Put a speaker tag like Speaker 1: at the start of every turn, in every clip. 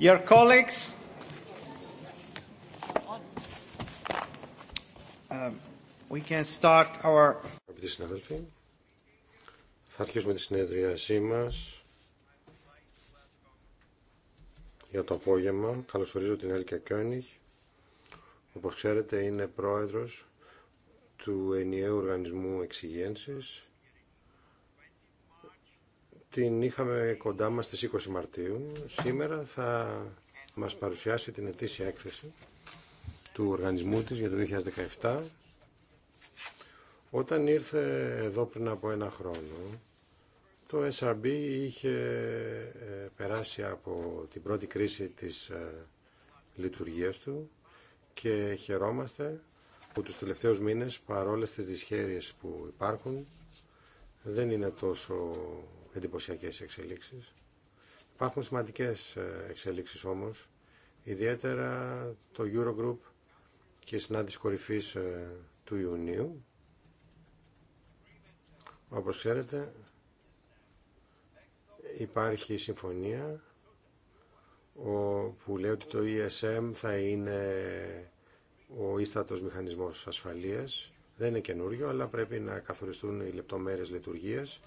Speaker 1: Your colleagues. Um,
Speaker 2: we can start our... συνάδελφοι, θα αρχίσουμε τη συνεδρίασή μας για το απόγευμα. Καλωσορίζω την Έλκια Κιόνιχ. Όπως ξέρετε είναι πρόεδρος του ενιαίου οργανισμού εξυγένσης την είχαμε κοντά μας στις 20 Μαρτίου. Σήμερα θα μας παρουσιάσει την ετήσια έκθεση του οργανισμού της για το 2017. Όταν ήρθε εδώ πριν από ένα χρόνο, το SRB είχε ε, περάσει από την πρώτη κρίση της ε, λειτουργίας του και χαιρόμαστε που τους τελευταίους μήνες, παρόλες τις δυσχέρειες που υπάρχουν, δεν είναι τόσο Εντυπωσιακέ εξελίξεις. Υπάρχουν σημαντικές ε, εξελίξεις όμως, ιδιαίτερα το Eurogroup και η συνάντηση κορυφή ε, του Ιουνίου. Όπως ξέρετε, υπάρχει συμφωνία που λέει ότι το ESM θα είναι ο ίστατος μηχανισμός ασφαλείας. Δεν είναι καινούριο, αλλά πρέπει να καθοριστούν οι λεπτομέρειες λειτουργίας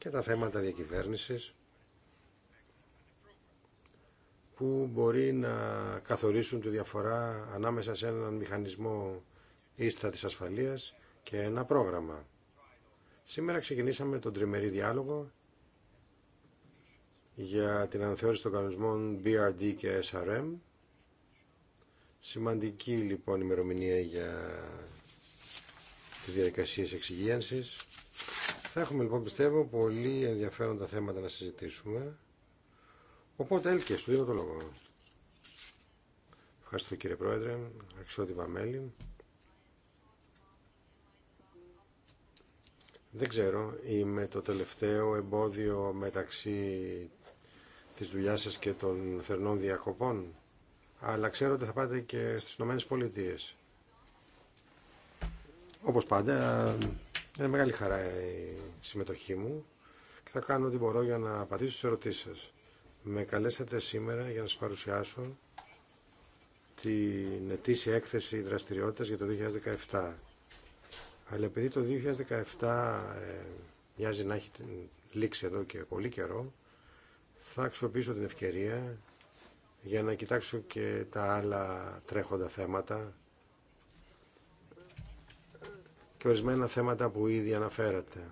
Speaker 2: και τα θέματα διακυβέρνησης που μπορεί να καθορίσουν τη διαφορά ανάμεσα σε έναν μηχανισμό ίστα της ασφαλείας και ένα πρόγραμμα. Σήμερα ξεκινήσαμε τον τριμερή διάλογο για την αναθεώρηση των κανονισμών BRD και SRM. Σημαντική λοιπόν ημερομηνία για τις διαδικασίες εξυγίανσης θα έχουμε λοιπόν πιστεύω πολύ ενδιαφέροντα θέματα να συζητήσουμε. Οπότε έλκε, σου δίνω το λόγο. Ευχαριστώ κύριε Πρόεδρε, Αξιότιμα μέλη. Δεν ξέρω, είμαι το τελευταίο εμπόδιο μεταξύ της δουλειάς σας και των θερνών διακοπών, αλλά ξέρω ότι θα πάτε και στις Ηνωμένες Πολιτείες. Όπως πάντα, είναι μεγάλη χαρά η συμμετοχή μου και θα κάνω ό,τι μπορώ για να απαντήσω στις ερωτήσεις σας. Με καλέσατε σήμερα για να σας παρουσιάσω την ετήσια έκθεση δραστηριότητας για το 2017. Αλλά επειδή το 2017 ε, μοιάζει να έχει λήξει εδώ και πολύ καιρό, θα αξιοποιήσω την ευκαιρία για να κοιτάξω και τα άλλα τρέχοντα θέματα και ορισμένα θέματα που ήδη αναφέρατε.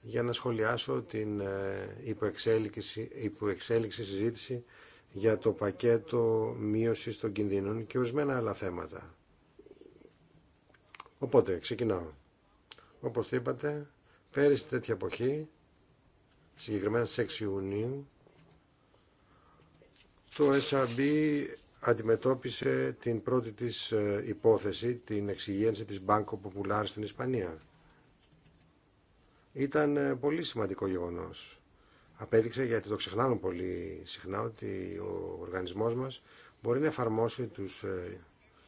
Speaker 2: Για να σχολιάσω την ε, υποεξέλιξη, υποεξέλιξη συζήτηση για το πακέτο μείωσης των κινδύνων και ορισμένα άλλα θέματα. Οπότε, ξεκινάω. Όπως είπατε, πέρυσι τέτοια εποχή, συγκεκριμένα στις 6 Ιουνίου, το SRB αντιμετώπισε την πρώτη της ε, υπόθεση, την εξυγένση της Banco Popular στην Ισπανία. Ήταν ε, πολύ σημαντικό γεγονός. Απέδειξε, γιατί το ξεχνάμε πολύ συχνά, ότι ο οργανισμός μας μπορεί να εφαρμόσει τους ε,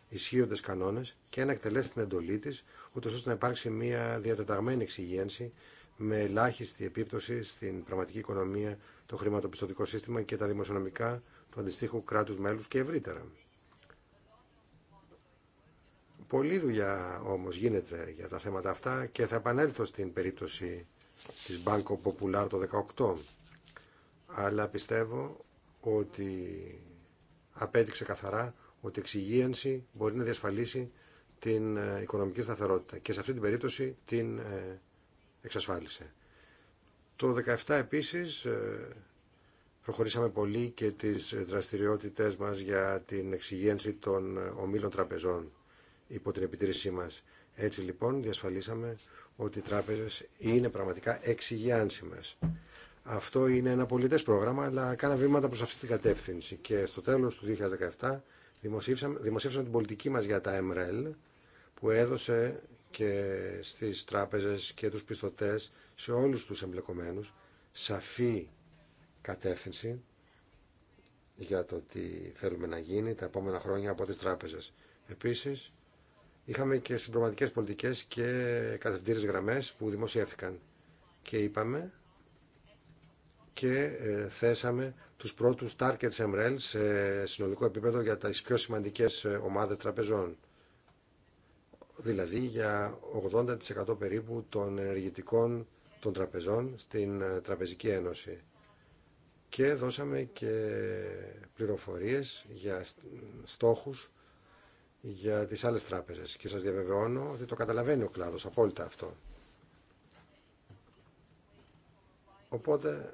Speaker 2: ισχύοντες κανόνες και να εκτελέσει την εντολή της, ούτως ώστε να υπάρξει μια διατεταγμένη εξυγένση με ελάχιστη επίπτωση στην πραγματική οικονομία, το χρηματοπιστωτικό σύστημα και τα δημοσιονομικά του αντιστοίχου κράτους μέλους και ευρύτερα. Πολλή δουλειά όμως γίνεται για τα θέματα αυτά και θα επανέλθω στην περίπτωση της Banco Popular το 18. Αλλά πιστεύω ότι απέδειξε καθαρά ότι η εξυγίανση μπορεί να διασφαλίσει την ε, οικονομική σταθερότητα και σε αυτή την περίπτωση την ε, εξασφάλισε. Το 17 επίσης ε, προχωρήσαμε πολύ και τις δραστηριότητες μας για την εξυγένση των ομίλων τραπεζών υπό την επιτήρησή μας. Έτσι λοιπόν διασφαλίσαμε ότι οι τράπεζες είναι πραγματικά εξυγιάνσιμες. Αυτό είναι ένα πολιτές πρόγραμμα, αλλά κάναμε βήματα προς αυτή την κατεύθυνση. Και στο τέλος του 2017 δημοσίευσαμε, δημοσίευσαμε την πολιτική μας για τα MREL, που έδωσε και στις τράπεζες και τους πιστωτές, σε όλους τους εμπλεκομένους, σαφή κατεύθυνση για το τι θέλουμε να γίνει τα επόμενα χρόνια από τις τράπεζες. Επίσης, είχαμε και συμπροματικές πολιτικές και κατευθυντήρες γραμμές που δημοσιεύθηκαν και είπαμε και ε, θέσαμε τους πρώτους targets MRL σε συνολικό επίπεδο για τις πιο σημαντικές ε, ομάδες τραπεζών. Δηλαδή για 80% περίπου των ενεργητικών των τραπεζών στην ε, Τραπεζική Ένωση και δώσαμε και πληροφορίες για στόχους για τις άλλες τράπεζες και σας διαβεβαιώνω ότι το καταλαβαίνει ο κλάδος απόλυτα αυτό. Οπότε,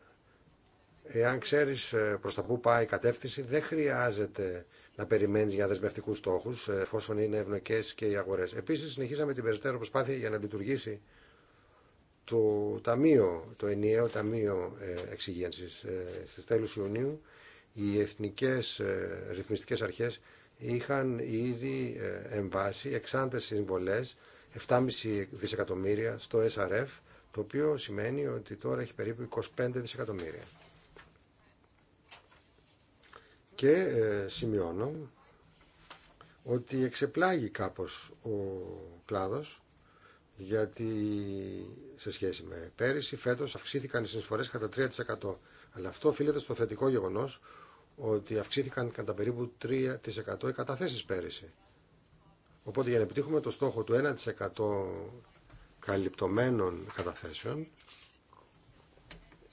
Speaker 2: εάν ξέρεις ε, προς τα που πάει η κατεύθυνση, δεν χρειάζεται να περιμένεις για δεσμευτικούς στόχους, ε, εφόσον είναι ευνοϊκές και οι αγορές. Επίσης, συνεχίσαμε την περισσότερη προσπάθεια για να λειτουργήσει το ταμείο, το ενιαίο ταμείο ε, εξυγένσης ε, στις τέλους Ιουνίου οι εθνικές ε, ρυθμιστικές αρχές είχαν ήδη εμβάσει 60 συμβολές 7,5 δισεκατομμύρια στο SRF το οποίο σημαίνει ότι τώρα έχει περίπου 25 δισεκατομμύρια. Και σημειώνω ότι εξεπλάγει κάπως ο κλάδος γιατί σε σχέση με πέρυσι, φέτος αυξήθηκαν οι συνεισφορέ κατά 3%. Αλλά αυτό οφείλεται στο θετικό γεγονός ότι αυξήθηκαν κατά περίπου 3% οι καταθέσεις πέρυσι. Οπότε για να επιτύχουμε το στόχο του 1% καλυπτωμένων καταθέσεων,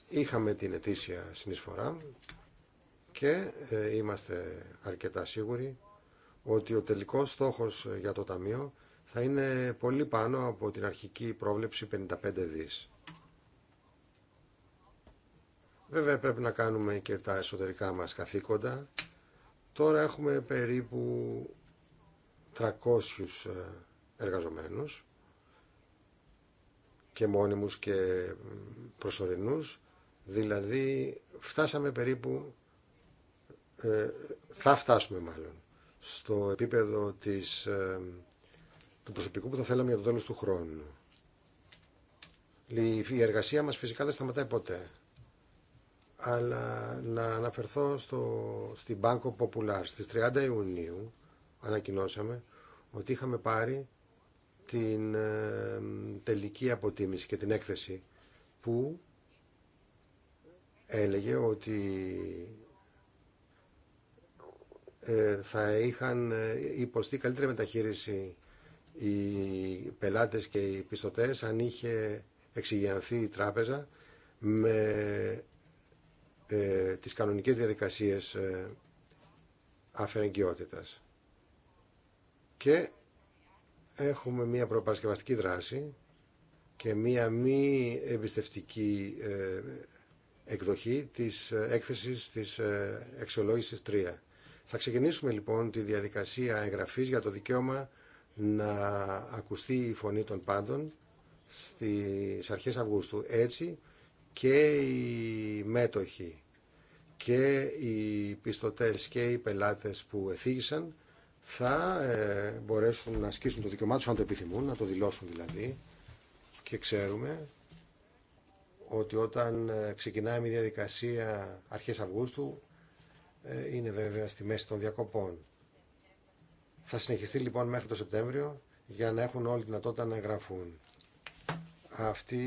Speaker 2: είχαμε την ετήσια συνεισφορά και ε, είμαστε αρκετά σίγουροι ότι ο τελικός στόχος για το Ταμείο θα είναι πολύ πάνω από την αρχική πρόβλεψη 55 δις. Βέβαια πρέπει να κάνουμε και τα εσωτερικά μας καθήκοντα. Τώρα έχουμε περίπου 300 ε, εργαζομένους και μόνιμους και προσωρινούς. Δηλαδή φτάσαμε περίπου, ε, θα φτάσουμε μάλλον, στο επίπεδο της ε, του προσωπικού που θα θέλαμε για το τέλος του χρόνου. Η εργασία μας φυσικά δεν σταματάει ποτέ. Αλλά να αναφερθώ στο, στην Banco Popular. Στις 30 Ιουνίου ανακοινώσαμε ότι είχαμε πάρει την ε, τελική αποτίμηση και την έκθεση που έλεγε ότι ε, θα είχαν ε, υποστεί καλύτερη μεταχείριση οι πελάτες και οι πιστωτές αν είχε εξηγιανθεί η τράπεζα με ε, τις κανονικές διαδικασίες ε, Και έχουμε μία προπαρασκευαστική δράση και μία μη εμπιστευτική ε, εκδοχή της ε, έκθεσης της εξολόγησης 3. Θα ξεκινήσουμε λοιπόν τη διαδικασία εγγραφής για το δικαίωμα να ακουστεί η φωνή των πάντων στις αρχές Αυγούστου. Έτσι και οι μέτοχοι και οι πιστωτές και οι πελάτες που εθίγησαν θα ε, μπορέσουν να ασκήσουν το δικαιωμά τους αν το επιθυμούν, να το δηλώσουν δηλαδή και ξέρουμε ότι όταν ε, ξεκινάει η διαδικασία αρχές Αυγούστου ε, είναι βέβαια στη μέση των διακοπών. Θα συνεχιστεί λοιπόν μέχρι το Σεπτέμβριο για να έχουν όλη τη δυνατότητα να εγγραφούν. Αυτή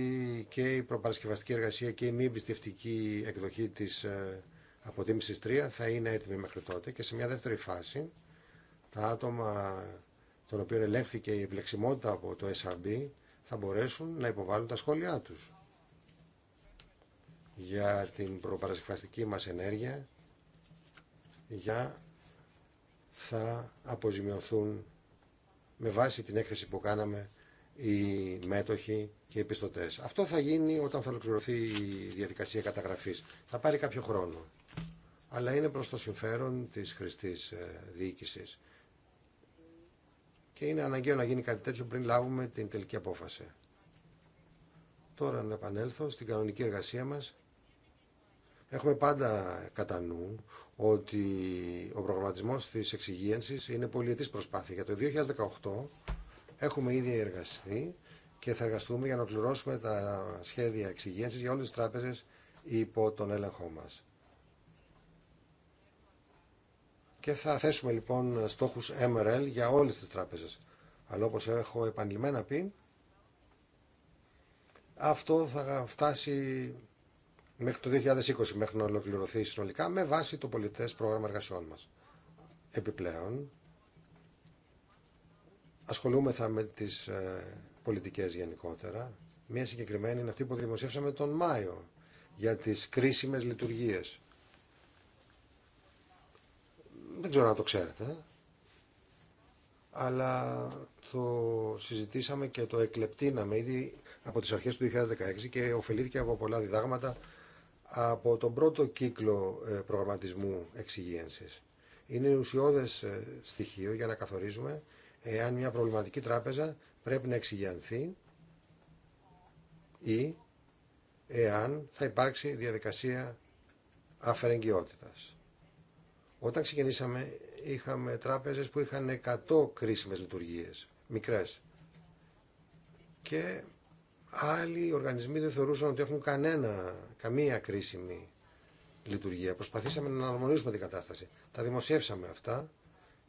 Speaker 2: και η προπαρασκευαστική εργασία και η μη εμπιστευτική εκδοχή της ε, αποτίμησης 3 θα είναι έτοιμη μέχρι τότε και σε μια δεύτερη φάση τα άτομα των οποίων ελέγχθηκε η επιλεξιμότητα από το SRB θα μπορέσουν να υποβάλουν τα σχόλιά τους για την προπαρασκευαστική μας ενέργεια για θα αποζημιωθούν με βάση την έκθεση που κάναμε οι μέτοχοι και οι πιστωτέ. Αυτό θα γίνει όταν θα ολοκληρωθεί η διαδικασία καταγραφής. Θα πάρει κάποιο χρόνο. Αλλά είναι προς το συμφέρον της χρηστής ε, διοίκηση. Και είναι αναγκαίο να γίνει κάτι τέτοιο πριν λάβουμε την τελική απόφαση. Τώρα να επανέλθω στην κανονική εργασία μας. Έχουμε πάντα κατά νου ότι ο προγραμματισμός της εξυγίανση είναι πολυετής προσπάθεια. Για το 2018 έχουμε ήδη εργαστεί και θα εργαστούμε για να ολοκληρώσουμε τα σχέδια εξυγίανση για όλες τις τράπεζες υπό τον έλεγχό μας. Και θα θέσουμε λοιπόν στόχους MRL για όλες τις τράπεζες. Αλλά όπως έχω επανειλημμένα πει, αυτό θα φτάσει μέχρι το 2020 μέχρι να ολοκληρωθεί συνολικά με βάση το πολιτές πρόγραμμα εργασιών μας. Επιπλέον, ασχολούμεθα με τις ε, πολιτικές γενικότερα. Μία συγκεκριμένη είναι αυτή που δημοσίευσαμε τον Μάιο για τις κρίσιμες λειτουργίες. Δεν ξέρω αν το ξέρετε, αλλά το συζητήσαμε και το εκλεπτήναμε ήδη από τις αρχές του 2016 και ωφελήθηκε από πολλά διδάγματα από τον πρώτο κύκλο ε, προγραμματισμού εξυγίανσης. Είναι ουσιώδες ε, στοιχείο για να καθορίζουμε εάν μια προβληματική τράπεζα πρέπει να εξυγιανθεί ή εάν θα υπάρξει διαδικασία αφαιρεγγιότητας. Όταν ξεκινήσαμε είχαμε τράπεζες που είχαν 100 κρίσιμες λειτουργίες, μικρές. Και Άλλοι οργανισμοί δεν θεωρούσαν ότι έχουν κανένα, καμία κρίσιμη λειτουργία. Προσπαθήσαμε να αναρμονίσουμε την κατάσταση. Τα δημοσιεύσαμε αυτά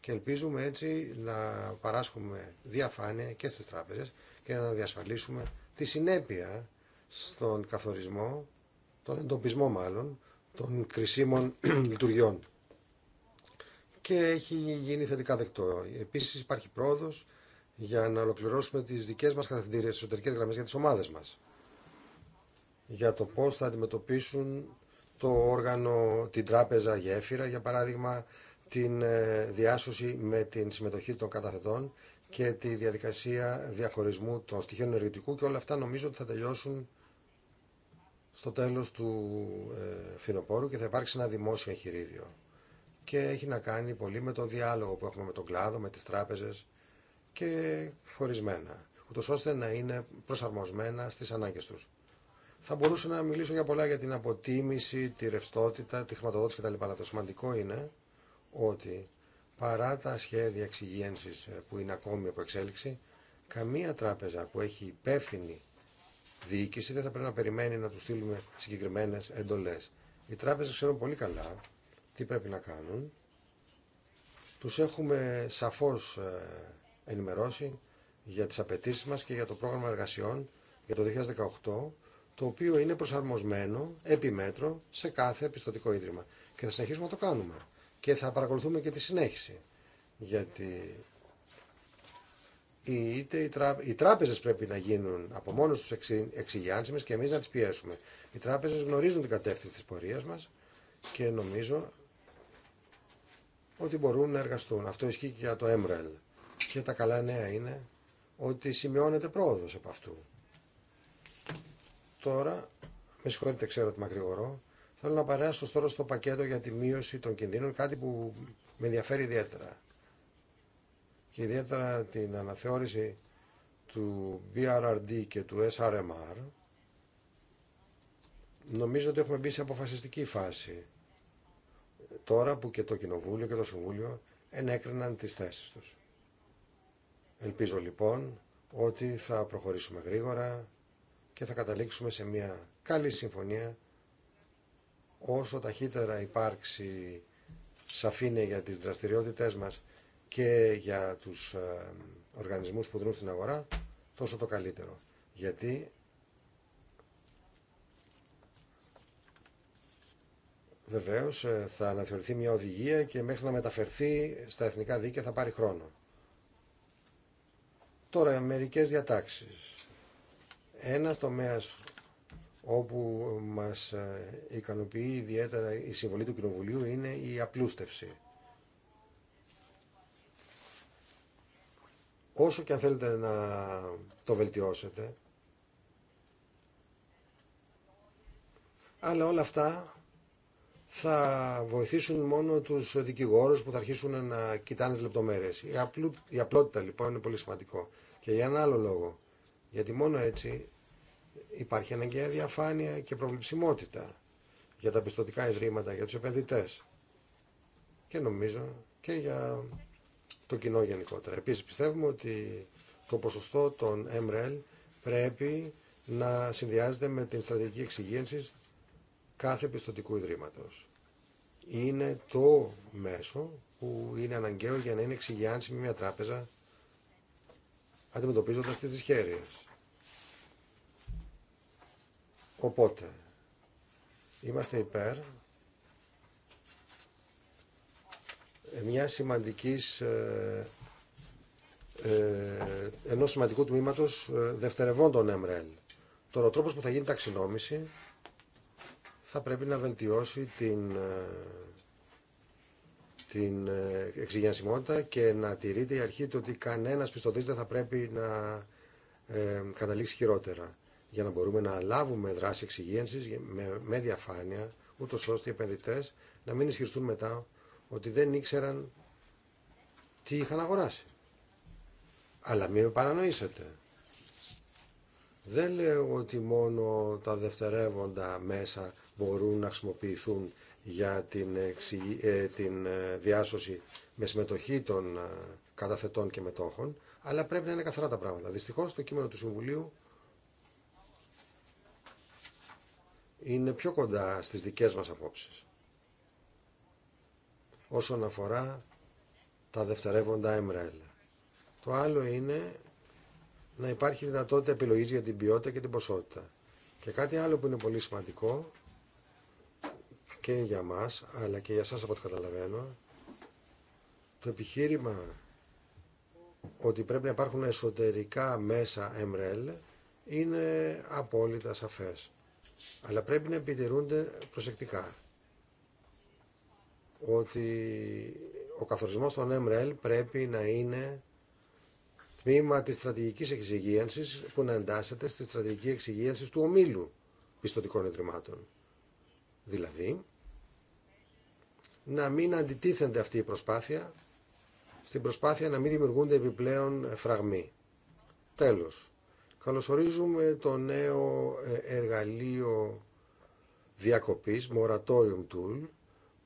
Speaker 2: και ελπίζουμε έτσι να παράσχουμε διαφάνεια και στις τράπεζες και να διασφαλίσουμε τη συνέπεια στον καθορισμό, τον εντοπισμό μάλλον, των κρισίμων λειτουργιών. Και έχει γίνει θετικά δεκτό. Επίσης υπάρχει πρόοδος για να ολοκληρώσουμε τις δικές μας τι εσωτερικέ γραμμές για τι ομάδε μα. Για το πώ θα αντιμετωπίσουν το όργανο, την τράπεζα γέφυρα, για παράδειγμα την ε, διάσωση με την συμμετοχή των καταθετών και τη διαδικασία διαχωρισμού των στοιχείων ενεργητικού και όλα αυτά νομίζω ότι θα τελειώσουν στο τέλος του ε, φινοπόρου και θα υπάρξει ένα δημόσιο εγχειρίδιο. Και έχει να κάνει πολύ με το διάλογο που έχουμε με τον κλάδο, με τις τράπεζες και χωρισμένα, ούτω ώστε να είναι προσαρμοσμένα στι ανάγκε του. Θα μπορούσα να μιλήσω για πολλά για την αποτίμηση, τη ρευστότητα, τη χρηματοδότηση κτλ. Αλλά το σημαντικό είναι ότι παρά τα σχέδια εξυγίανση ε, που είναι ακόμη από εξέλιξη, καμία τράπεζα που έχει υπεύθυνη διοίκηση δεν θα πρέπει να περιμένει να του στείλουμε συγκεκριμένε εντολέ. Οι τράπεζε ξέρουν πολύ καλά τι πρέπει να κάνουν. Του έχουμε σαφώ ε, ενημερώσει για τις απαιτήσει μας και για το πρόγραμμα εργασιών για το 2018, το οποίο είναι προσαρμοσμένο επί μέτρο σε κάθε πιστοτικό ίδρυμα. Και θα συνεχίσουμε να το κάνουμε. Και θα παρακολουθούμε και τη συνέχιση. Γιατί είτε οι, τράπεζε οι τράπεζες πρέπει να γίνουν από μόνος τους εξι... και εμείς να τις πιέσουμε. Οι τράπεζες γνωρίζουν την κατεύθυνση της πορείας μας και νομίζω ότι μπορούν να εργαστούν. Αυτό ισχύει και για το MREL. Και τα καλά νέα είναι ότι σημειώνεται πρόοδος από αυτού. Τώρα, με συγχωρείτε ξέρω ότι μακρηγορώ, θέλω να παρέσω τώρα στο πακέτο για τη μείωση των κινδύνων, κάτι που με ενδιαφέρει ιδιαίτερα. Και ιδιαίτερα την αναθεώρηση του BRRD και του SRMR, νομίζω ότι έχουμε μπει σε αποφασιστική φάση. Τώρα που και το Κοινοβούλιο και το Συμβούλιο ενέκριναν τις θέσεις τους. Ελπίζω λοιπόν ότι θα προχωρήσουμε γρήγορα και θα καταλήξουμε σε μια καλή συμφωνία όσο ταχύτερα υπάρξει σαφήνεια για τις δραστηριότητές μας και για τους ε, οργανισμούς που δρούν στην αγορά, τόσο το καλύτερο. Γιατί βεβαίως ε, θα αναθεωρηθεί μια οδηγία και μέχρι να μεταφερθεί στα εθνικά δίκαια θα πάρει χρόνο. Τώρα, μερικές διατάξεις. Ένα τομέα όπου μας ε, ικανοποιεί ιδιαίτερα η συμβολή του Κοινοβουλίου είναι η απλούστευση. Όσο και αν θέλετε να το βελτιώσετε, αλλά όλα αυτά θα βοηθήσουν μόνο τους δικηγόρους που θα αρχίσουν να κοιτάνε τις λεπτομέρειες. Η, απλότητα λοιπόν είναι πολύ σημαντικό. Και για ένα άλλο λόγο. Γιατί μόνο έτσι υπάρχει αναγκαία διαφάνεια και προβληψιμότητα για τα πιστοτικά ιδρύματα, για τους επενδυτές και νομίζω και για το κοινό γενικότερα. Επίσης πιστεύουμε ότι το ποσοστό των MREL πρέπει να συνδυάζεται με την στρατηγική εξυγένση κάθε πιστοτικού ιδρύματος. Είναι το μέσο που είναι αναγκαίο για να είναι εξυγιάνσιμη μια τράπεζα Αντιμετωπίζοντα τις δυσχέρειε. Οπότε, είμαστε υπέρ μια σημαντικής ε, ε, ενός σημαντικού τμήματος ε, δευτερευόντων MRL. Τώρα ο τρόπος που θα γίνει ταξινόμηση θα πρέπει να βελτιώσει την την ε, εξηγενσιμότητα και να τηρείται η αρχή του ότι κανένας πιστωτής δεν θα πρέπει να ε, καταλήξει χειρότερα για να μπορούμε να λάβουμε δράση εξυγίανσης με, διαφάνεια ούτω ώστε οι επενδυτέ να μην ισχυριστούν μετά ότι δεν ήξεραν τι είχαν αγοράσει. Αλλά μην με παρανοήσετε. Δεν λέω ότι μόνο τα δευτερεύοντα μέσα μπορούν να χρησιμοποιηθούν για την, ε, την ε, διάσωση με συμμετοχή των ε, καταθετών και μετόχων, αλλά πρέπει να είναι καθαρά τα πράγματα. Δυστυχώς το κείμενο του Συμβουλίου είναι πιο κοντά στις δικές μας απόψεις. Όσον αφορά τα δευτερεύοντα MRL. Το άλλο είναι να υπάρχει δυνατότητα επιλογής για την ποιότητα και την ποσότητα. Και κάτι άλλο που είναι πολύ σημαντικό και για μας, αλλά και για σας από ό,τι καταλαβαίνω, το επιχείρημα ότι πρέπει να υπάρχουν εσωτερικά μέσα MREL είναι απόλυτα σαφές. Αλλά πρέπει να επιτηρούνται προσεκτικά. Ότι ο καθορισμός των MREL πρέπει να είναι τμήμα της στρατηγικής εξυγίανσης που να εντάσσεται στη στρατηγική εξυγίανση του ομίλου πιστοτικών ιδρυμάτων. Δηλαδή, να μην αντιτίθενται αυτή η προσπάθεια στην προσπάθεια να μην δημιουργούνται επιπλέον φραγμοί. Τέλος, καλωσορίζουμε το νέο ε, εργαλείο διακοπής, Moratorium Tool,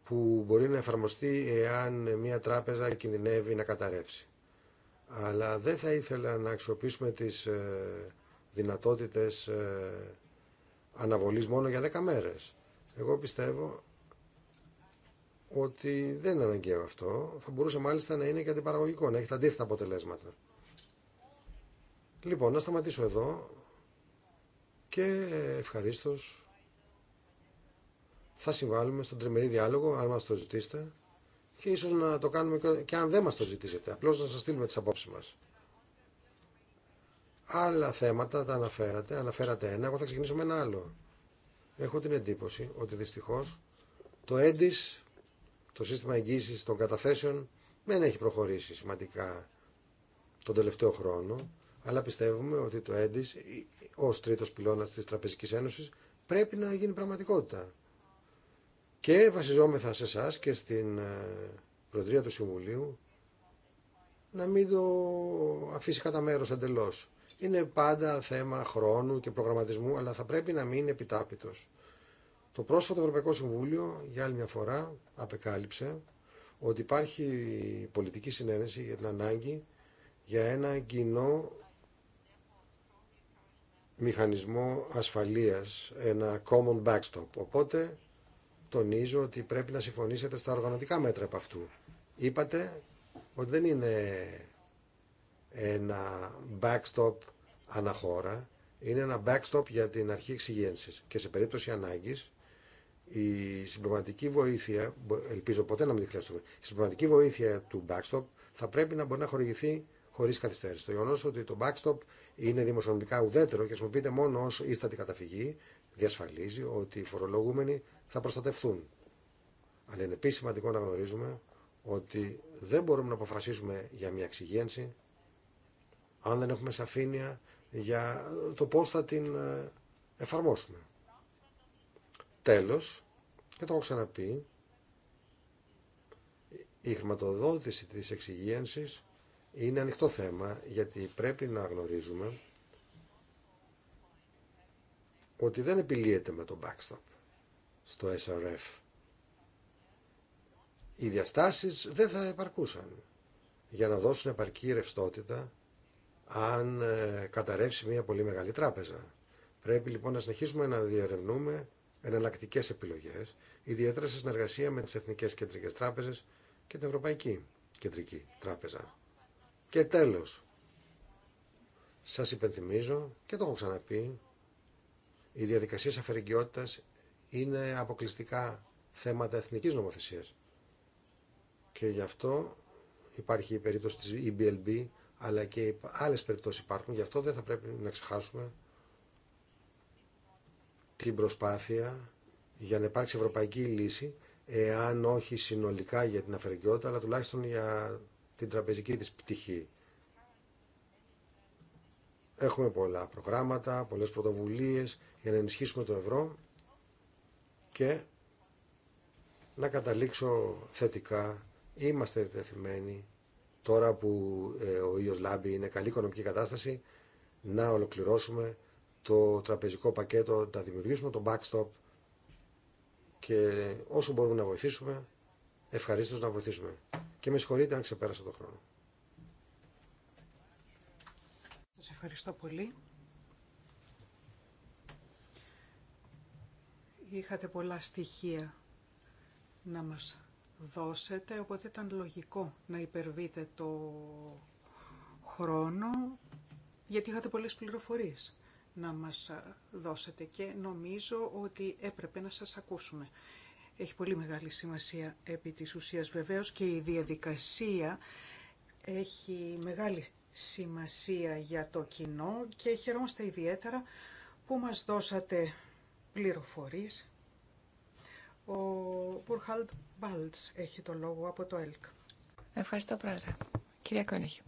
Speaker 2: που μπορεί να εφαρμοστεί εάν μια τράπεζα κινδυνεύει να καταρρεύσει. Αλλά δεν θα ήθελα να αξιοποιήσουμε τις ε, δυνατότητες ε, αναβολής μόνο για 10 μέρες. Εγώ πιστεύω ότι δεν είναι αναγκαίο αυτό. Θα μπορούσε μάλιστα να είναι και αντιπαραγωγικό, να έχει τα αντίθετα αποτελέσματα. Λοιπόν, να σταματήσω εδώ και ευχαρίστω θα συμβάλλουμε στον τριμερή διάλογο, αν μας το ζητήσετε, και ίσως να το κάνουμε και αν δεν μας το ζητήσετε, απλώς να σας στείλουμε τις απόψεις μας. Άλλα θέματα τα αναφέρατε, αναφέρατε ένα, εγώ θα ξεκινήσω με ένα άλλο. Έχω την εντύπωση ότι δυστυχώς το έντις το σύστημα εγγύησης των καταθέσεων δεν έχει προχωρήσει σημαντικά τον τελευταίο χρόνο, αλλά πιστεύουμε ότι το ΕΝΤΙΣ ως τρίτος πυλώνας της Τραπεζικής Ένωσης πρέπει να γίνει πραγματικότητα. Και βασιζόμεθα σε εσά και στην ε, Προεδρία του Συμβουλίου να μην το αφήσει κατά μέρο εντελώ. Είναι πάντα θέμα χρόνου και προγραμματισμού, αλλά θα πρέπει να μείνει επιτάπητος. Το πρόσφατο Ευρωπαϊκό Συμβούλιο για άλλη μια φορά απεκάλυψε ότι υπάρχει πολιτική συνένεση για την ανάγκη για ένα κοινό μηχανισμό ασφαλείας, ένα common backstop. Οπότε τονίζω ότι πρέπει να συμφωνήσετε στα οργανωτικά μέτρα από αυτού. Είπατε ότι δεν είναι ένα backstop αναχώρα, είναι ένα backstop για την αρχή εξυγένσης και σε περίπτωση ανάγκης η συμπληρωματική βοήθεια, ελπίζω ποτέ να μην τη η συμπληρωματική βοήθεια του backstop θα πρέπει να μπορεί να χορηγηθεί χωρί καθυστέρηση. Το γεγονό ότι το backstop είναι δημοσιονομικά ουδέτερο και χρησιμοποιείται μόνο ω ίστατη καταφυγή διασφαλίζει ότι οι φορολογούμενοι θα προστατευτούν. Αλλά είναι επίση σημαντικό να γνωρίζουμε ότι δεν μπορούμε να αποφασίσουμε για μια εξυγένση αν δεν έχουμε σαφήνεια για το πώς θα την ε, εφαρμόσουμε. Τέλος, και το έχω ξαναπεί, η χρηματοδότηση της εξυγίανσης είναι ανοιχτό θέμα γιατί πρέπει να γνωρίζουμε ότι δεν επιλύεται με το backstop στο SRF. Οι διαστάσεις δεν θα επαρκούσαν για να δώσουν επαρκή ρευστότητα αν ε, καταρρεύσει μια πολύ μεγάλη τράπεζα. Πρέπει λοιπόν να συνεχίσουμε να διερευνούμε εναλλακτικέ επιλογέ, ιδιαίτερα σε συνεργασία με τι Εθνικέ Κεντρικέ Τράπεζε και την Ευρωπαϊκή Κεντρική Τράπεζα. Και τέλο, σα υπενθυμίζω και το έχω ξαναπεί, οι διαδικασίε αφαιρεγκαιότητα είναι αποκλειστικά θέματα εθνική νομοθεσία. Και γι' αυτό υπάρχει η περίπτωση της EBLB, αλλά και άλλες περιπτώσεις υπάρχουν, γι' αυτό δεν θα πρέπει να ξεχάσουμε την προσπάθεια για να υπάρξει ευρωπαϊκή λύση, εάν όχι συνολικά για την αφαιρεκαιότητα, αλλά τουλάχιστον για την τραπεζική της πτυχή. Έχουμε πολλά προγράμματα, πολλές πρωτοβουλίες για να ενισχύσουμε το ευρώ και να καταλήξω θετικά. Είμαστε δεθυμένοι τώρα που ε, ο ήλιος είναι καλή οικονομική κατάσταση, να ολοκληρώσουμε το τραπεζικό πακέτο, να δημιουργήσουμε το backstop και όσο μπορούμε να βοηθήσουμε, ευχαρίστω να βοηθήσουμε. Και με συγχωρείτε αν ξεπέρασα τον χρόνο.
Speaker 3: Σας ευχαριστώ πολύ. Είχατε πολλά στοιχεία να μας δώσετε, οπότε ήταν λογικό να υπερβείτε το χρόνο, γιατί είχατε πολλές πληροφορίες να μας δώσετε και νομίζω ότι έπρεπε να σας ακούσουμε. Έχει πολύ μεγάλη σημασία επί της ουσίας βεβαίως και η διαδικασία έχει μεγάλη σημασία για το κοινό και χαιρόμαστε ιδιαίτερα που μας δώσατε πληροφορίες. Ο Μπουρχάλτ Μπάλτς έχει το λόγο από το ΕΛΚ.
Speaker 4: Ευχαριστώ πρόεδρε. Κυρία Κόνιχη.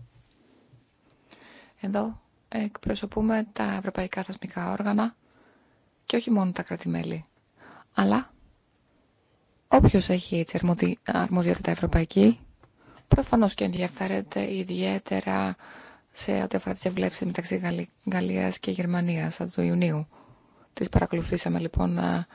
Speaker 4: Εδώ εκπροσωπούμε τα ευρωπαϊκά θεσμικά όργανα και όχι μόνο τα κρατημέλη. Αλλά όποιος έχει έτσι αρμοδιότητα ευρωπαϊκή, προφανώς και ενδιαφέρεται ιδιαίτερα σε ό,τι αφορά τις ευλέψεις μεταξύ Γαλλίας και Γερμανίας από το Ιουνίου. Τις παρακολουθήσαμε λοιπόν ε,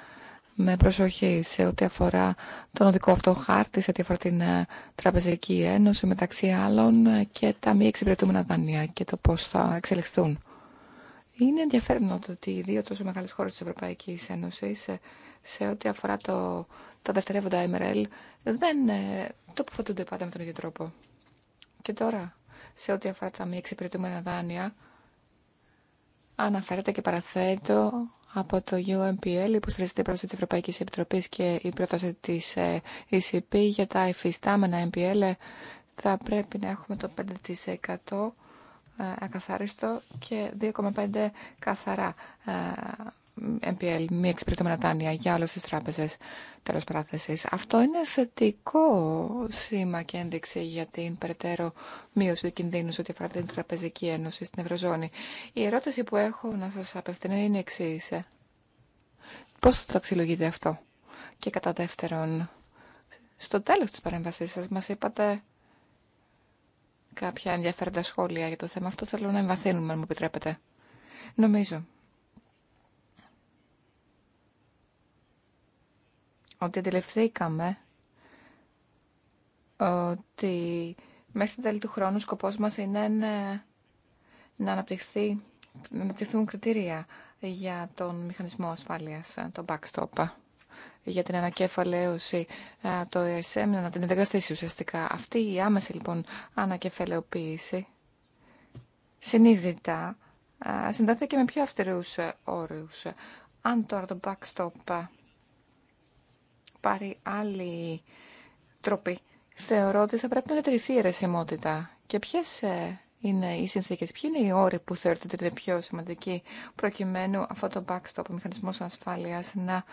Speaker 4: με προσοχή σε ό,τι αφορά τον οδικό αυτό χάρτη, σε ό,τι αφορά την ε, Τραπεζική Ένωση, μεταξύ άλλων ε, και τα μη εξυπηρετούμενα δάνεια και το πώς θα εξελιχθούν. Είναι ενδιαφέρον ότι οι δύο τόσο μεγάλες χώρες της Ευρωπαϊκής Ένωσης ε, σε ό,τι αφορά το, τα δευτερεύοντα MRL δεν τοποθετούνται πάντα με τον ίδιο τρόπο. Και τώρα, σε ό,τι αφορά τα μη εξυπηρετούμενα δάνεια, αναφέρεται και παραθέτω από το UMPL, υποστηρίζεται η πρόταση τη Ευρωπαϊκή Επιτροπή και η πρόταση της ε, ECP για τα υφιστάμενα MPL, ε, θα πρέπει να έχουμε το 5% ε, ακαθάριστο και 2,5% καθαρά MPL, μη εξυπηρετούμενα δάνεια για όλε τι τράπεζε τέλος παράθεσης. Αυτό είναι θετικό σήμα και ένδειξη για την περαιτέρω μείωση του κινδύνου σε ό,τι αφορά την Τραπεζική Ένωση στην Ευρωζώνη. Η ερώτηση που έχω να σα απευθύνω είναι η εξή. Πώς το αξιολογείτε αυτό. Και κατά δεύτερον, στο τέλο τη παρέμβαση σα, μα είπατε κάποια ενδιαφέροντα σχόλια για το θέμα αυτό. Θέλω να εμβαθύνουμε, αν μου επιτρέπετε. Νομίζω ότι αντιληφθήκαμε ότι μέχρι τα τέλη του χρόνου σκοπός μας είναι να, αναπτυχθεί, να αναπτυχθούν κριτήρια για τον μηχανισμό ασφάλειας, τον backstop για την ανακεφαλαίωση ε, το ERSM, να την εγκαταστήσει ουσιαστικά. Αυτή η άμεση λοιπόν ανακεφαλαιοποίηση συνείδητα ε, και με πιο αυστηρούς ε, όρους. Αν τώρα το backstop πάρει άλλη τροπή. Θεωρώ ότι θα πρέπει να διατηρηθεί η αιρεσιμότητα. Και ποιε ε, είναι οι συνθήκε, ποιοι είναι οι όροι που θεωρείτε ότι είναι πιο σημαντικοί, προκειμένου αυτό το backstop, ο μηχανισμό ασφάλεια, να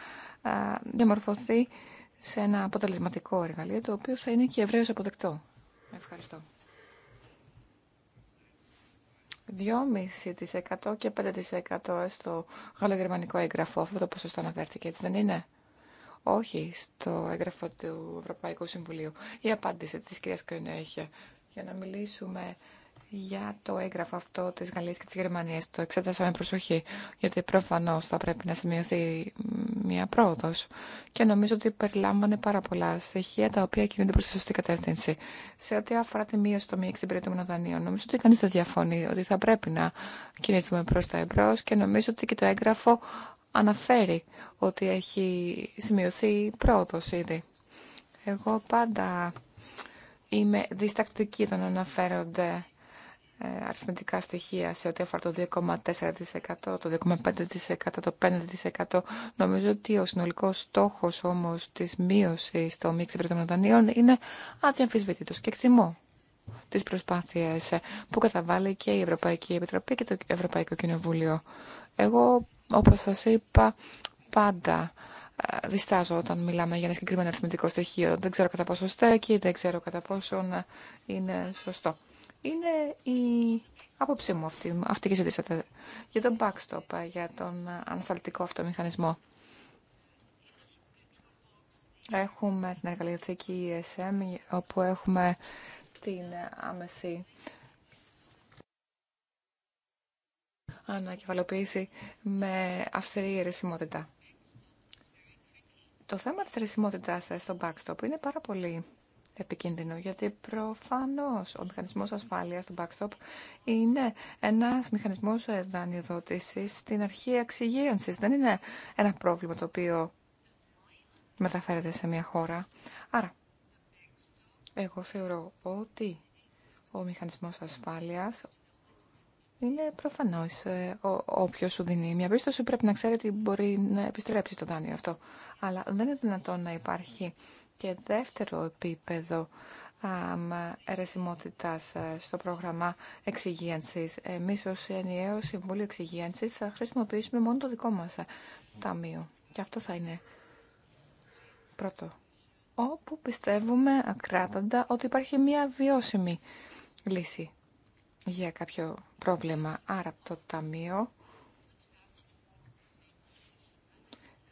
Speaker 4: διαμορφωθεί σε ένα αποτελεσματικό εργαλείο, το οποίο θα είναι και ευρέω αποδεκτό. Ευχαριστώ. 2,5% και 5% στο γαλλογερμανικό έγγραφο. Αυτό το ποσοστό αναφέρθηκε, έτσι δεν είναι όχι στο έγγραφο του Ευρωπαϊκού Συμβουλίου. Η απάντηση της κυρίας Κονέχια για να μιλήσουμε για το έγγραφο αυτό της Γαλλίας και της Γερμανίας. Το εξέτασα με προσοχή, γιατί προφανώς θα πρέπει να σημειωθεί μια πρόοδος και νομίζω ότι περιλάμβανε πάρα πολλά στοιχεία τα οποία κινούνται προς τη σωστή κατεύθυνση. Σε ό,τι αφορά τη μείωση των μη εξυπηρετούμενων δανείων, νομίζω ότι κανείς δεν διαφωνεί ότι θα πρέπει να κινηθούμε προς τα εμπρός και νομίζω ότι και το έγγραφο αναφέρει ότι έχει σημειωθεί πρόοδος ήδη. Εγώ πάντα είμαι διστακτική όταν αναφέρονται ε, αριθμητικά στοιχεία σε ό,τι αφορά το 2,4%, το 2,5%, το 5%. Νομίζω ότι ο συνολικός στόχος όμως της μείωσης των μη εξυπηρετούμενων δανείων είναι αδιαμφισβήτητος και εκτιμώ τις προσπάθειες που καταβάλει και η Ευρωπαϊκή Επιτροπή και το Ευρωπαϊκό Κοινοβούλιο. Εγώ όπως σας είπα, πάντα ε, διστάζω όταν μιλάμε για ένα συγκεκριμένο αριθμητικό στοιχείο. Δεν ξέρω κατά πόσο στέκει, δεν ξέρω κατά πόσο ε, είναι σωστό. Είναι η άποψή μου αυτή, αυτή και ζητήσατε για τον backstop, ε, για τον ανασταλτικό αυτό μηχανισμό. Έχουμε την εργαλειοθήκη ESM, όπου έχουμε την άμεση ανακεφαλοποιήσει με αυστηρή ρεσιμότητα. Το θέμα της ρεσιμότητας στο backstop είναι πάρα πολύ επικίνδυνο, γιατί προφανώς ο μηχανισμός ασφάλειας του backstop είναι ένας μηχανισμός δανειοδότησης στην αρχή εξυγίανσης. Δεν είναι ένα πρόβλημα το οποίο μεταφέρεται σε μια χώρα. Άρα, εγώ θεωρώ ότι ο μηχανισμός ασφάλειας είναι προφανώ. Ε, Όποιο σου δίνει μια πίστοση πρέπει να ξέρει ότι μπορεί να επιστρέψει το δάνειο αυτό. Αλλά δεν είναι δυνατόν να υπάρχει και δεύτερο επίπεδο αιρεσιμότητα ε, στο πρόγραμμα εξυγίανση. Εμεί ω ενιαίο Συμβούλιο Εξυγίανση θα χρησιμοποιήσουμε μόνο το δικό μα ε, ταμείο. Και αυτό θα είναι πρώτο. Όπου πιστεύουμε ακράδαντα ότι υπάρχει μια βιώσιμη λύση για κάποιο πρόβλημα. Άρα το Ταμείο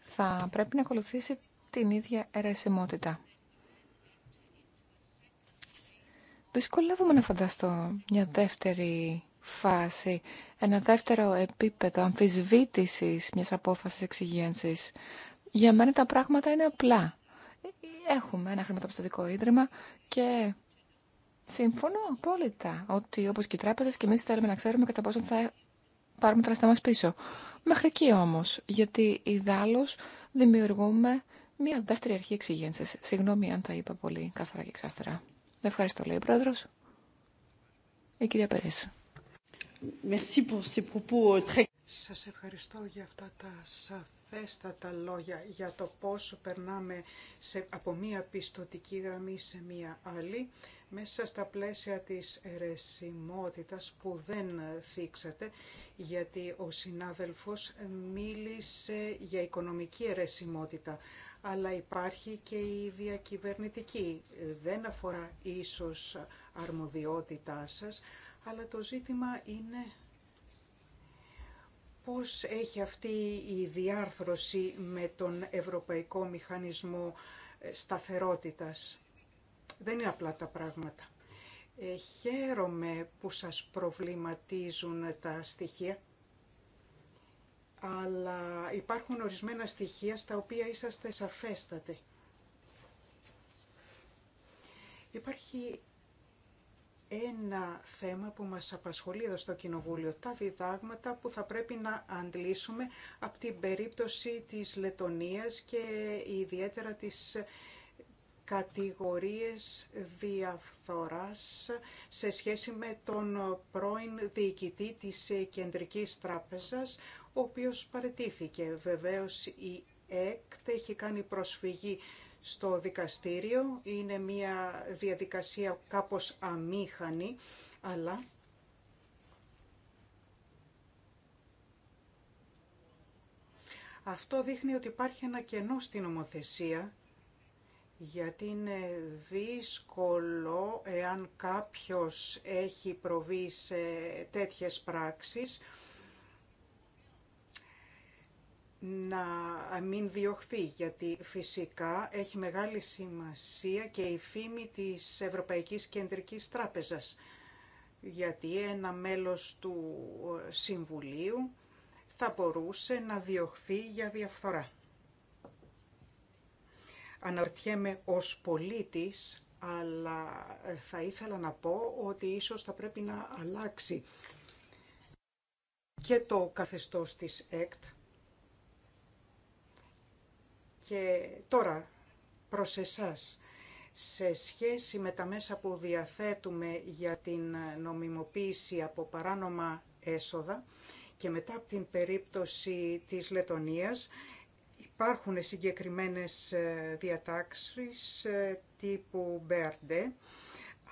Speaker 4: θα πρέπει να ακολουθήσει την ίδια αιρεσιμότητα. Δυσκολεύομαι να φανταστώ μια δεύτερη φάση, ένα δεύτερο επίπεδο αμφισβήτησης μιας απόφασης εξυγένσης. Για μένα τα πράγματα είναι απλά. Έχουμε ένα χρηματοπιστωτικό ίδρυμα και Συμφωνώ απόλυτα ότι όπως και οι τράπεζες και εμείς θέλουμε να ξέρουμε κατά πόσο θα πάρουμε τα λεφτά μας πίσω. Μέχρι εκεί όμως, γιατί ιδάλλως δημιουργούμε μια δεύτερη αρχή εξηγένσης. Συγγνώμη αν τα είπα πολύ καθαρά και εξάστερα. Ευχαριστώ, λέει ο Πρόεδρος. Η κυρία euh, très...
Speaker 3: Σας ευχαριστώ για αυτά τα σαφέστατα λόγια για το πόσο περνάμε σε, από μία πιστοτική γραμμή σε μία άλλη μέσα στα πλαίσια της ερεσιμότητας που δεν θίξατε, γιατί ο συνάδελφος μίλησε για οικονομική ερεσιμότητα, αλλά υπάρχει και η διακυβερνητική. Δεν αφορά ίσως αρμοδιότητά σας, αλλά το ζήτημα είναι πώς έχει αυτή η διάρθρωση με τον Ευρωπαϊκό Μηχανισμό Σταθερότητας δεν είναι απλά τα πράγματα. Ε, χαίρομαι που σας προβληματίζουν τα στοιχεία, αλλά υπάρχουν ορισμένα στοιχεία στα οποία είσαστε σαφέστατε. Υπάρχει ένα θέμα που μας απασχολεί εδώ στο Κοινοβούλιο, τα διδάγματα που θα πρέπει να αντλήσουμε από την περίπτωση της Λετωνίας και ιδιαίτερα της κατηγορίες διαφθοράς σε σχέση με τον πρώην διοικητή της Κεντρικής Τράπεζας, ο οποίος παρετήθηκε. Βεβαίως η ΕΚΤ έχει κάνει προσφυγή στο δικαστήριο. Είναι μια διαδικασία κάπως αμήχανη, αλλά αυτό δείχνει ότι υπάρχει ένα κενό στην ομοθεσία γιατί είναι δύσκολο εάν κάποιος έχει προβεί σε τέτοιες πράξεις να μην διωχθεί, γιατί φυσικά έχει μεγάλη σημασία και η φήμη της Ευρωπαϊκής Κεντρικής Τράπεζας, γιατί ένα μέλος του Συμβουλίου θα μπορούσε να διωχθεί για διαφθορά. Αναρτιέμαι ως πολίτης, αλλά ε, θα ήθελα να πω ότι ίσως θα πρέπει να αλλάξει και το καθεστώς της ΕΚΤ. Και τώρα προς εσάς, σε σχέση με τα μέσα που διαθέτουμε για την νομιμοποίηση από παράνομα έσοδα και μετά από την περίπτωση της Λετωνίας, υπάρχουν συγκεκριμένες ε, διατάξεις ε, τύπου BRD,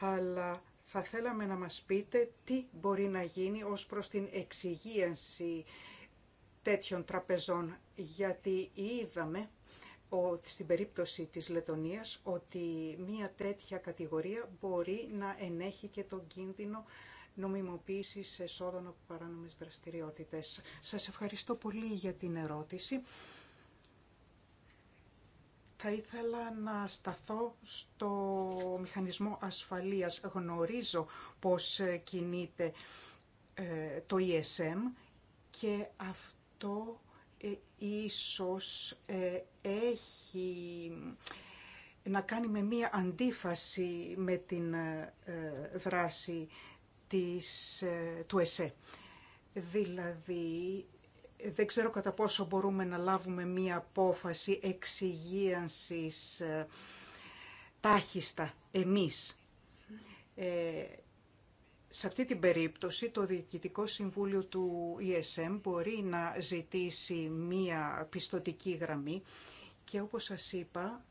Speaker 3: αλλά θα θέλαμε να μας πείτε τι μπορεί να γίνει ως προς την εξυγίανση τέτοιων τραπεζών, γιατί είδαμε ότι στην περίπτωση της Λετωνίας ότι μία τέτοια κατηγορία μπορεί να ενέχει και τον κίνδυνο νομιμοποίησης εσόδων από παράνομες δραστηριότητες. Σας ευχαριστώ πολύ για την ερώτηση. Θα ήθελα να σταθώ στο μηχανισμό ασφαλείας. Γνωρίζω πώς ε, κινείται ε, το ESM και αυτό ε, ίσως έχει να κάνει με μία αντίφαση με την δράση της, του ΕΣΕ. E δηλαδή δεν ξέρω κατά πόσο μπορούμε να λάβουμε μία απόφαση εξυγίανσης ε, τάχιστα εμείς. Ε, σε αυτή την περίπτωση το Διοικητικό Συμβούλιο του ESM μπορεί να ζητήσει μία πιστοτική γραμμή και όπως σας είπα,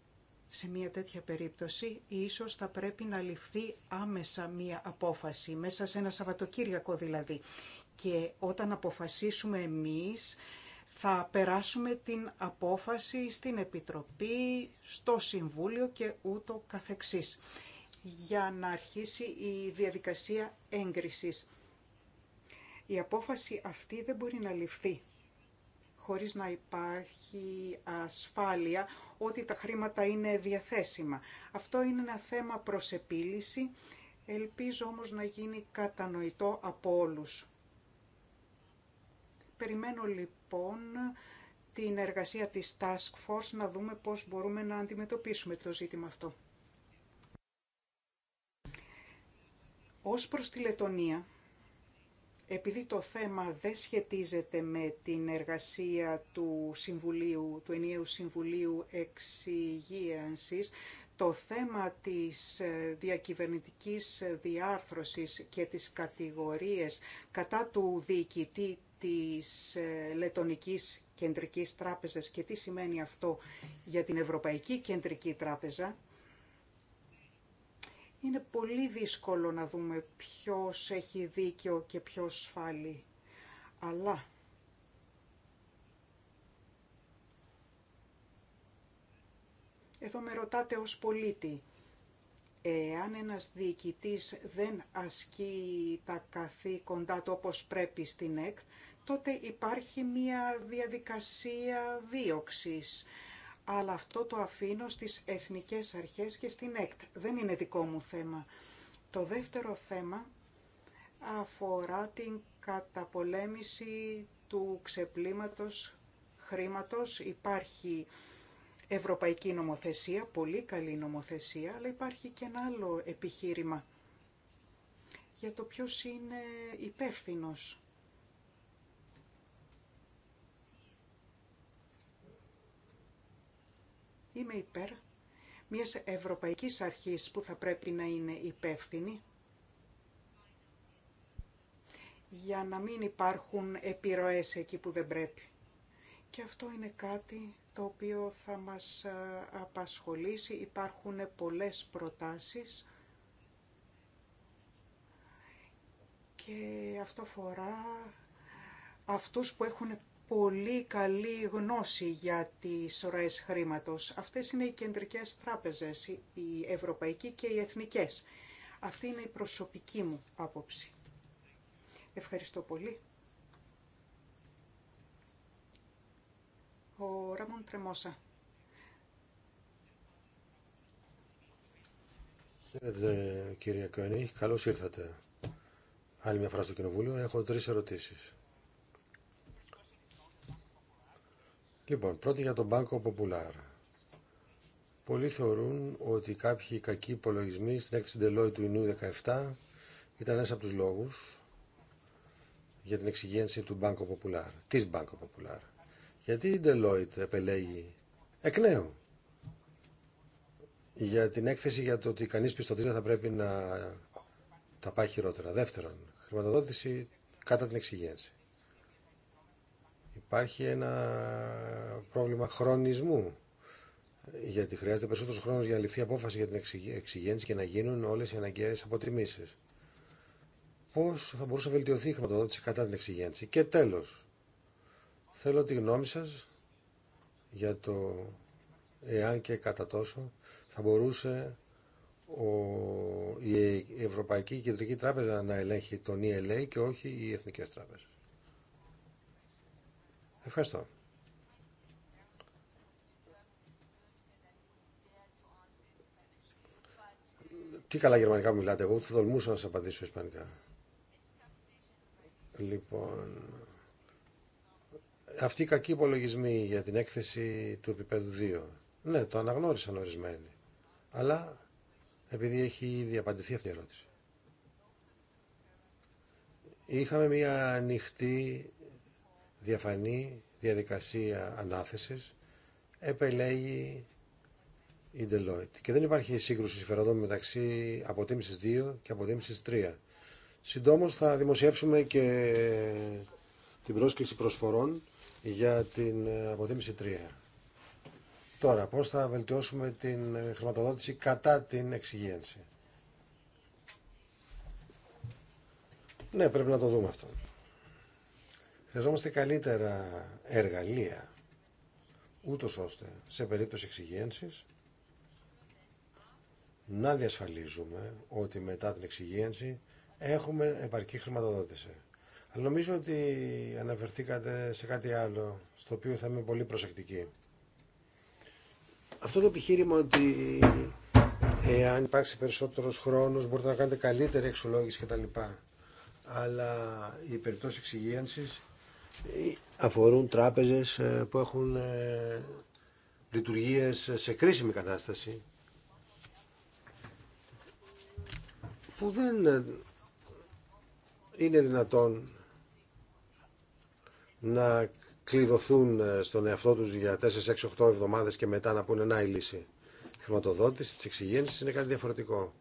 Speaker 3: σε μία τέτοια περίπτωση ίσως θα πρέπει να ληφθεί άμεσα μία απόφαση, μέσα σε ένα Σαββατοκύριακο δηλαδή και όταν αποφασίσουμε εμείς θα περάσουμε την απόφαση στην Επιτροπή, στο Συμβούλιο και ούτω καθεξής για να αρχίσει η διαδικασία έγκρισης. Η απόφαση αυτή δεν μπορεί να ληφθεί χωρίς να υπάρχει ασφάλεια ότι τα χρήματα είναι διαθέσιμα. Αυτό είναι ένα θέμα προς επίλυση, ελπίζω όμως να γίνει κατανοητό από όλους. Περιμένω λοιπόν την εργασία της Task Force να δούμε πώς μπορούμε να αντιμετωπίσουμε το ζήτημα αυτό. Ως προς τη Λετωνία, επειδή το θέμα δεν σχετίζεται με την εργασία του Συμβουλίου, του ενιαίου Συμβουλίου Εξυγίανσης, το θέμα της ε, διακυβερνητικής διάρθρωσης και της κατηγορίες κατά του διοικητή της ε, Λετονικής Κεντρικής Τράπεζας και τι σημαίνει αυτό για την Ευρωπαϊκή Κεντρική Τράπεζα. Είναι πολύ δύσκολο να δούμε ποιος έχει δίκιο και ποιος σφάλει. Αλλά Εδώ με ρωτάτε ως πολίτη. Εάν ένας διοικητής δεν ασκεί τα καθήκοντά του όπως πρέπει στην ΕΚΤ, τότε υπάρχει μία διαδικασία δίωξης. Αλλά αυτό το αφήνω στις εθνικές αρχές και στην ΕΚΤ. Δεν είναι δικό μου θέμα. Το δεύτερο θέμα αφορά την καταπολέμηση του ξεπλήματος χρήματος. Υπάρχει ευρωπαϊκή νομοθεσία, πολύ καλή νομοθεσία, αλλά υπάρχει και ένα άλλο επιχείρημα για το ποιος είναι υπεύθυνος Είμαι υπέρ μιας ευρωπαϊκής αρχής που θα πρέπει να είναι υπεύθυνη για να μην υπάρχουν επιρροές εκεί που δεν πρέπει. Και αυτό είναι κάτι το οποίο θα μας ε, απασχολήσει. Υπάρχουν πολλές προτάσεις και αυτό φορά αυτούς που έχουν πολύ καλή γνώση για τις ροές χρήματος. Αυτές είναι οι κεντρικές τράπεζες, οι ευρωπαϊκή και οι εθνικές. Αυτή είναι η προσωπική μου άποψη. Ευχαριστώ πολύ. Ο Ραμόν Τρεμόσα.
Speaker 2: κύριε Κιόνι, καλώς ήρθατε. Άλλη μια φορά στο Κοινοβούλιο, έχω τρεις ερωτήσεις. Λοιπόν, πρώτη για τον Banco Popular. Πολλοί θεωρούν ότι κάποιοι κακοί υπολογισμοί στην έκθεση Deloitte του Ινού 17 ήταν ένας από τους λόγους για την εξηγένση του Banco Popular, της Banco Popular. Γιατί η Deloitte επελέγει εκ νέου για την έκθεση για το ότι κανείς πιστωτής δεν θα πρέπει να τα πάει χειρότερα. Δεύτερον, χρηματοδότηση κατά την εξηγένση υπάρχει ένα πρόβλημα χρονισμού. Γιατί χρειάζεται περισσότερο χρόνο για να ληφθεί απόφαση για την εξυγέννηση και να γίνουν όλε οι αναγκαίε αποτιμήσει. Πώ θα μπορούσε να βελτιωθεί η χρηματοδότηση κατά την εξυγέννηση. Και τέλο, θέλω τη γνώμη σα για το εάν και κατά τόσο θα μπορούσε ο, η Ευρωπαϊκή Κεντρική Τράπεζα να ελέγχει τον ELA και όχι οι Εθνικές Τράπεζες. Ευχαριστώ. Τι καλά γερμανικά που μιλάτε, εγώ θα τολμούσα να σας απαντήσω ισπανικά. Λοιπόν, αυτοί οι κακοί υπολογισμοί για την έκθεση του επίπεδου 2, ναι, το αναγνώρισαν ορισμένοι, αλλά επειδή έχει ήδη απαντηθεί αυτή η ερώτηση. Είχαμε μια ανοιχτή διαφανή διαδικασία ανάθεσης επελέγει η Deloitte. Και δεν υπάρχει σύγκρουση συμφερόντων μεταξύ αποτίμησης 2 και αποτίμησης 3. Συντόμως θα δημοσιεύσουμε και την πρόσκληση προσφορών για την ε, αποτίμηση 3. Τώρα, πώς θα βελτιώσουμε την ε, χρηματοδότηση κατά την εξυγίανση. Ναι, πρέπει να το δούμε αυτό. Χρειαζόμαστε καλύτερα εργαλεία, ούτως ώστε σε περίπτωση εξυγένσης να διασφαλίζουμε ότι μετά την εξυγένση έχουμε επαρκή χρηματοδότηση. Αλλά νομίζω ότι αναφερθήκατε σε κάτι άλλο, στο οποίο θα είμαι πολύ προσεκτική. Αυτό το επιχείρημα ότι αν υπάρξει περισσότερος χρόνος μπορείτε να κάνετε καλύτερη εξολόγηση κτλ. Αλλά η περιπτώση εξυγίανσης αφορούν τράπεζες ε, που έχουν ε, λειτουργίες σε κρίσιμη κατάσταση που δεν ε, είναι δυνατόν να κλειδωθούν στον εαυτό τους για 4-6-8 εβδομάδες και μετά να πούνε να η λύση. Η χρηματοδότηση της εξυγέννησης είναι κάτι διαφορετικό.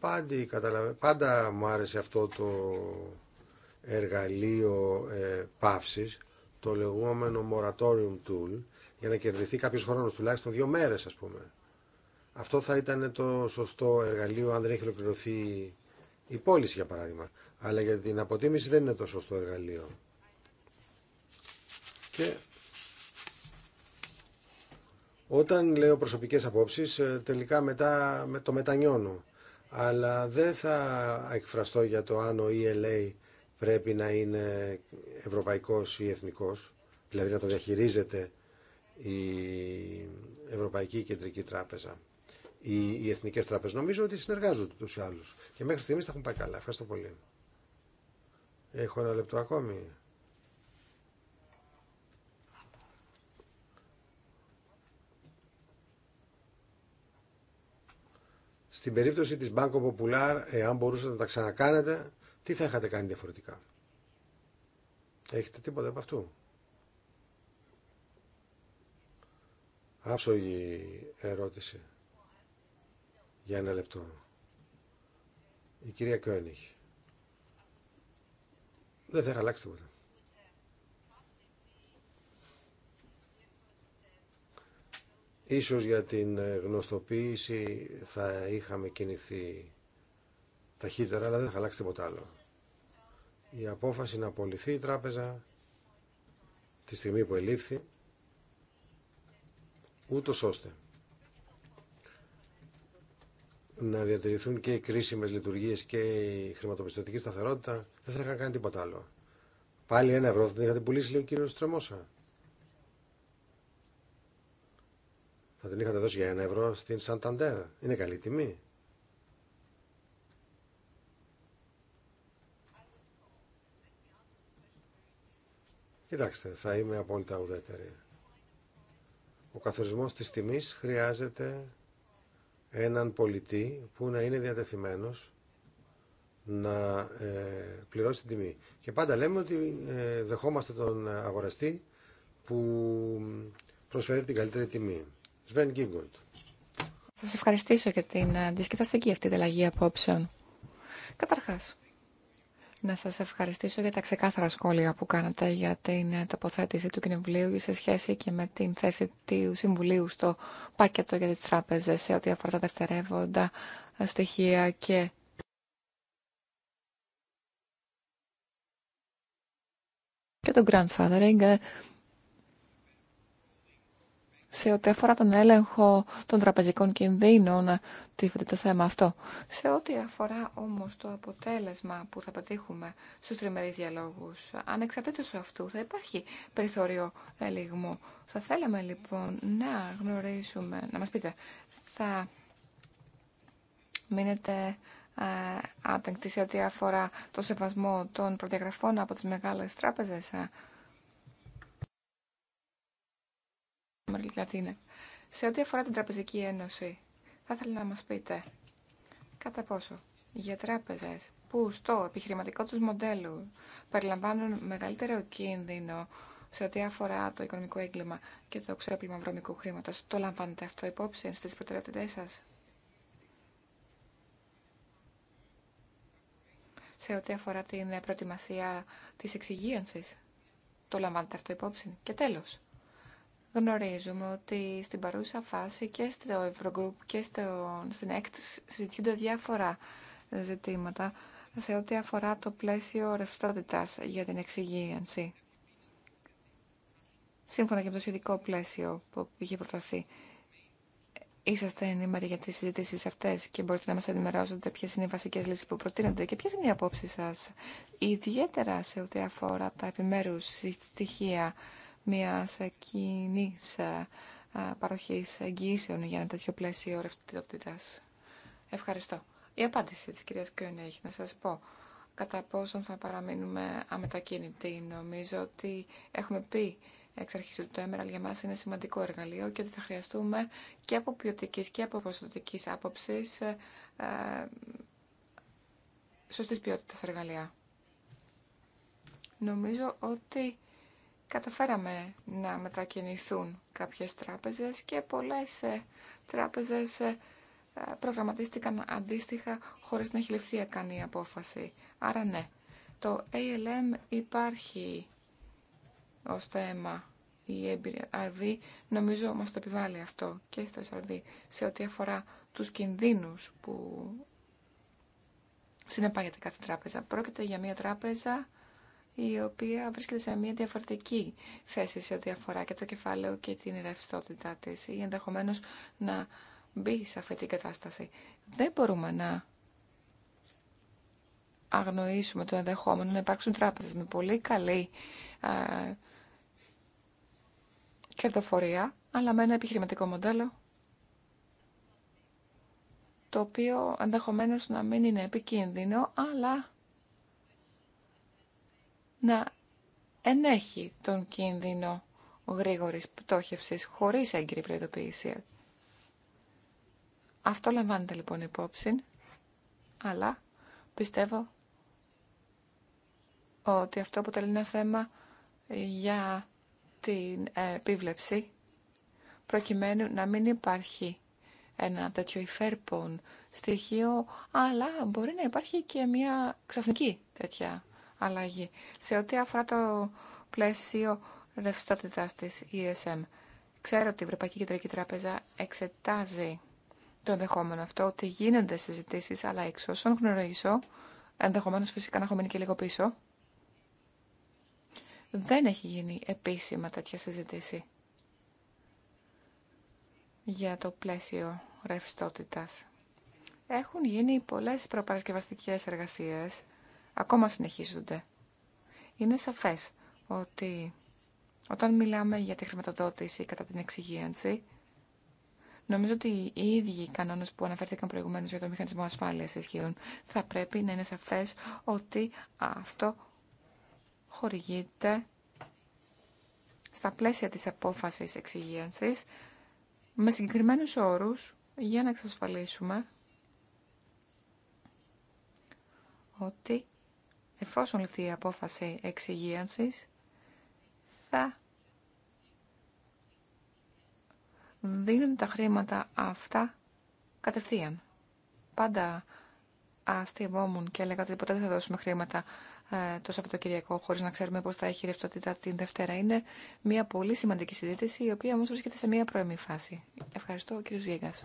Speaker 2: Πάντα, πάντα μου άρεσε αυτό το εργαλείο ε, παύσης, το λεγόμενο moratorium tool, για να κερδιθεί κάποιος χρόνος, τουλάχιστον δύο μέρες ας πούμε. Αυτό θα ήταν το σωστό εργαλείο αν δεν έχει ολοκληρωθεί η πώληση για παράδειγμα. Αλλά για την αποτίμηση δεν είναι το σωστό εργαλείο. Και όταν λέω προσωπικές απόψεις, ε, τελικά μετά το μετανιώνω. Αλλά δεν θα εκφραστώ για το αν ο ELA πρέπει να είναι ευρωπαϊκός ή εθνικός, δηλαδή να το διαχειρίζεται η Ευρωπαϊκή Κεντρική Τράπεζα ή οι εθνικές τράπεζες. Νομίζω ότι συνεργάζονται τους ή άλλους και μέχρι στιγμής τα έχουν πάει καλά. Ευχαριστώ πολύ. Έχω ένα λεπτό ακόμη. Στην περίπτωση της Banco Popular, εάν μπορούσατε να τα ξανακάνετε, τι θα είχατε κάνει διαφορετικά. Έχετε τίποτα από αυτού. Άψογη ερώτηση. Για ένα λεπτό. Η κυρία Κιόνιχ. Δεν θα είχα αλλάξει τίποτα. Ίσως για την ε, γνωστοποίηση θα είχαμε κινηθεί ταχύτερα, αλλά δεν θα αλλάξει τίποτα άλλο η απόφαση να απολυθεί η τράπεζα τη στιγμή που ελήφθη ούτω ώστε να διατηρηθούν και οι κρίσιμες λειτουργίες και η χρηματοπιστωτική σταθερότητα δεν θα είχαν κάνει τίποτα άλλο. Πάλι ένα ευρώ θα την είχατε πουλήσει, λέει ο κύριο Τρεμόσα. Θα την είχατε δώσει για ένα ευρώ στην Σανταντέρ. Είναι καλή τιμή. Κοιτάξτε, θα είμαι απόλυτα ουδέτερη. Ο καθορισμός της τιμής χρειάζεται έναν πολιτή που να είναι διατεθειμένος να ε, πληρώσει την τιμή. Και πάντα λέμε ότι ε, δεχόμαστε τον αγοραστή που προσφέρει την καλύτερη τιμή. Σβέν Γκίγκολτ.
Speaker 4: Σας ευχαριστήσω για την ε, αντισκεταστική αυτή ανταλλαγή απόψεων. Καταρχάς, να σας ευχαριστήσω για τα ξεκάθαρα σχόλια που κάνατε για την τοποθέτηση του Κοινοβουλίου σε σχέση και με την θέση του Συμβουλίου στο πακέτο για τις τράπεζες σε ό,τι αφορά τα δευτερεύοντα στοιχεία και και το grandfathering σε ό,τι αφορά τον έλεγχο των τραπεζικών κινδύνων τίθεται το θέμα αυτό. Σε ό,τι αφορά όμως το αποτέλεσμα που θα πετύχουμε στους τριμερείς διαλόγους, ανεξαρτήτως αυτού θα υπάρχει περιθώριο ελιγμού. Θα θέλαμε λοιπόν να γνωρίσουμε, να μας πείτε, θα μείνετε ε, άτεκτοι σε ό,τι αφορά το σεβασμό των προδιαγραφών από τις μεγάλες τράπεζες ε, Σε ό,τι αφορά την Τραπεζική Ένωση, θα ήθελα να μας πείτε κατά πόσο για τράπεζες που στο επιχειρηματικό τους μοντέλο περιλαμβάνουν μεγαλύτερο κίνδυνο σε ό,τι αφορά το οικονομικό έγκλημα και το ξέπλυμα βρωμικού χρήματος. Το λαμβάνετε αυτό υπόψη στις προτεραιότητές σας. Σε ό,τι αφορά την προετοιμασία της εξυγίανσης. Το λαμβάνετε αυτό υπόψη. Και τέλος γνωρίζουμε ότι στην παρούσα φάση και στο Eurogroup και στο, στην ΕΚΤ συζητούνται διάφορα ζητήματα σε ό,τι αφορά το πλαίσιο ρευστότητα για την εξυγίανση. Σύμφωνα και με το σχετικό πλαίσιο που είχε προταθεί. Είσαστε ενήμεροι για τι συζητήσει αυτέ και μπορείτε να μα ενημερώσετε ποιε είναι οι βασικέ λύσει που προτείνονται και ποιε είναι οι απόψει σα, ιδιαίτερα σε ό,τι αφορά τα επιμέρου στοιχεία μια ε, κοινή ε, ε, παροχή εγγυήσεων για ένα τέτοιο πλαίσιο ρευστότητα. Ευχαριστώ. Η απάντηση τη κυρία Κιόνι έχει να σας πω κατά πόσον θα παραμείνουμε αμετακίνητοι. Νομίζω ότι έχουμε πει εξ αρχή ότι το Emerald για μας είναι σημαντικό εργαλείο και ότι θα χρειαστούμε και από ποιοτική και από ποσοτική άποψη σωστή ποιότητα εργαλεία. Νομίζω ότι καταφέραμε να μετακινηθούν κάποιες τράπεζες και πολλές ε, τράπεζες ε, ε, προγραμματίστηκαν αντίστοιχα χωρίς να έχει ληφθεί η απόφαση. Άρα ναι, το ALM υπάρχει ως θέμα η EBRV νομίζω μας το επιβάλλει αυτό και στο SRV σε ό,τι αφορά τους κινδύνους που συνεπάγεται κάθε τράπεζα. Πρόκειται για μια τράπεζα η οποία βρίσκεται σε μια διαφορετική θέση σε ό,τι αφορά και το κεφάλαιο και την ρευστότητά της ή ενδεχομένω να μπει σε αυτή την κατάσταση. Δεν μπορούμε να αγνοήσουμε το ενδεχόμενο να υπάρξουν τράπεζες με πολύ καλή κερδοφορία, αλλά με ένα επιχειρηματικό μοντέλο το οποίο ενδεχομένως να μην είναι επικίνδυνο, αλλά να ενέχει τον κίνδυνο γρήγορης πτώχευσης χωρίς έγκυρη προειδοποίηση. Αυτό λαμβάνεται λοιπόν υπόψη, αλλά πιστεύω ότι αυτό αποτελεί ένα θέμα για την επίβλεψη, προκειμένου να μην υπάρχει ένα τέτοιο υφέρπον στοιχείο, αλλά μπορεί να υπάρχει και μια ξαφνική τέτοια αλλαγή. Σε ό,τι αφορά το πλαίσιο ρευστότητα τη ESM, ξέρω ότι η Ευρωπαϊκή Κεντρική Τράπεζα εξετάζει το ενδεχόμενο αυτό, ότι γίνονται συζητήσει, αλλά εξ όσων γνωρίζω, ενδεχομένω φυσικά να έχω μείνει και λίγο πίσω, δεν έχει γίνει επίσημα τέτοια συζήτηση για το πλαίσιο ρευστότητας. Έχουν γίνει πολλές προπαρασκευαστικές εργασίες ακόμα συνεχίζονται. Είναι σαφές ότι όταν μιλάμε για τη χρηματοδότηση κατά την εξυγίανση, νομίζω ότι οι ίδιοι κανόνες που αναφέρθηκαν προηγουμένως για το μηχανισμό ασφάλειας ισχύουν. Θα πρέπει να είναι σαφές ότι αυτό χορηγείται στα πλαίσια της απόφασης εξυγίανσης με συγκεκριμένους όρους για να εξασφαλίσουμε ότι εφόσον ληφθεί η απόφαση εξυγίανσης, θα δίνουν τα χρήματα αυτά κατευθείαν. Πάντα αστευόμουν και έλεγα ότι ποτέ δεν θα δώσουμε χρήματα ε, το Σαββατοκυριακό χωρίς να ξέρουμε πώς θα έχει ρευστότητα την Δευτέρα. Είναι μια πολύ σημαντική συζήτηση η οποία όμως βρίσκεται σε μια πρώιμη φάση. Ευχαριστώ κύριος Βιέγκας.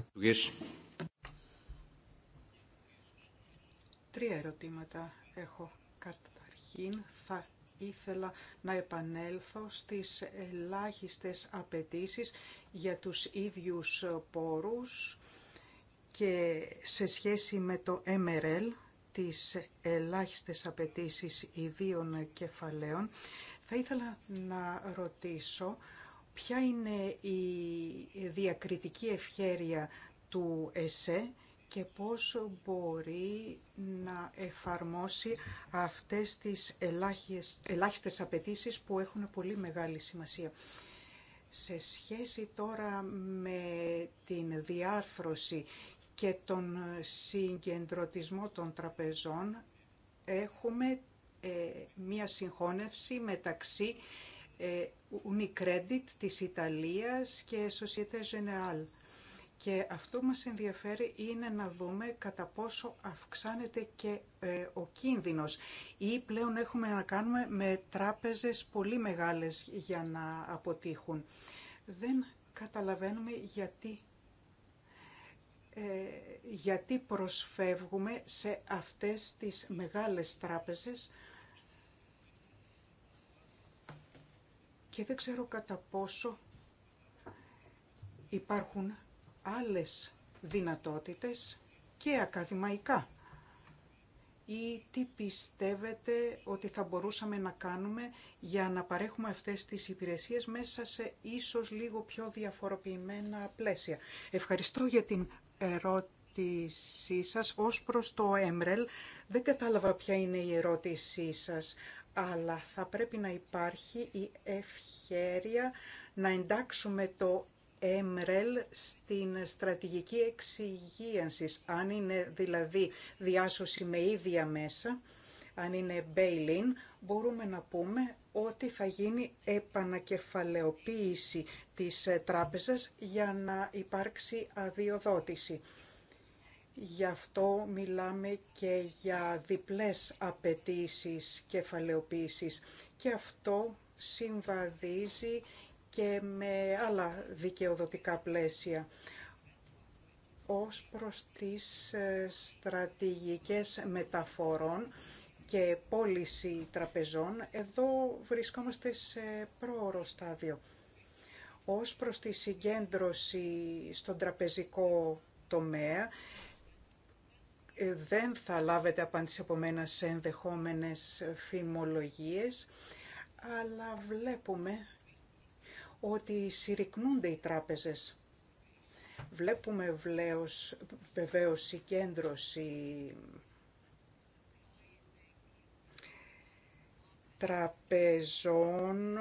Speaker 4: Τρία
Speaker 3: ερωτήματα έχω. Καταρχήν θα ήθελα να επανέλθω στις ελάχιστες απαιτήσεις για τους ίδιους πόρους και σε σχέση με το MRL, τις ελάχιστες απαιτήσεις ιδίων κεφαλαίων, θα ήθελα να ρωτήσω ποια είναι η διακριτική ευχέρεια του ΕΣΕ και πώς μπορεί να εφαρμόσει αυτές τις ελάχιστες, ελάχιστες απαιτήσεις που έχουν πολύ μεγάλη σημασία. Σε σχέση τώρα με την διάρθρωση και τον συγκεντρωτισμό των τραπεζών, έχουμε ε, μία συγχώνευση μεταξύ ε, Unicredit της Ιταλίας και Societe Generale και αυτό μας ενδιαφέρει είναι να δούμε κατά πόσο αυξάνεται και ε, ο κίνδυνος ή πλέον έχουμε να κάνουμε με τράπεζες πολύ μεγάλες για να αποτύχουν. Δεν καταλαβαίνουμε γιατί, ε, γιατί προσφεύγουμε σε αυτές τις μεγάλες τράπεζες και δεν ξέρω κατά πόσο υπάρχουν άλλες δυνατότητες και ακαδημαϊκά ή τι πιστεύετε ότι θα μπορούσαμε να κάνουμε για να παρέχουμε αυτές τις υπηρεσίες μέσα σε ίσως λίγο πιο διαφοροποιημένα πλαίσια. Ευχαριστώ για την ερώτησή σας. Ως προς το ΕΜΡΕΛ δεν κατάλαβα ποια είναι η ερώτησή σας, αλλά θα πρέπει να υπάρχει η ευχέρεια να εντάξουμε το ΕΜΡΕΛ στην στρατηγική εξυγίανσης, αν είναι δηλαδή διάσωση με ίδια μέσα, αν είναι bail-in, μπορούμε να πούμε ότι θα γίνει επανακεφαλαιοποίηση της ε, τράπεζας για να υπάρξει αδειοδότηση. Γι' αυτό μιλάμε και για διπλές απαιτήσει κεφαλαιοποίησης και αυτό συμβαδίζει και με άλλα δικαιοδοτικά πλαίσια ως προς τις ε, στρατηγικές μεταφορών και πώληση τραπεζών, εδώ βρισκόμαστε σε πρόωρο στάδιο. Ως προς τη συγκέντρωση στον τραπεζικό τομέα, ε, δεν θα λάβετε απάντηση από μένα σε ενδεχόμενες φημολογίες, αλλά βλέπουμε ότι συρρυκνούνται οι τράπεζες. Βλέπουμε βλέως, βεβαίως συγκέντρωση τραπεζών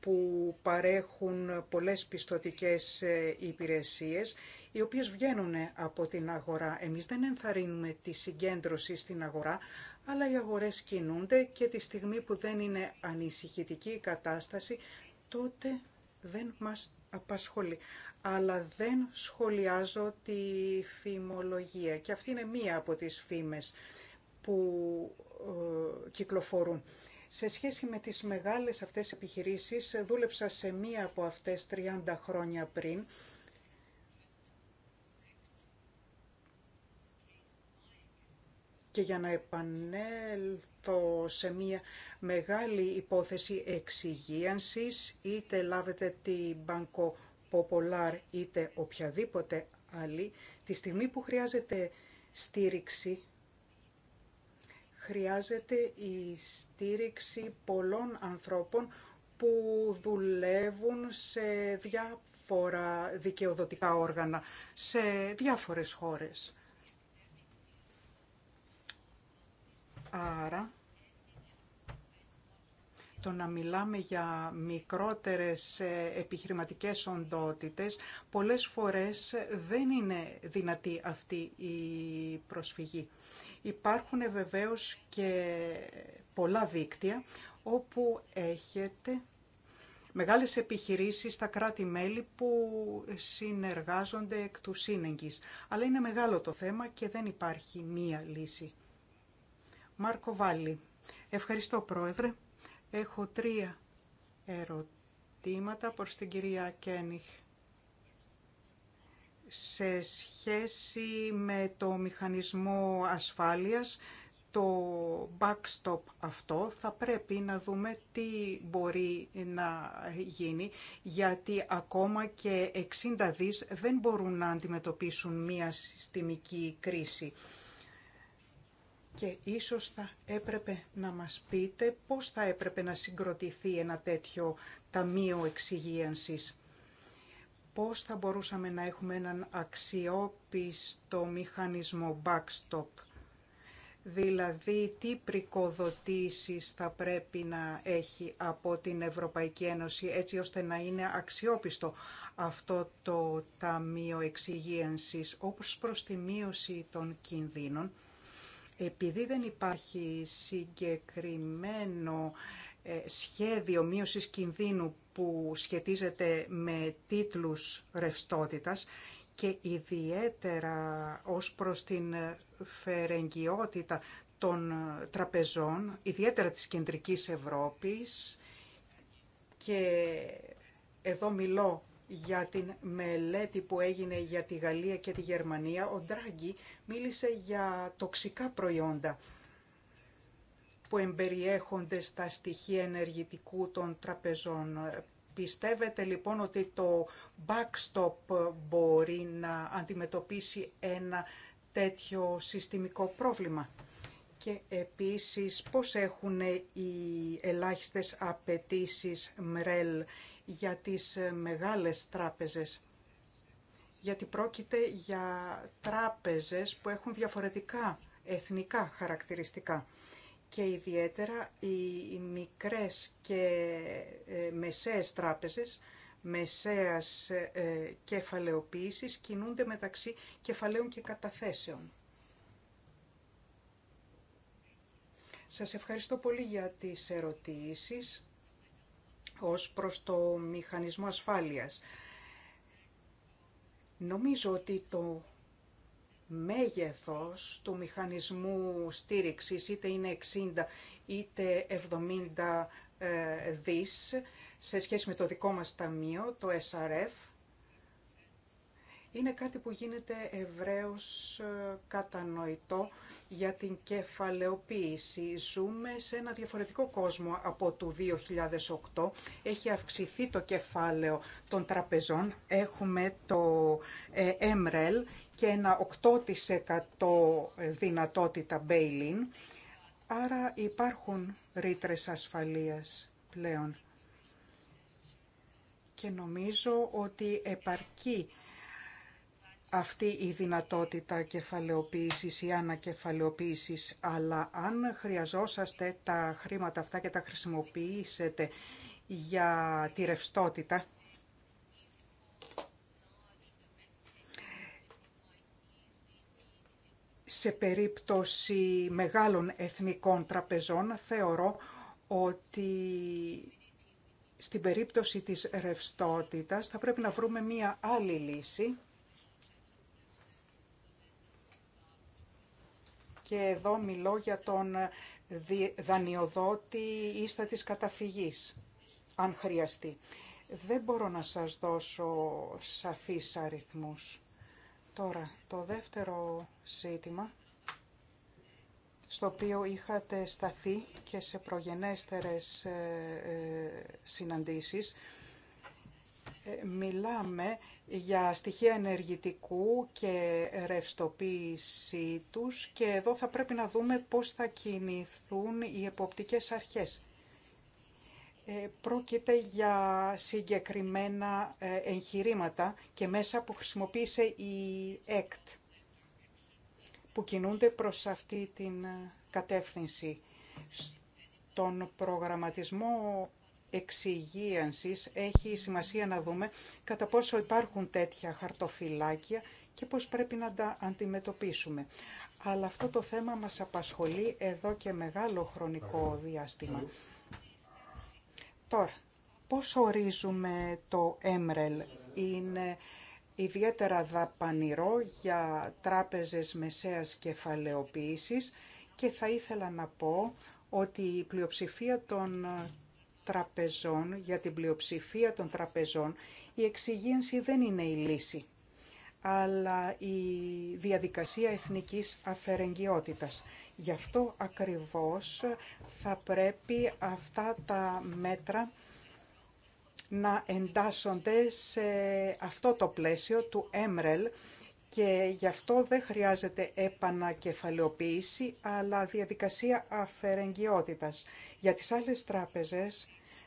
Speaker 3: που παρέχουν πολλές πιστοτικές ε, υπηρεσίες, οι οποίες βγαίνουν από την αγορά. Εμείς δεν ενθαρρύνουμε τη συγκέντρωση στην αγορά, αλλά οι αγορές κινούνται και τη στιγμή που δεν είναι ανησυχητική η κατάσταση, τότε δεν μας απασχολεί. Αλλά δεν σχολιάζω τη φημολογία. Και αυτή είναι μία από τις φήμες που ε, κυκλοφορούν. Σε σχέση με τις μεγάλες αυτές επιχειρήσεις, δούλεψα σε μία από αυτές 30 χρόνια πριν Και για να επανέλθω σε μια μεγάλη υπόθεση εξυγίανσης, είτε λάβετε την Banco Popular είτε οποιαδήποτε άλλη, τη στιγμή που χρειάζεται στήριξη, χρειάζεται η στήριξη πολλών ανθρώπων που δουλεύουν σε διάφορα δικαιοδοτικά όργανα, σε διάφορες χώρες. Άρα, το να μιλάμε για μικρότερες ε, επιχειρηματικές οντότητες, πολλές φορές δεν είναι δυνατή αυτή η προσφυγή. Υπάρχουν βεβαίως και πολλά δίκτυα όπου έχετε μεγάλες επιχειρήσεις στα κράτη-μέλη που συνεργάζονται εκ του σύνεγγης. Αλλά είναι μεγάλο το θέμα και δεν υπάρχει μία λύση. Μάρκο Βάλλη. Ευχαριστώ Πρόεδρε. Έχω τρία ερωτήματα προς την κυρία Κένιχ σε σχέση με το μηχανισμό ασφάλειας, το backstop αυτό θα πρέπει να δούμε τι μπορεί να γίνει, γιατί ακόμα και 60 δις δεν μπορούν να αντιμετωπίσουν μία συστημική κρίση και ίσως θα έπρεπε να μας πείτε πώς θα έπρεπε να συγκροτηθεί ένα τέτοιο ταμείο εξυγίανσης. Πώς θα μπορούσαμε να έχουμε έναν αξιόπιστο μηχανισμό backstop. Δηλαδή, τι πρικοδοτήσεις θα πρέπει να έχει από την Ευρωπαϊκή Ένωση έτσι ώστε να είναι αξιόπιστο αυτό το Ταμείο Εξυγίανσης όπως προς τη μείωση των κινδύνων επειδή δεν υπάρχει συγκεκριμένο ε, σχέδιο μείωσης κινδύνου που σχετίζεται με τίτλους ρευστότητας και ιδιαίτερα ως προς την φερεγγιότητα των τραπεζών, ιδιαίτερα της κεντρικής Ευρώπης και εδώ μιλώ για την μελέτη που έγινε για τη Γαλλία και τη Γερμανία, ο Ντράγκη μίλησε για τοξικά προϊόντα που εμπεριέχονται στα στοιχεία ενεργητικού των τραπεζών. Πιστεύετε λοιπόν ότι το backstop μπορεί να αντιμετωπίσει ένα τέτοιο συστημικό πρόβλημα. Και επίσης πώς έχουν οι ελάχιστες απαιτήσεις ΜΡΕΛ για τις ε, μεγάλες τράπεζες. Γιατί πρόκειται για τράπεζες που έχουν διαφορετικά εθνικά χαρακτηριστικά και ιδιαίτερα οι μικρές και ε, μεσαίες τράπεζες μεσαίας ε, κεφαλαιοποίησης κινούνται μεταξύ κεφαλαίων και καταθέσεων. Σας ευχαριστώ πολύ για τις ερωτήσεις ως προς το μηχανισμό ασφάλειας. Νομίζω ότι το μέγεθος του μηχανισμού στήριξης είτε είναι 60 είτε 70 ε, δις σε σχέση με το δικό μας ταμείο, το SRF, είναι κάτι που γίνεται ευρέως ε, κατανοητό για την κεφαλαιοποίηση. Ζούμε σε ένα διαφορετικό κόσμο από το 2008. Έχει αυξηθεί το κεφάλαιο των τραπεζών. Έχουμε το ε, MREL και ένα 8% δυνατότητα bail-in. Άρα υπάρχουν ρήτρες ασφαλείας πλέον. Και νομίζω ότι επαρκεί αυτή η δυνατότητα κεφαλαιοποίησης ή ανακεφαλαιοποίησης, αλλά αν χρειαζόσαστε τα χρήματα αυτά και τα χρησιμοποιήσετε για τη ρευστότητα, σε περίπτωση μεγάλων εθνικών τραπεζών θεωρώ ότι στην περίπτωση της ρευστότητας θα πρέπει να βρούμε μία άλλη λύση και εδώ μιλώ για τον δανειοδότη ίστα της καταφυγής, αν χρειαστεί. Δεν μπορώ να σας δώσω σαφείς αριθμούς. Τώρα, το δεύτερο ζήτημα, στο οποίο είχατε σταθεί και σε προγενέστερες ε, ε, συναντήσεις, ε, μιλάμε για στοιχεία ενεργητικού και ρευστοποίησή τους και εδώ θα πρέπει να δούμε πώς θα κινηθούν οι εποπτικές αρχές. Ε, πρόκειται για συγκεκριμένα ε, εγχειρήματα και μέσα που χρησιμοποίησε η ΕΚΤ που κινούνται προς αυτή την κατεύθυνση. Στον προγραμματισμό εξυγίανσης έχει σημασία να δούμε κατά πόσο υπάρχουν τέτοια χαρτοφυλάκια και πώς πρέπει να τα αντιμετωπίσουμε. Αλλά αυτό το θέμα μας απασχολεί εδώ και μεγάλο χρονικό διάστημα. Τώρα, πώς ορίζουμε το ΕΜΡΕΛ. Είναι ιδιαίτερα δαπανηρό για τράπεζες μεσαίας κεφαλαιοποίησης και θα ήθελα να πω ότι η πλειοψηφία των τραπεζών, για την πλειοψηφία των τραπεζών, η εξυγίανση δεν είναι η λύση, αλλά η διαδικασία εθνικής αφαιρεγγιότητας. Γι' αυτό ακριβώς θα πρέπει αυτά τα μέτρα να εντάσσονται σε αυτό το πλαίσιο του ΕΜΡΕΛ και γι' αυτό δεν χρειάζεται επανακεφαλαιοποίηση αλλά διαδικασία αφαιρεγγιότητας. Για τις άλλες τράπεζες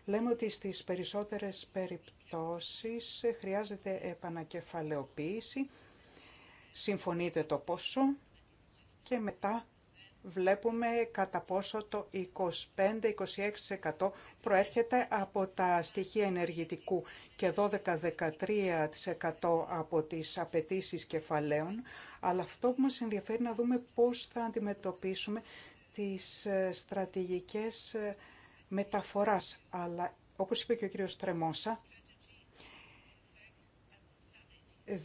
Speaker 3: Λέμε ότι στις περισσότερες περιπτώσεις χρειάζεται επανακεφαλαιοποίηση, συμφωνείτε το πόσο και μετά βλέπουμε κατά πόσο το 25-26% προέρχεται από τα στοιχεία ενεργητικού και 12-13% από τις απαιτήσει κεφαλαίων. Αλλά αυτό που μας ενδιαφέρει να δούμε πώς θα αντιμετωπίσουμε τις ε, στρατηγικές ε, μεταφοράς, αλλά όπως είπε και ο κύριος Τρεμόσα,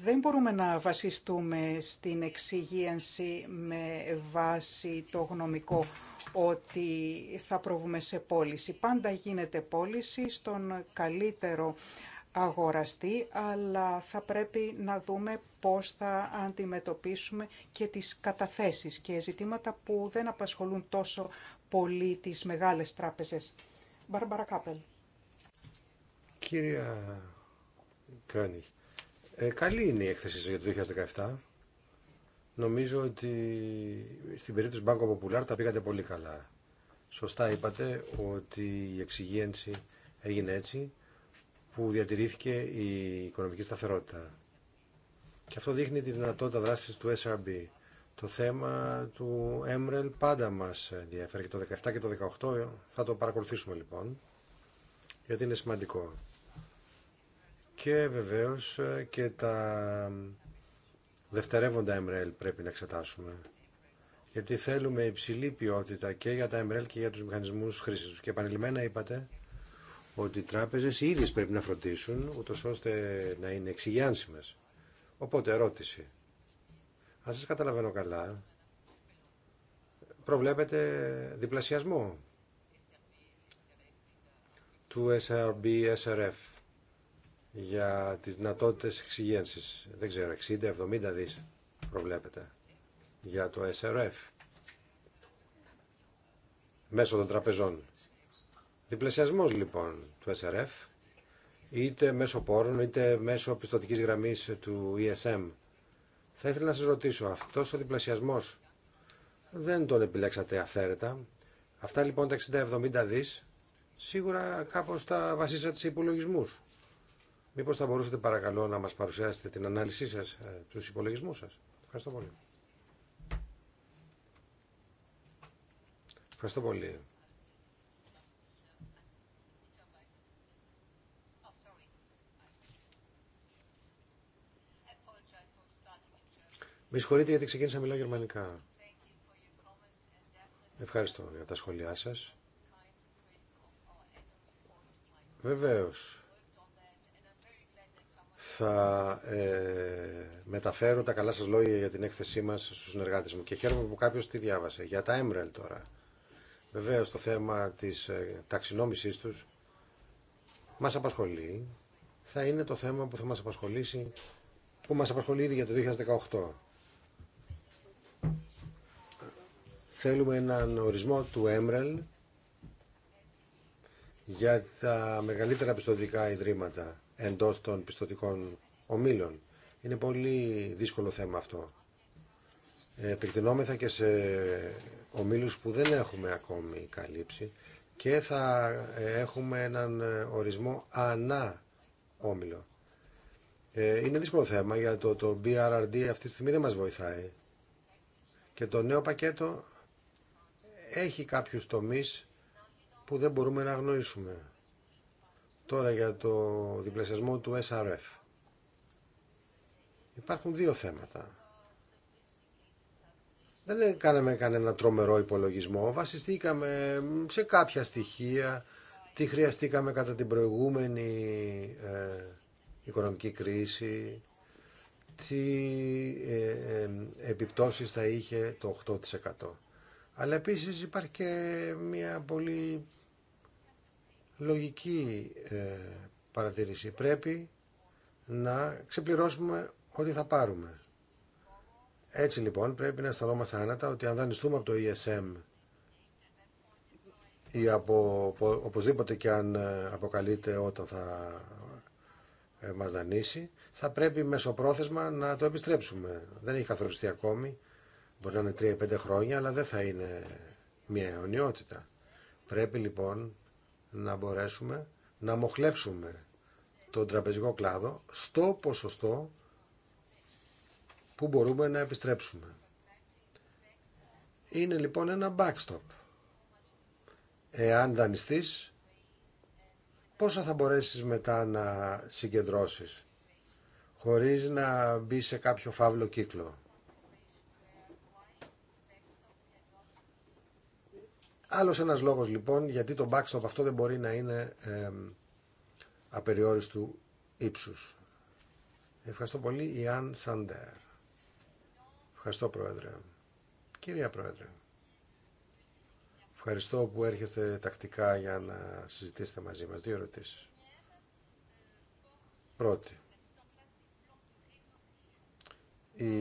Speaker 3: δεν μπορούμε να βασιστούμε στην εξυγίανση με βάση το γνωμικό ότι θα προβούμε σε πώληση. Πάντα γίνεται πώληση στον καλύτερο αγοραστή, αλλά θα πρέπει να δούμε πώς θα αντιμετωπίσουμε και τις καταθέσεις και ζητήματα που δεν απασχολούν τόσο πολύ τις μεγάλες τράπεζες. Μπαρμπαρα Κάπελ.
Speaker 2: Κυρία Κάνη, ε, καλή είναι η έκθεση για το 2017. Νομίζω ότι στην περίπτωση Banco Popular τα πήγατε πολύ καλά. Σωστά είπατε ότι η εξυγίανση έγινε έτσι που διατηρήθηκε η οικονομική σταθερότητα. Και αυτό δείχνει τη δυνατότητα δράσης του SRB. Το θέμα του Έμρελ πάντα μας ενδιαφέρει και το 17 και το 18 θα το παρακολουθήσουμε λοιπόν γιατί είναι σημαντικό. Και βεβαίως ε, και τα δευτερεύοντα MREL πρέπει να εξετάσουμε. Γιατί θέλουμε υψηλή ποιότητα και για τα MREL και για τους μηχανισμούς χρήσης τους. Και επανειλημμένα είπατε ότι οι τράπεζες οι ίδιες πρέπει να φροντίσουν ούτως ώστε να είναι εξηγιάνσιμες. Οπότε ερώτηση. Αν σας καταλαβαίνω καλά, προβλέπετε διπλασιασμό του SRB, SRF για τις δυνατότητες εξυγένσης. Δεν ξέρω, 60-70 δις προβλέπετε για το SRF μέσω των τραπεζών. Διπλασιασμός λοιπόν του SRF είτε μέσω πόρων είτε μέσω πιστοτικής γραμμής του ESM θα ήθελα να σας ρωτήσω, αυτός ο διπλασιασμός δεν τον επιλέξατε αυθαίρετα. Αυτά λοιπόν τα 60-70 δις σίγουρα κάπως τα βασίσατε σε υπολογισμούς. Μήπως θα μπορούσατε παρακαλώ να μας παρουσιάσετε την ανάλυση σας, ε, τους υπολογισμούς σας. Ευχαριστώ πολύ. Ευχαριστώ πολύ. Με συγχωρείτε γιατί ξεκίνησα να μιλάω γερμανικά. Ευχαριστώ για τα σχόλιά σας. Βεβαίως. Θα ε, μεταφέρω τα καλά σας λόγια για την έκθεσή μας στους συνεργάτες μου και χαίρομαι που κάποιος τη διάβασε. Για τα Emerald τώρα. Βεβαίως το θέμα της ε, ταξινόμησής τους μας απασχολεί. Θα είναι το θέμα που θα μας απασχολήσει, που μας απασχολεί ήδη για το 2018. Θέλουμε έναν ορισμό του ΕΜΡΕΛ για τα μεγαλύτερα πιστοτικά ιδρύματα εντός των πιστοτικών ομίλων. Είναι πολύ δύσκολο θέμα αυτό. Ε, Επικτηνόμεθα και σε ομίλους που δεν έχουμε ακόμη καλύψει και θα ε, έχουμε έναν ε, ορισμό ανά όμιλο. Είναι δύσκολο θέμα για το, το BRRD αυτή τη στιγμή δεν μας βοηθάει. Και το νέο πακέτο έχει κάποιους τομείς που δεν μπορούμε να γνωρίσουμε Τώρα για το διπλασιασμό του SRF. Υπάρχουν δύο θέματα. Δεν κάναμε κανένα τρομερό υπολογισμό. Βασιστήκαμε σε κάποια στοιχεία, τι χρειαστήκαμε κατά την προηγούμενη ε, οικονομική κρίση, τι ε, ε, ε επιπτώσεις θα είχε το 8%. Αλλά επίσης υπάρχει και μια πολύ λογική ε, παρατήρηση. Πρέπει να ξεπληρώσουμε ό,τι θα πάρουμε. Έτσι λοιπόν πρέπει να αισθανόμαστε άνατα ότι αν δανειστούμε από το ESM ή από οπωσδήποτε και αν ε, αποκαλείται όταν θα ε, μας δανείσει, θα πρέπει μεσοπρόθεσμα να το επιστρέψουμε. Δεν έχει καθοριστεί ακόμη Μπορεί να είναι τρία-πέντε χρόνια, αλλά δεν θα είναι μια αιωνιότητα. Πρέπει λοιπόν να μπορέσουμε να μοχλεύσουμε τον τραπεζικό κλάδο στο ποσοστό που μπορούμε να επιστρέψουμε. Είναι λοιπόν ένα backstop. Εάν δανειστείς, πόσα θα μπορέσεις μετά να συγκεντρώσεις χωρίς να μπει σε κάποιο φαύλο κύκλο. Άλλος ένας λόγος λοιπόν γιατί το backstop αυτό δεν μπορεί να είναι ε, απεριόριστου ύψου. Ευχαριστώ πολύ Ιάν Σαντέρ. Ευχαριστώ Πρόεδρε. Κυρία Πρόεδρε. Ευχαριστώ που έρχεστε τακτικά για να συζητήσετε μαζί μας. Δύο ερωτήσεις. Πρώτη. Η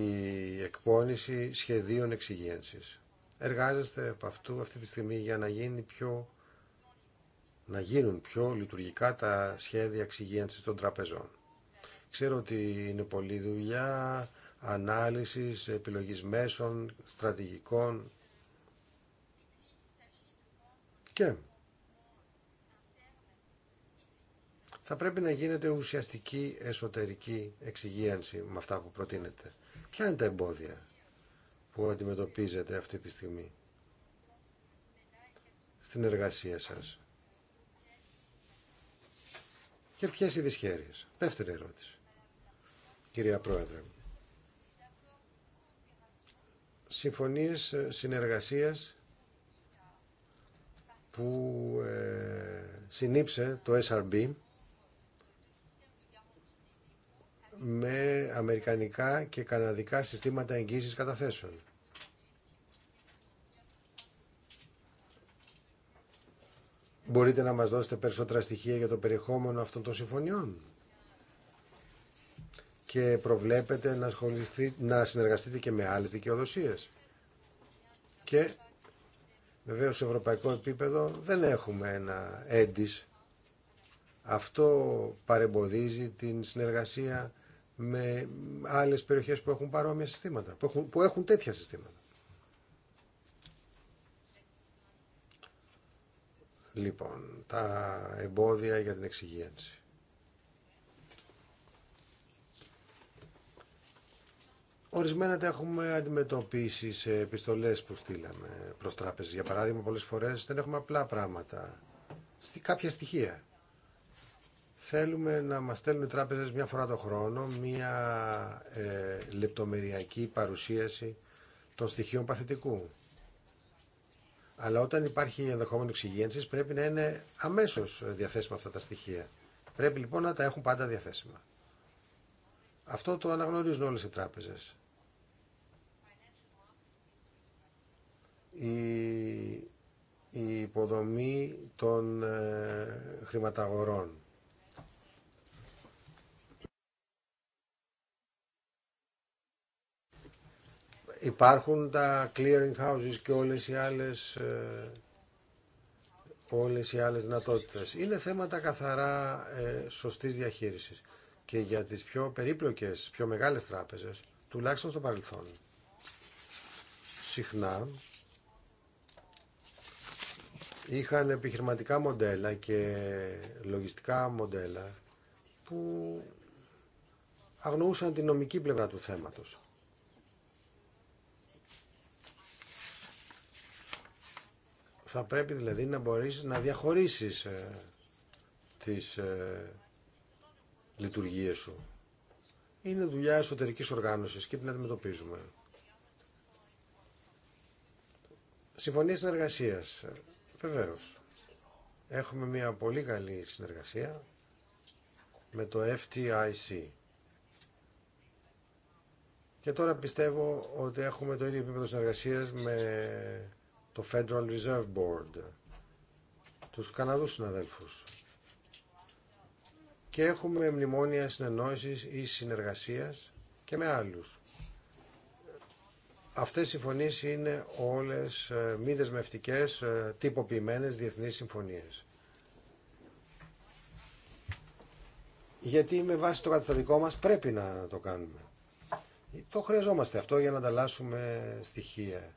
Speaker 2: εκπόνηση σχεδίων εξυγένσης εργάζεστε από αυτού αυτή τη στιγμή για να, γίνει πιο, να γίνουν πιο λειτουργικά τα σχέδια εξυγίανσης των τραπεζών. Ξέρω ότι είναι πολλή δουλειά, ανάλυσης, επιλογής μέσων, στρατηγικών και θα πρέπει να γίνεται ουσιαστική εσωτερική εξυγίανση με αυτά που προτείνεται. Ποια είναι τα εμπόδια που αντιμετωπίζετε αυτή τη στιγμή στην εργασία σας και ποιες οι δυσχέρειες. Δεύτερη ερώτηση. Κυρία Πρόεδρε, συμφωνίες ε, συνεργασίας που ε, συνήψε το SRB με αμερικανικά και καναδικά συστήματα εγγύησης καταθέσεων. Μπορείτε να μας δώσετε περισσότερα στοιχεία για το περιεχόμενο αυτών των συμφωνιών και προβλέπετε να, να συνεργαστείτε και με άλλες δικαιοδοσίες. Και βεβαίως σε ευρωπαϊκό επίπεδο δεν έχουμε ένα έντις. Αυτό παρεμποδίζει την συνεργασία με άλλες περιοχές που έχουν παρόμοια συστήματα, που έχουν, τέτοια συστήματα. Λοιπόν, τα εμπόδια για την εξυγίανση. Ορισμένα τα έχουμε αντιμετωπίσει σε επιστολές που στείλαμε προς τράπεζες. Για παράδειγμα, πολλές φορές δεν έχουμε απλά πράγματα. Στη κάποια στοιχεία. Θέλουμε να μας στέλνουν οι τράπεζες μια φορά το χρόνο μια ε, λεπτομεριακή παρουσίαση των στοιχείων παθητικού. Αλλά όταν υπάρχει ενδεχόμενο εξυγένσης πρέπει να είναι αμέσως διαθέσιμα αυτά τα στοιχεία. Πρέπει λοιπόν να τα έχουν πάντα διαθέσιμα. Αυτό το αναγνωρίζουν όλες οι τράπεζες. Η, η υποδομή των ε, χρηματαγορών υπάρχουν τα clearing houses και όλες οι άλλες ε, όλες οι άλλες δυνατότητες. Είναι θέματα καθαρά ε, σωστής διαχείρισης και για τις πιο περίπλοκες, πιο μεγάλες τράπεζες, τουλάχιστον στο παρελθόν. Συχνά είχαν επιχειρηματικά μοντέλα και λογιστικά μοντέλα που αγνοούσαν την νομική πλευρά του θέματος. Θα πρέπει δηλαδή να μπορείς να διαχωρίσεις ε, τις ε, λειτουργίες σου. Είναι δουλειά εσωτερικής οργάνωσης και την αντιμετωπίζουμε. Συμφωνία συνεργασίας. Ε, βεβαίως. Έχουμε μια πολύ καλή συνεργασία με το FTIC. Και τώρα πιστεύω ότι έχουμε το ίδιο επίπεδο συνεργασίας με το Federal Reserve Board, τους Καναδούς συναδέλφους. Και έχουμε μνημόνια συνεννόησης ή συνεργασίας και με άλλους. Αυτές οι συμφωνίες είναι όλες ε, μη δεσμευτικές, ε, τυποποιημένες διεθνείς συμφωνίες. Γιατί με βάση το καταστατικό μας πρέπει να το κάνουμε. Το χρειαζόμαστε αυτό για να ανταλλάσσουμε στοιχεία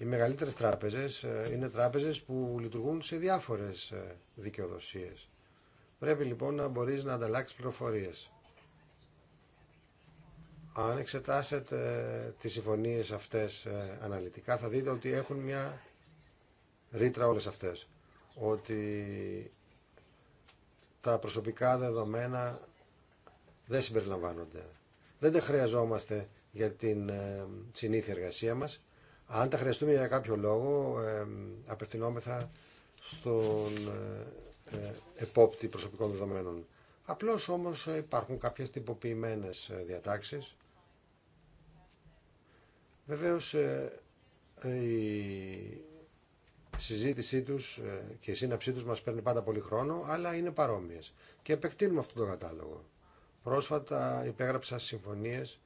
Speaker 2: οι μεγαλύτερες τράπεζες ε, είναι τράπεζες που λειτουργούν σε διάφορες ε, δικαιοδοσίες. Πρέπει λοιπόν να μπορείς να ανταλλάξεις πληροφορίες. Αν εξετάσετε ε, τις συμφωνίες αυτές αναλυτικά θα δείτε ότι έχουν μια ρήτρα όλες αυτές. Ότι τα προσωπικά δεδομένα δεν συμπεριλαμβάνονται. Δεν τα χρειαζόμαστε για την συνήθεια εργασία μας αν τα χρειαστούμε για κάποιο λόγο, ε, απευθυνόμεθα στον ε, ε, επόπτη προσωπικών δεδομένων. Απλώς όμως ε, υπάρχουν κάποιες τυποποιημένες διατάξεις. Βεβαίως η συζήτησή τους και η σύναψή τους μας παίρνει πάντα πολύ χρόνο, αλλά είναι παρόμοιες. Και επεκτείνουμε αυτόν τον κατάλογο. Πρόσφατα υπέγραψα συμφωνίες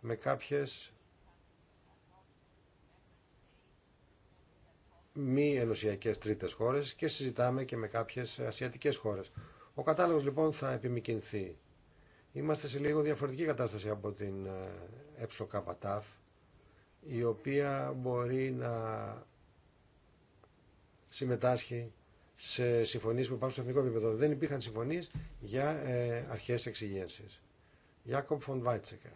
Speaker 2: με κάποιες μη ενωσιακέ τρίτες χώρες και συζητάμε και με κάποιες ασιατικές χώρες. Ο κατάλογος λοιπόν θα επιμηκυνθεί. Είμαστε σε λίγο διαφορετική κατάσταση από την ε, ΕΚΤΑΦ η οποία μπορεί να συμμετάσχει σε συμφωνίες που υπάρχουν στο εθνικό επίπεδο. Δεν υπήρχαν συμφωνίες για ε, αρχές εξυγένσης. Jakob von Weizsäcker.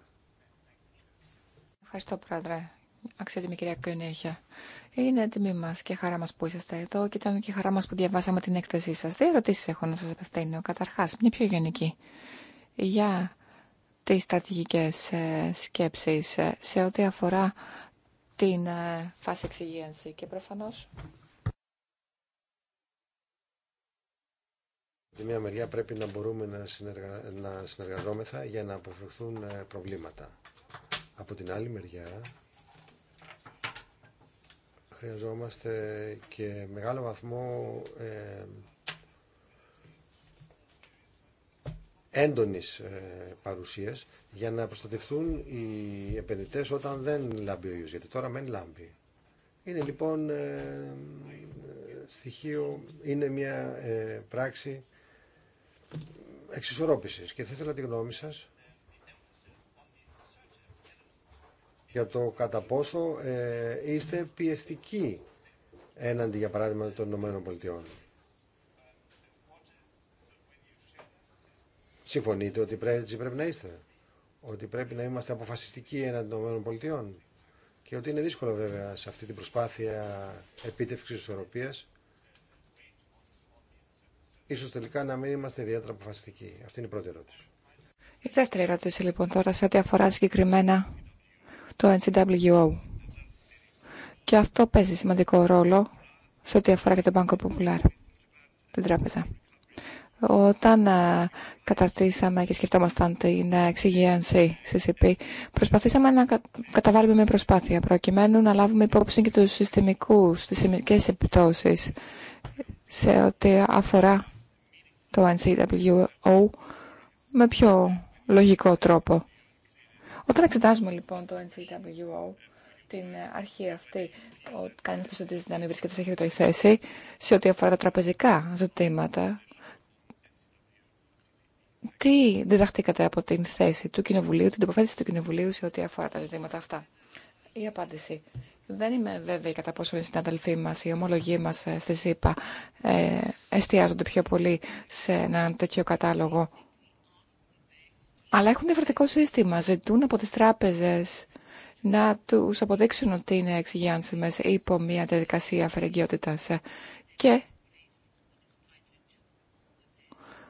Speaker 4: Ευχαριστώ, Πρόεδρε αξιότιμη κυρία Κιονέχια. Είναι τιμή μα και χαρά μα που είσαστε εδώ και ήταν και χαρά μα που διαβάσαμε την έκθεσή σα. Δύο ερωτήσει έχω να σα απευθύνω. Καταρχά, μια πιο γενική. Για τι στρατηγικέ ε, σκέψει ε, σε ό,τι αφορά την ε, φάση εξυγίανση και προφανώ.
Speaker 2: Από μία μεριά πρέπει να μπορούμε να, συνεργα... να συνεργαζόμεθα για να αποφευχθούν προβλήματα. Από την άλλη μεριά χρειαζόμαστε και μεγάλο βαθμό ε, έντονης ε, παρουσίας για να προστατευτούν οι επενδυτές όταν δεν λάμπει ο ιός, γιατί τώρα μεν λάμπει. Είναι λοιπόν ε, στοιχείο, είναι μια ε, πράξη εξισορρόπησης και θα ήθελα τη γνώμη σας για το κατά πόσο ε, είστε πιεστικοί έναντι, για παράδειγμα, των Ηνωμένων Πολιτειών. Συμφωνείτε ότι πρέπει, πρέπει να είστε. Ότι πρέπει να είμαστε αποφασιστικοί έναντι των Ηνωμένων Πολιτειών. Και ότι είναι δύσκολο βέβαια σε αυτή την προσπάθεια επίτευξης ισορροπίας ίσως τελικά να μην είμαστε ιδιαίτερα αποφασιστικοί. Αυτή είναι η πρώτη ερώτηση.
Speaker 4: Η δεύτερη ερώτηση λοιπόν τώρα σε ό,τι αφορά συγκεκριμένα το NCWO. Και αυτό παίζει σημαντικό ρόλο σε ό,τι αφορά και το Banco Popular, την τράπεζα. Όταν καταρτήσαμε και σκεφτόμασταν την εξυγίανση CCP, προσπαθήσαμε να καταβάλουμε μια προσπάθεια προκειμένου να λάβουμε υπόψη και τους συστημικούς, τις συστημικές επιπτώσεις σε ό,τι αφορά το NCWO με πιο λογικό τρόπο. Όταν εξετάζουμε λοιπόν το NCWO, την ε, αρχή αυτή, ότι κανένα πιστοτίζεται να μην βρίσκεται σε χειρότερη θέση, σε ό,τι αφορά τα τραπεζικά ζητήματα, τι διδαχτήκατε από την θέση του Κοινοβουλίου, την τοποθέτηση του Κοινοβουλίου σε ό,τι αφορά τα ζητήματα αυτά. Η απάντηση. Δεν είμαι βέβαιη κατά πόσο οι συναδελφοί μα, οι ομολογοί μα ε, στη ΣΥΠΑ ε, εστιάζονται πιο πολύ σε έναν τέτοιο κατάλογο αλλά έχουν διαφορετικό σύστημα. Ζητούν από τι τράπεζες να του αποδείξουν ότι είναι εξυγιάνσιμε υπό μια διαδικασία αφαιρεγκαιότητα. και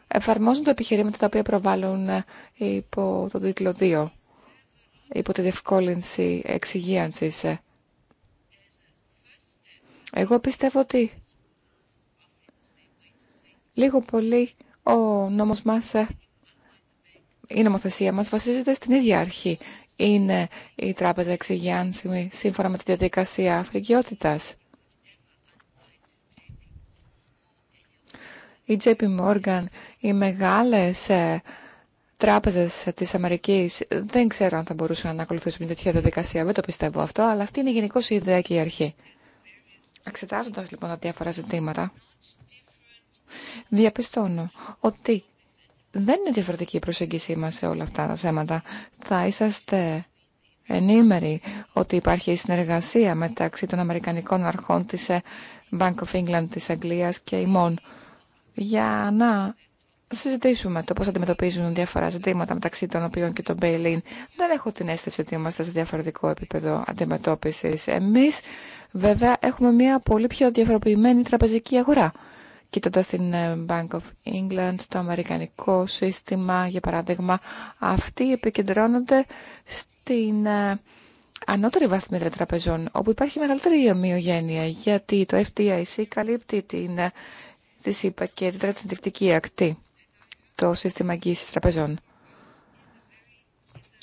Speaker 4: εφαρμόζουν τα επιχειρήματα τα οποία προβάλλουν υπό τον τίτλο 2, υπό τη διευκόλυνση εξυγίανσης. Εγώ πιστεύω ότι λίγο πολύ ο νόμος μας η νομοθεσία μας βασίζεται στην ίδια αρχή. Είναι η τράπεζα εξηγιάνσιμη σύμφωνα με τη διαδικασία αφρικιότητας. Η JP Morgan, οι μεγάλες ε, τράπεζες της Αμερικής δεν ξέρω αν θα μπορούσαν να ακολουθήσουν μια τέτοια διαδικασία. Δεν το πιστεύω αυτό, αλλά αυτή είναι γενικώ η ιδέα και η αρχή. Εξετάζοντας λοιπόν τα διάφορα ζητήματα, διαπιστώνω ότι δεν είναι διαφορετική η προσέγγιση μας σε όλα αυτά τα θέματα. Θα είσαστε ενήμεροι ότι υπάρχει συνεργασία μεταξύ των Αμερικανικών αρχών της ε, Bank of England της Αγγλίας και ημών για να συζητήσουμε το πώς αντιμετωπίζουν διάφορα ζητήματα μεταξύ των οποίων και τον Μπέιλιν. Δεν έχω την αίσθηση ότι είμαστε σε διαφορετικό επίπεδο αντιμετώπισης. Εμείς βέβαια έχουμε μια πολύ πιο διαφοροποιημένη τραπεζική αγορά κοιτώντα την ε, Bank of England, το αμερικανικό σύστημα, για παράδειγμα, αυτοί επικεντρώνονται στην ε, ανώτερη βαθμίδα τραπεζών, όπου υπάρχει μεγαλύτερη ομοιογένεια, γιατί το FDIC καλύπτει την, ε, τη είπα και την τρατεντική ακτή, το σύστημα εγγύησης τραπεζών.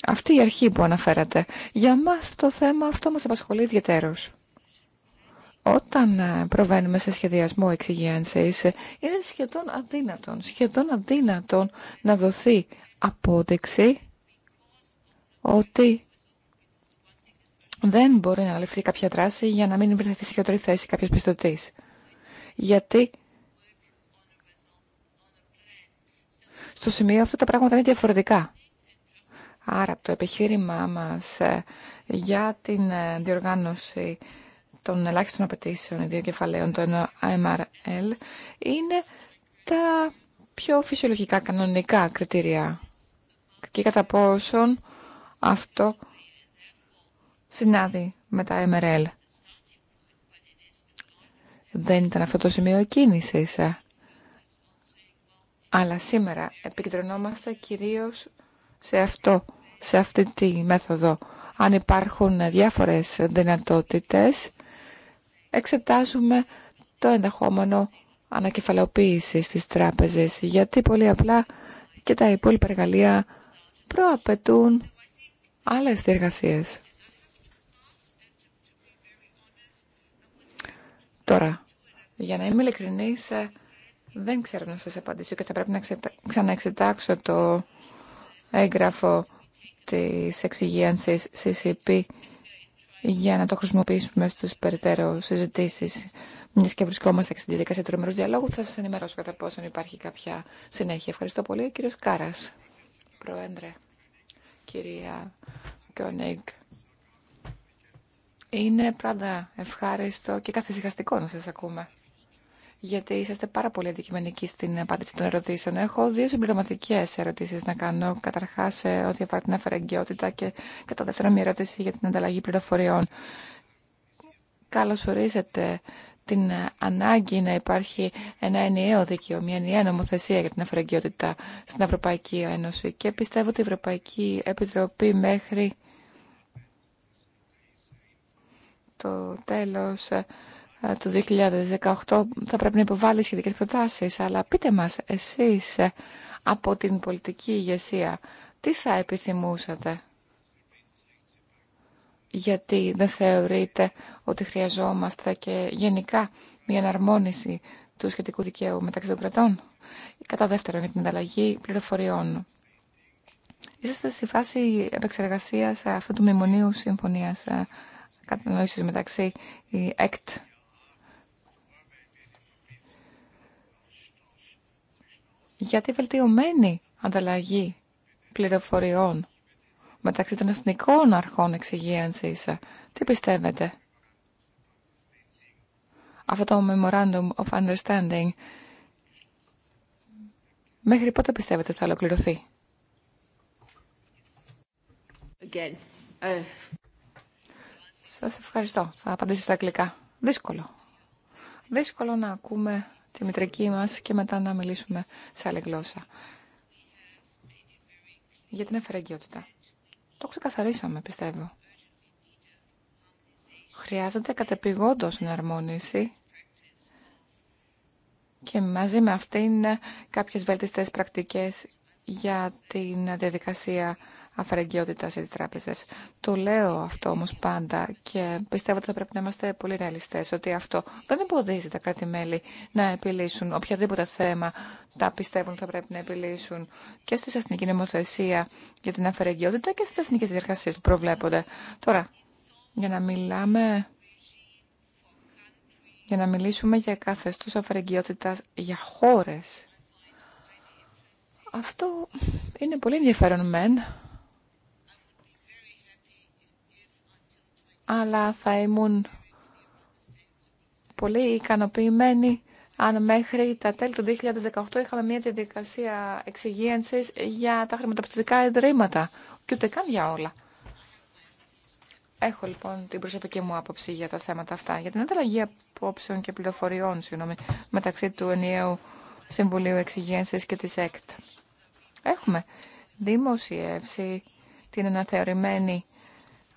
Speaker 4: Αυτή η αρχή που αναφέρατε. Για μας το θέμα αυτό μας απασχολεί ιδιαίτερως. Όταν ε, προβαίνουμε σε σχεδιασμό εξυγίανσης, ε, είναι σχεδόν αδύνατον, σχεδόν αδύνατον να δοθεί απόδειξη ότι δεν μπορεί να ληφθεί κάποια δράση για να μην βρεθεί σε χειρότερη θέση κάποιος πιστωτής. Γιατί στο σημείο αυτό τα πράγματα είναι διαφορετικά. Άρα το επιχείρημά μας ε, για την διοργάνωση των ελάχιστων απαιτήσεων δύο κεφαλαίων, το ένα MRL, είναι τα πιο φυσιολογικά κανονικά κριτήρια και κατά πόσον αυτό συνάδει με τα MRL. Δεν ήταν αυτό το σημείο κίνησης. Αλλά σήμερα επικεντρωνόμαστε κυρίως σε αυτό, σε αυτή τη μέθοδο. Αν υπάρχουν διάφορες δυνατότητες εξετάζουμε το ενδεχόμενο ανακεφαλαιοποίηση της τράπεζες, γιατί πολύ απλά και τα υπόλοιπα εργαλεία προαπαιτούν άλλες διεργασίες. Τώρα, για να είμαι ειλικρινής, ε, δεν ξέρω να σας απαντήσω και θα πρέπει να ξαναεξετάξω το έγγραφο της εξυγίανσης CCP για να το χρησιμοποιήσουμε στους περαιτέρω συζητήσει Μια και βρισκόμαστε στην διαδικασία του τρομερού διαλόγου, θα σα ενημερώσω κατά πόσο υπάρχει κάποια συνέχεια. Ευχαριστώ πολύ, κύριο Κάρα. Προέντρε, κυρία Κιόνιγκ. Είναι πράγμα ευχάριστο και καθησυχαστικό να σας ακούμε γιατί είσαστε πάρα πολύ αντικειμενικοί στην απάντηση των ερωτήσεων. Έχω δύο συμπληρωματικέ ερωτήσει να κάνω. Καταρχά, ό,τι αφορά την αφαιρεγκαιότητα και κατά δεύτερον, μια ερώτηση για την ανταλλαγή πληροφοριών. Καλώ ορίζετε την ανάγκη να υπάρχει ένα ενιαίο δίκαιο, μια ενιαία νομοθεσία για την αφαιρεγκαιότητα στην Ευρωπαϊκή Ένωση. Και πιστεύω ότι η Ευρωπαϊκή Επιτροπή μέχρι το τέλος ε, το 2018 θα πρέπει να υποβάλει σχετικές προτάσεις. Αλλά πείτε μας εσείς ε, από την πολιτική ηγεσία τι θα επιθυμούσατε. Γιατί δεν θεωρείτε ότι χρειαζόμαστε και γενικά μια εναρμόνιση του σχετικού δικαίου μεταξύ των κρατών. Κατά δεύτερον, για την ανταλλαγή πληροφοριών. Είσαστε στη φάση επεξεργασίας αυτού του μνημονίου συμφωνίας ε, κατανόησης μεταξύ ΕΚΤ για τη βελτιωμένη ανταλλαγή πληροφοριών μεταξύ των εθνικών αρχών εξυγίανσης. Τι πιστεύετε? Αυτό το Memorandum of Understanding μέχρι πότε πιστεύετε θα ολοκληρωθεί? Again. Σας ευχαριστώ. Θα απαντήσω στα αγγλικά. Δύσκολο. Δύσκολο να ακούμε τη μητρική μας και μετά να μιλήσουμε σε άλλη γλώσσα. Για την αφαιρεγγιότητα. Το ξεκαθαρίσαμε, πιστεύω. Χρειάζεται κατεπηγόντως εναρμόνιση και μαζί με αυτήν κάποιες βέλτιστες πρακτικές για την διαδικασία αφαιρεγγιότητα στις τράπεζες. Το λέω αυτό όμως πάντα και πιστεύω ότι θα πρέπει να είμαστε πολύ ρεαλιστές ότι αυτό δεν εμποδίζει τα κράτη-μέλη να επιλύσουν οποιαδήποτε θέμα τα πιστεύουν θα πρέπει να επιλύσουν και στη εθνική νομοθεσία για την αφαιρεγγιότητα και στις εθνικές διεργασίες που προβλέπονται. Τώρα, για να μιλάμε για να μιλήσουμε για καθεστώς αφαιρεγγιότητας για χώρες. Αυτό είναι πολύ ενδιαφέρον μεν, αλλά θα ήμουν πολύ ικανοποιημένη αν μέχρι τα τέλη του 2018 είχαμε μια διαδικασία εξυγίανσης για τα χρηματοπιστωτικά ιδρύματα και ούτε καν για όλα. Έχω λοιπόν την προσωπική μου άποψη για τα θέματα αυτά, για την ανταλλαγή απόψεων και πληροφοριών συγγνώμη, μεταξύ του ενιαίου Συμβουλίου Εξυγένσης και της ΕΚΤ. Έχουμε δημοσιεύσει την αναθεωρημένη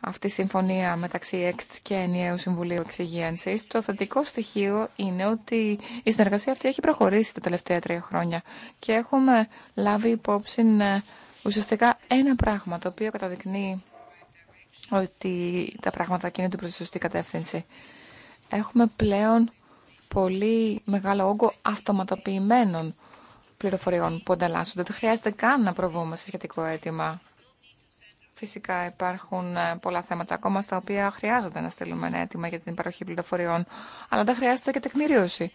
Speaker 4: αυτή η συμφωνία μεταξύ ΕΚΤ και Ενιαίου Συμβουλίου Εξυγίανση. Το θετικό στοιχείο είναι ότι η συνεργασία αυτή έχει προχωρήσει τα τελευταία τρία χρόνια και έχουμε λάβει υπόψη ε, ουσιαστικά ένα πράγμα το οποίο καταδεικνύει ότι τα πράγματα κινούνται προς τη σωστή κατεύθυνση. Έχουμε πλέον πολύ μεγάλο όγκο αυτοματοποιημένων πληροφοριών που ανταλλάσσονται. Δεν χρειάζεται καν να προβούμε σε σχετικό αίτημα Φυσικά υπάρχουν ε, πολλά θέματα ακόμα στα οποία χρειάζεται να στείλουμε ένα αίτημα για την παροχή πληροφοριών, αλλά δεν χρειάζεται και τεκμηρίωση.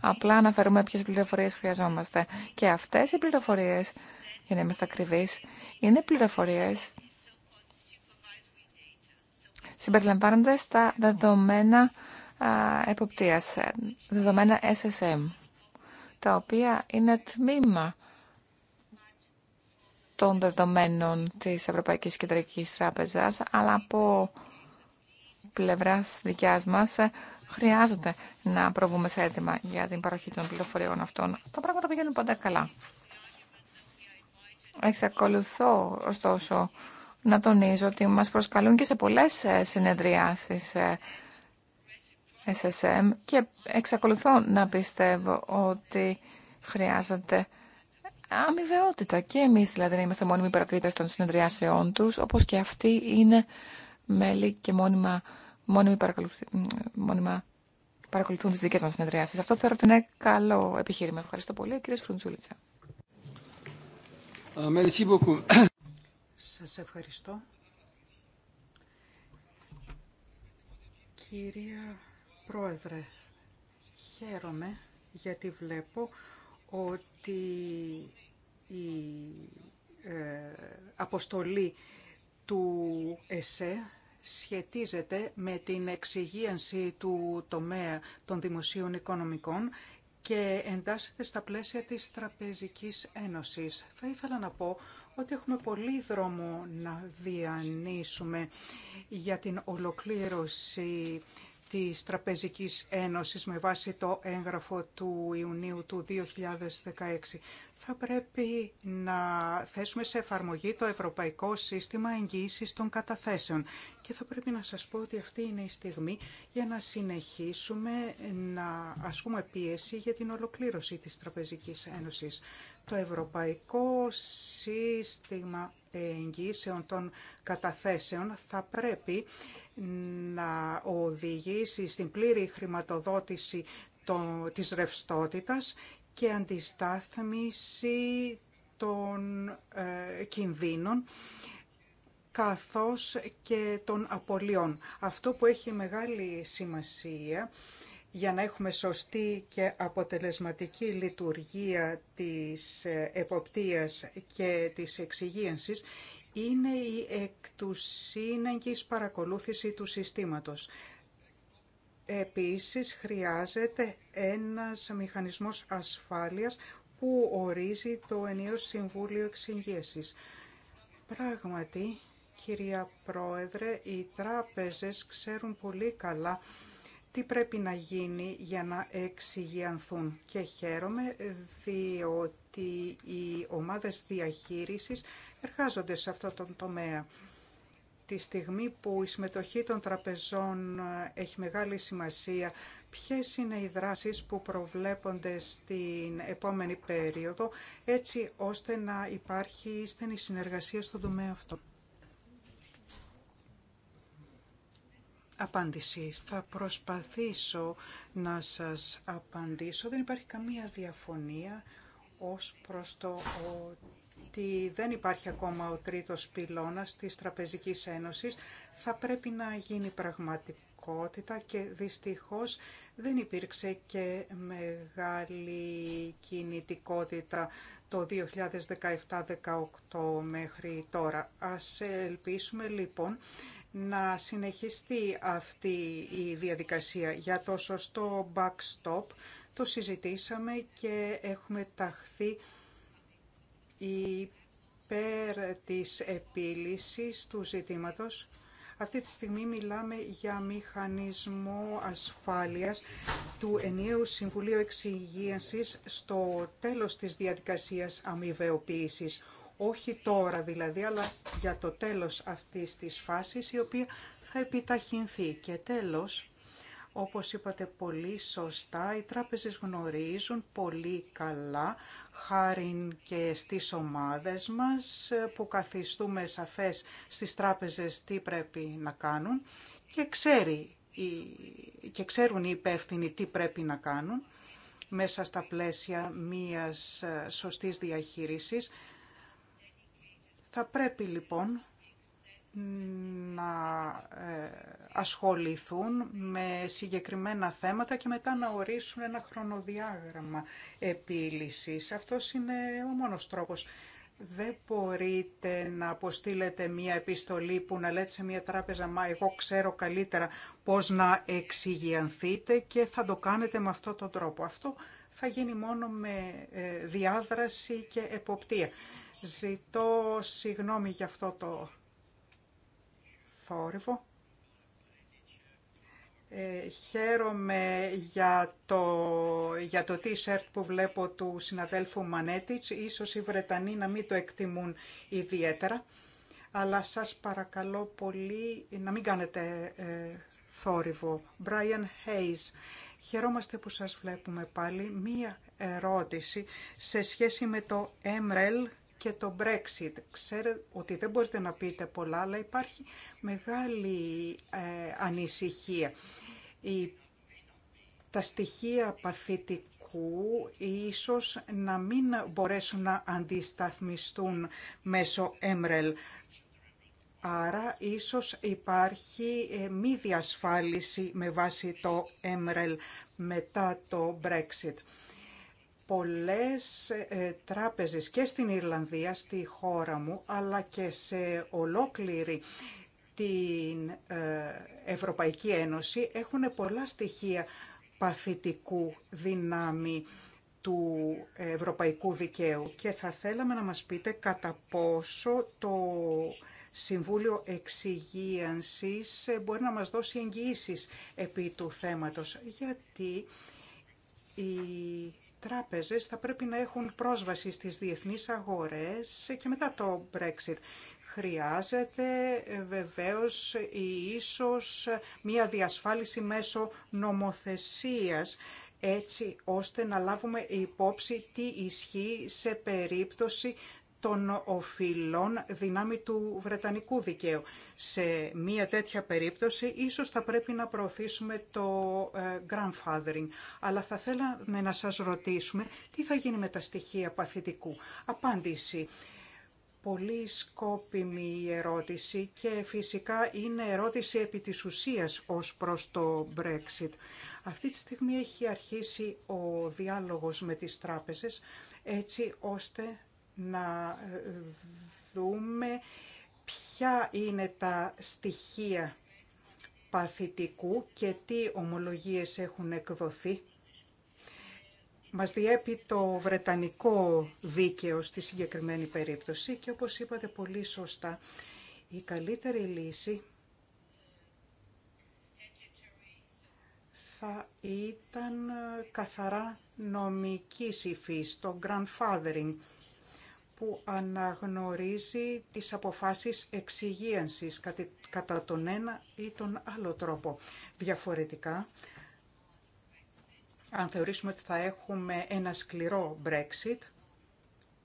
Speaker 4: Απλά αναφέρουμε ποιε πληροφορίε χρειαζόμαστε. Και αυτέ οι πληροφορίε, για να είμαστε ακριβεί, είναι πληροφορίε συμπεριλαμβάνοντα τα δεδομένα εποπτείας, ε, δεδομένα SSM, τα οποία είναι τμήμα των δεδομένων της Ευρωπαϊκής Κεντρικής Τράπεζας, αλλά από πλευράς δικιάς μας ε, χρειάζεται να προβούμε σε έτοιμα για την παροχή των πληροφοριών αυτών. Τα πράγματα πηγαίνουν πάντα καλά. Εξακολουθώ, ωστόσο, να τονίζω ότι μας προσκαλούν και σε πολλές ε, συνεδριάσεις ε, SSM και εξακολουθώ να πιστεύω ότι χρειάζεται αμοιβαιότητα. Και εμείς δηλαδή να είμαστε μόνιμοι παρατηρητές των συνεδριάσεών τους, όπως και αυτοί είναι μέλη και μόνιμα, μόνιμοι μόνιμα παρακολουθούν τις δικές μας συνεδριάσεις. Αυτό θεωρώ ότι είναι καλό επιχείρημα. Ευχαριστώ πολύ, κύριε Σφρουντσούλητσα. Ε,
Speaker 3: Σας ευχαριστώ. Κυρία Πρόεδρε, χαίρομαι γιατί βλέπω ότι η ε, αποστολή του ΕΣΕ σχετίζεται με την εξυγίανση του τομέα των δημοσίων οικονομικών και εντάσσεται στα πλαίσια της Τραπεζικής Ένωσης. Θα ήθελα να πω ότι έχουμε πολύ δρόμο να διανύσουμε για την ολοκλήρωση της Τραπεζικής Ένωσης με βάση το έγγραφο του Ιουνίου του 2016. Θα πρέπει να θέσουμε σε εφαρμογή το Ευρωπαϊκό Σύστημα Εγγύησης των Καταθέσεων και θα πρέπει να σας πω ότι αυτή είναι η στιγμή για να συνεχίσουμε να ασκούμε πίεση για την ολοκλήρωση της Τραπεζικής Ένωσης. Το Ευρωπαϊκό Σύστημα Εγγύησεων των Καταθέσεων θα πρέπει να οδηγήσει στην πλήρη χρηματοδότηση της ρευστότητας και αντιστάθμιση των ε, κινδύνων καθώς και των απολειών. Αυτό που έχει μεγάλη σημασία για να έχουμε σωστή και αποτελεσματική λειτουργία της ε, εποπτείας και της εξυγίανσης είναι η εκτουσίνεγκης παρακολούθηση του συστήματος. Επίσης, χρειάζεται ένας μηχανισμός ασφάλειας που ορίζει το ενίο Συμβούλιο Εξυγίεσης. Πράγματι, κυρία Πρόεδρε, οι τράπεζες ξέρουν πολύ καλά τι πρέπει να γίνει για να εξυγιανθούν. Και χαίρομαι διότι οι ομάδες διαχείρισης εργάζονται σε αυτό τον τομέα. Τη στιγμή που η συμμετοχή των τραπεζών ε, έχει μεγάλη σημασία, ποιες είναι οι δράσεις που προβλέπονται στην επόμενη περίοδο, έτσι ώστε να υπάρχει στενή συνεργασία στον τομέα αυτό. Απάντηση. Θα προσπαθήσω να σας απαντήσω. Δεν υπάρχει καμία διαφωνία ως προς το ότι δεν υπάρχει ακόμα ο τρίτος πυλώνας της Τραπεζικής Ένωσης. Θα πρέπει να γίνει πραγματικότητα και δυστυχώς δεν υπήρξε και μεγάλη κινητικότητα το 2017-18 μέχρι τώρα. Ας ελπίσουμε λοιπόν να συνεχιστεί αυτή η διαδικασία για το σωστό backstop. Το συζητήσαμε και έχουμε ταχθεί υπέρ της επίλυσης του ζητήματος. Αυτή τη στιγμή μιλάμε για μηχανισμό ασφάλειας του ενιαίου Συμβουλίου Εξυγίανσης στο τέλος της διαδικασίας αμοιβαιοποίησης. Όχι τώρα δηλαδή, αλλά για το τέλος αυτής της φάσης, η οποία θα επιταχυνθεί. Και τέλος, όπως είπατε πολύ σωστά, οι τράπεζες γνωρίζουν πολύ καλά, χάρη και στις ομάδες μας, που καθιστούμε σαφές στις τράπεζες τι πρέπει να κάνουν και, ξέρει, και ξέρουν οι υπεύθυνοι τι πρέπει να κάνουν μέσα στα πλαίσια μίας ε, σωστής διαχείρισης. Θα πρέπει λοιπόν να ε, ασχοληθούν με συγκεκριμένα θέματα και μετά να ορίσουν ένα χρονοδιάγραμμα επίλυσης. Αυτός είναι ο μόνος τρόπος. Δεν μπορείτε να αποστείλετε μία επιστολή που να λέτε σε μία τράπεζα «Μα εγώ ξέρω καλύτερα πώς να εξηγιανθείτε» και θα το κάνετε με αυτόν τον τρόπο. Αυτό θα γίνει μόνο με ε, διάδραση και εποπτεία. Ζητώ συγγνώμη για αυτό το θόρυβο. Ε, χαίρομαι για το, για το t-shirt που βλέπω του συναδέλφου Μανέτιτς. Ίσως οι Βρετανοί να μην το εκτιμούν ιδιαίτερα. Αλλά σας παρακαλώ πολύ να μην κάνετε ε, θόρυβο. Brian Hayes. Χαιρόμαστε που σας βλέπουμε πάλι. Μία ερώτηση σε σχέση με το MREL και το Brexit. Ξέρω ότι δεν μπορείτε να πείτε πολλά, αλλά υπάρχει μεγάλη ε, ανησυχία. Η, τα στοιχεία παθητικού ίσως να μην μπορέσουν να αντισταθμιστούν μέσω ΕΜΡΕΛ. Άρα ίσως υπάρχει ε, μη διασφάλιση με βάση το ΕΜΡΕΛ μετά το Brexit πολλές ε, ε, τράπεζες και στην Ιρλανδία, στη χώρα μου, αλλά και σε ολόκληρη την ε, Ευρωπαϊκή Ένωση έχουν πολλά στοιχεία παθητικού δυνάμει του ευρωπαϊκού δικαίου και θα θέλαμε να μας πείτε κατά πόσο το Συμβούλιο Εξυγίανσης μπορεί να μας δώσει εγγυήσεις επί του θέματος γιατί η τράπεζες θα πρέπει να έχουν πρόσβαση στις διεθνείς αγορές και μετά το Brexit. Χρειάζεται ε, βεβαίως ή ίσως μία διασφάλιση μέσω νομοθεσίας έτσι ώστε να λάβουμε υπόψη τι ισχύει σε περίπτωση των οφειλών δυνάμει του Βρετανικού δικαίου. Σε μία τέτοια περίπτωση ίσως θα πρέπει να προωθήσουμε το ε, grandfathering. Αλλά θα θέλαμε να σας ρωτήσουμε τι θα γίνει με τα στοιχεία παθητικού. Απάντηση. Πολύ σκόπιμη η ερώτηση και φυσικά είναι ερώτηση επί της ουσίας ως προς το Brexit. Αυτή τη στιγμή έχει αρχίσει ο διάλογος με τις τράπεζες έτσι ώστε να ε, δούμε ποια είναι τα στοιχεία παθητικού και τι ομολογίες έχουν εκδοθεί. Μας διέπει το βρετανικό δίκαιο στη συγκεκριμένη περίπτωση και όπως είπατε πολύ σωστά, η καλύτερη λύση θα ήταν καθαρά νομική υφής, το grandfathering, που αναγνωρίζει τις αποφάσεις εξυγίανσης κατά τον ένα ή τον άλλο τρόπο. Διαφορετικά, αν θεωρήσουμε ότι θα έχουμε ένα σκληρό Brexit,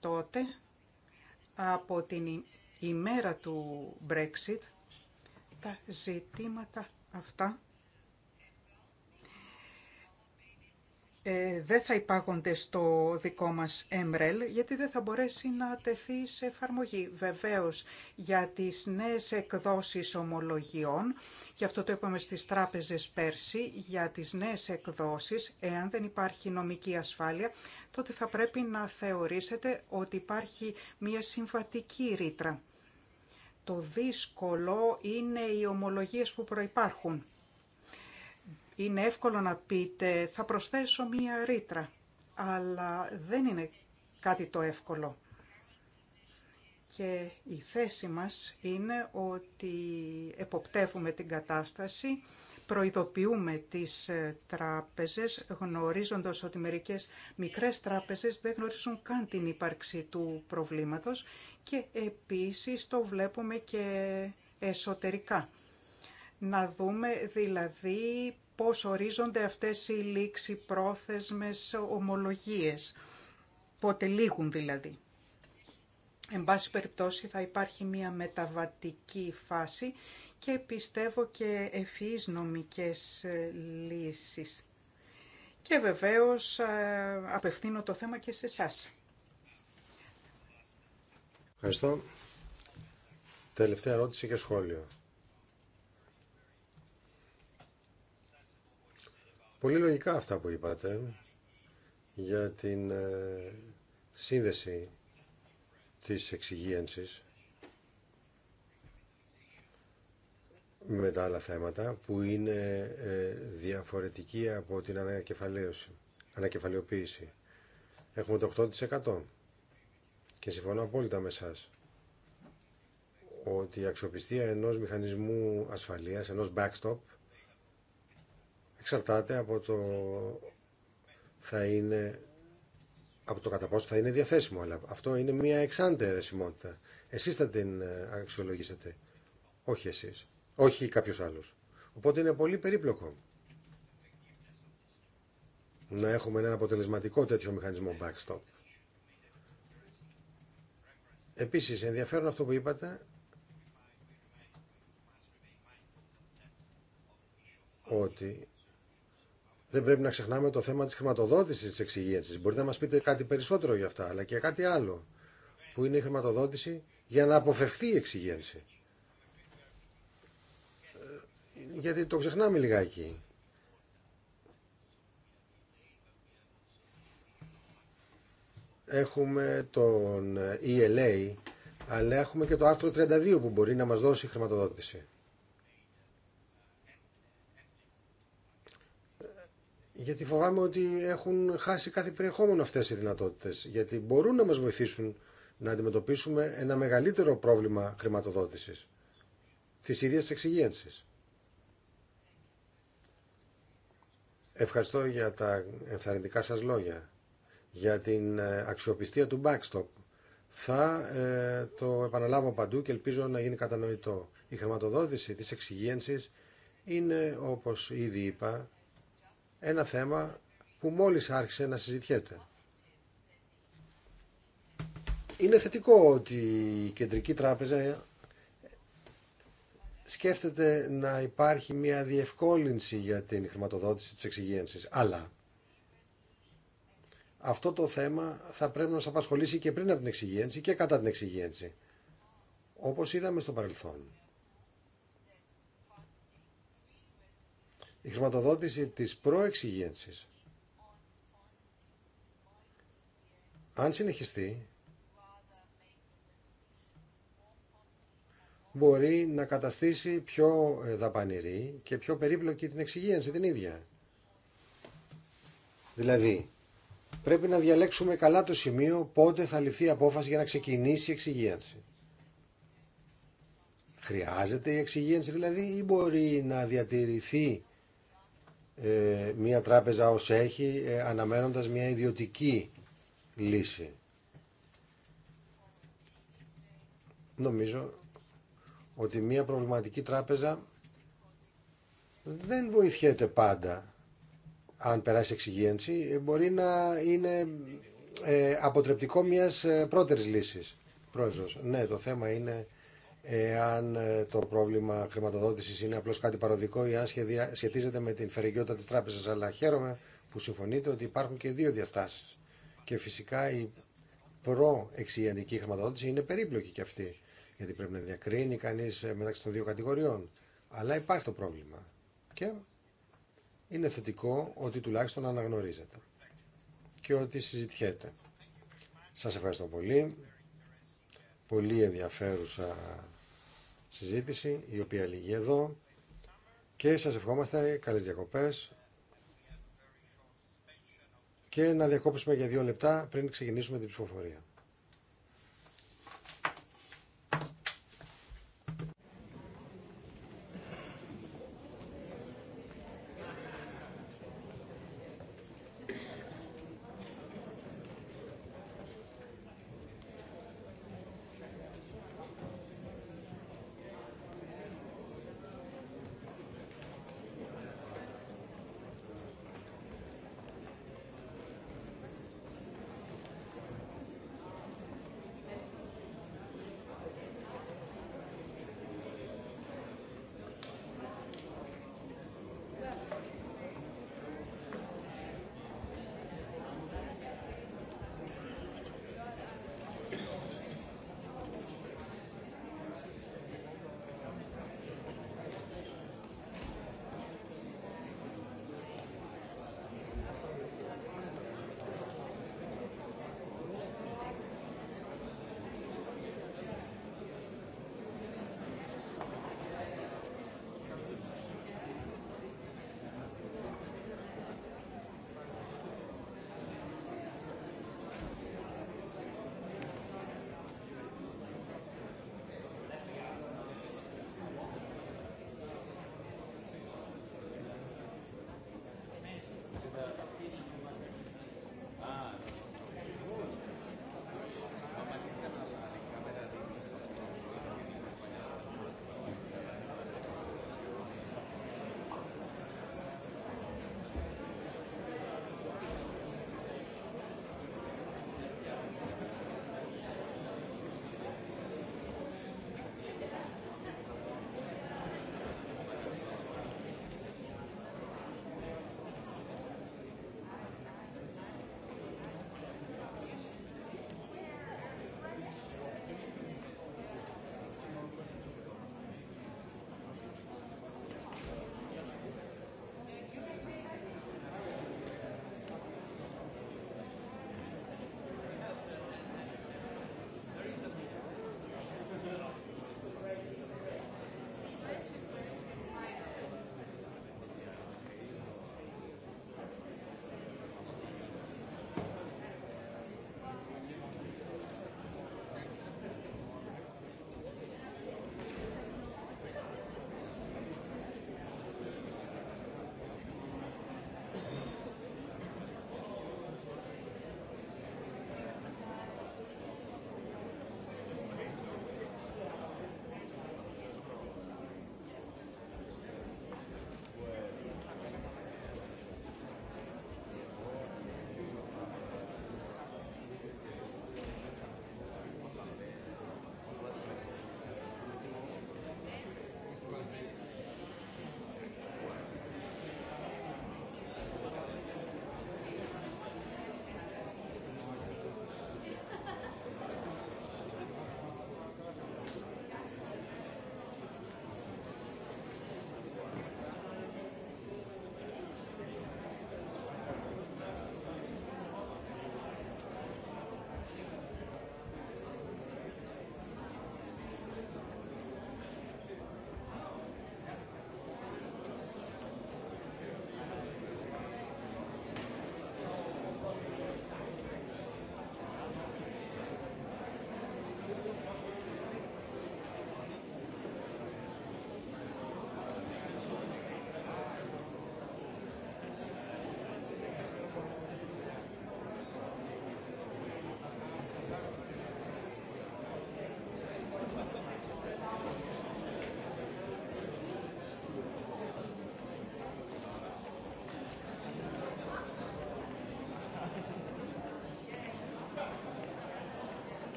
Speaker 3: τότε από την ημέρα του Brexit τα ζητήματα αυτά ε, δεν θα υπάγονται στο δικό μας MREL, γιατί δεν θα μπορέσει να τεθεί σε εφαρμογή. Βεβαίως, για τις νέες εκδόσεις ομολογιών, και αυτό το είπαμε στις τράπεζες πέρσι, για τις νέες εκδόσεις, εάν δεν υπάρχει νομική ασφάλεια, τότε θα πρέπει να θεωρήσετε ότι υπάρχει μια συμβατική ρήτρα. Το δύσκολο είναι οι ομολογίες που προϋπάρχουν είναι εύκολο να πείτε θα προσθέσω μία ρήτρα, αλλά δεν είναι κάτι το εύκολο. Και η θέση μας είναι ότι εποπτεύουμε την κατάσταση, προειδοποιούμε τις ε, τράπεζες γνωρίζοντας ότι μερικές μικρές τράπεζες δεν γνωρίζουν καν την ύπαρξη του προβλήματος και επίσης το βλέπουμε και εσωτερικά. Να δούμε δηλαδή πώς ορίζονται αυτές οι λήξη πρόθεσμες ομολογίες, πότε λήγουν δηλαδή. Εν πάση περιπτώσει θα υπάρχει μια μεταβατική φάση και πιστεύω και ευφυείς νομικές ε, λύσεις. Και βεβαίως ε, απευθύνω το θέμα και σε εσά.
Speaker 2: Ευχαριστώ. Τελευταία ερώτηση και σχόλιο. Πολύ λογικά αυτά που είπατε για την ε, σύνδεση της εξυγίανσης με τα άλλα θέματα που είναι ε, διαφορετική από την ανακεφαλαίωση, ανακεφαλαιοποίηση. Έχουμε το 8% και συμφωνώ απόλυτα με εσάς ότι η αξιοπιστία ενός μηχανισμού ασφαλείας, ενός backstop εξαρτάται από το θα είναι από το κατά πόσο θα είναι διαθέσιμο. Αλλά αυτό είναι μια εξάντια αιρεσιμότητα. Εσείς θα την ε, αξιολογήσετε. Όχι εσείς. Όχι κάποιος άλλος. Οπότε είναι πολύ περίπλοκο να έχουμε ένα αποτελεσματικό τέτοιο μηχανισμό backstop. Επίσης, ενδιαφέρον αυτό που είπατε, ότι δεν πρέπει να ξεχνάμε το θέμα της χρηματοδότησης τη εξυγίανσης. Μπορείτε να μας πείτε κάτι περισσότερο για αυτά, αλλά και κάτι άλλο, που είναι η χρηματοδότηση για να αποφευχθεί η εξυγίανση. Ε, γιατί το ξεχνάμε λιγάκι. Έχουμε τον ELA, ε αλλά έχουμε και το άρθρο 32 που μπορεί να μας δώσει χρηματοδότηση. γιατί φοβάμαι ότι έχουν χάσει κάθε περιεχόμενο αυτές οι δυνατότητες, γιατί μπορούν να μας βοηθήσουν να αντιμετωπίσουμε ένα μεγαλύτερο πρόβλημα χρηματοδότηση τη ίδια εξυγίανση. Ευχαριστώ για τα ενθαρρυντικά σας λόγια, για την ε, αξιοπιστία του backstop. Θα ε, το επαναλάβω παντού και ελπίζω να γίνει κατανοητό. Η χρηματοδότηση της εξυγίανσης είναι, όπως ήδη είπα, ένα θέμα που μόλις άρχισε να συζητιέται. Είναι θετικό ότι η Κεντρική Τράπεζα σκέφτεται να υπάρχει μια διευκόλυνση για την χρηματοδότηση της εξυγίανσης. Αλλά αυτό το θέμα θα πρέπει να μας απασχολήσει και πριν από την εξυγένση και κατά την εξυγένση. Όπως είδαμε στο παρελθόν. η χρηματοδότηση της προεξηγένσης αν συνεχιστεί μπορεί να καταστήσει πιο ε, δαπανηρή και πιο περίπλοκη την εξυγίανση την ίδια. Δηλαδή, πρέπει να διαλέξουμε καλά το σημείο πότε θα ληφθεί η απόφαση για να ξεκινήσει η εξυγίανση. Χρειάζεται η εξυγίανση δηλαδή ή μπορεί να διατηρηθεί ε, μια τράπεζα ως έχει ε, αναμένοντας μια ιδιωτική λύση. Νομίζω ότι μια προβληματική τράπεζα δεν βοηθιέται πάντα αν περάσει εξυγίανση. Ε, μπορεί να είναι αποτρεπτικό μιας πρώτερης λύσης. Πρόεδρος, ναι, το θέμα είναι εάν ε, το πρόβλημα χρηματοδότησης είναι απλώς κάτι παροδικό ή αν σχετίζεται με την φερεγγιότητα της τράπεζας. Αλλά χαίρομαι που συμφωνείτε ότι υπάρχουν και δύο διαστάσεις. Και φυσικά η προεξηγιανική χρηματοδότηση είναι περίπλοκη και αυτή. Γιατί πρέπει να διακρίνει κανείς ε, μεταξύ των δύο κατηγοριών. Αλλά υπάρχει το πρόβλημα. Και είναι θετικό ότι τουλάχιστον αναγνωρίζεται και ότι συζητιέται. Σας ευχαριστώ πολύ. Πολύ ενδιαφέρουσα συζήτηση η οποία λύγει εδώ και σας ευχόμαστε καλές διακοπές και να διακόψουμε για δύο λεπτά πριν ξεκινήσουμε την ψηφοφορία.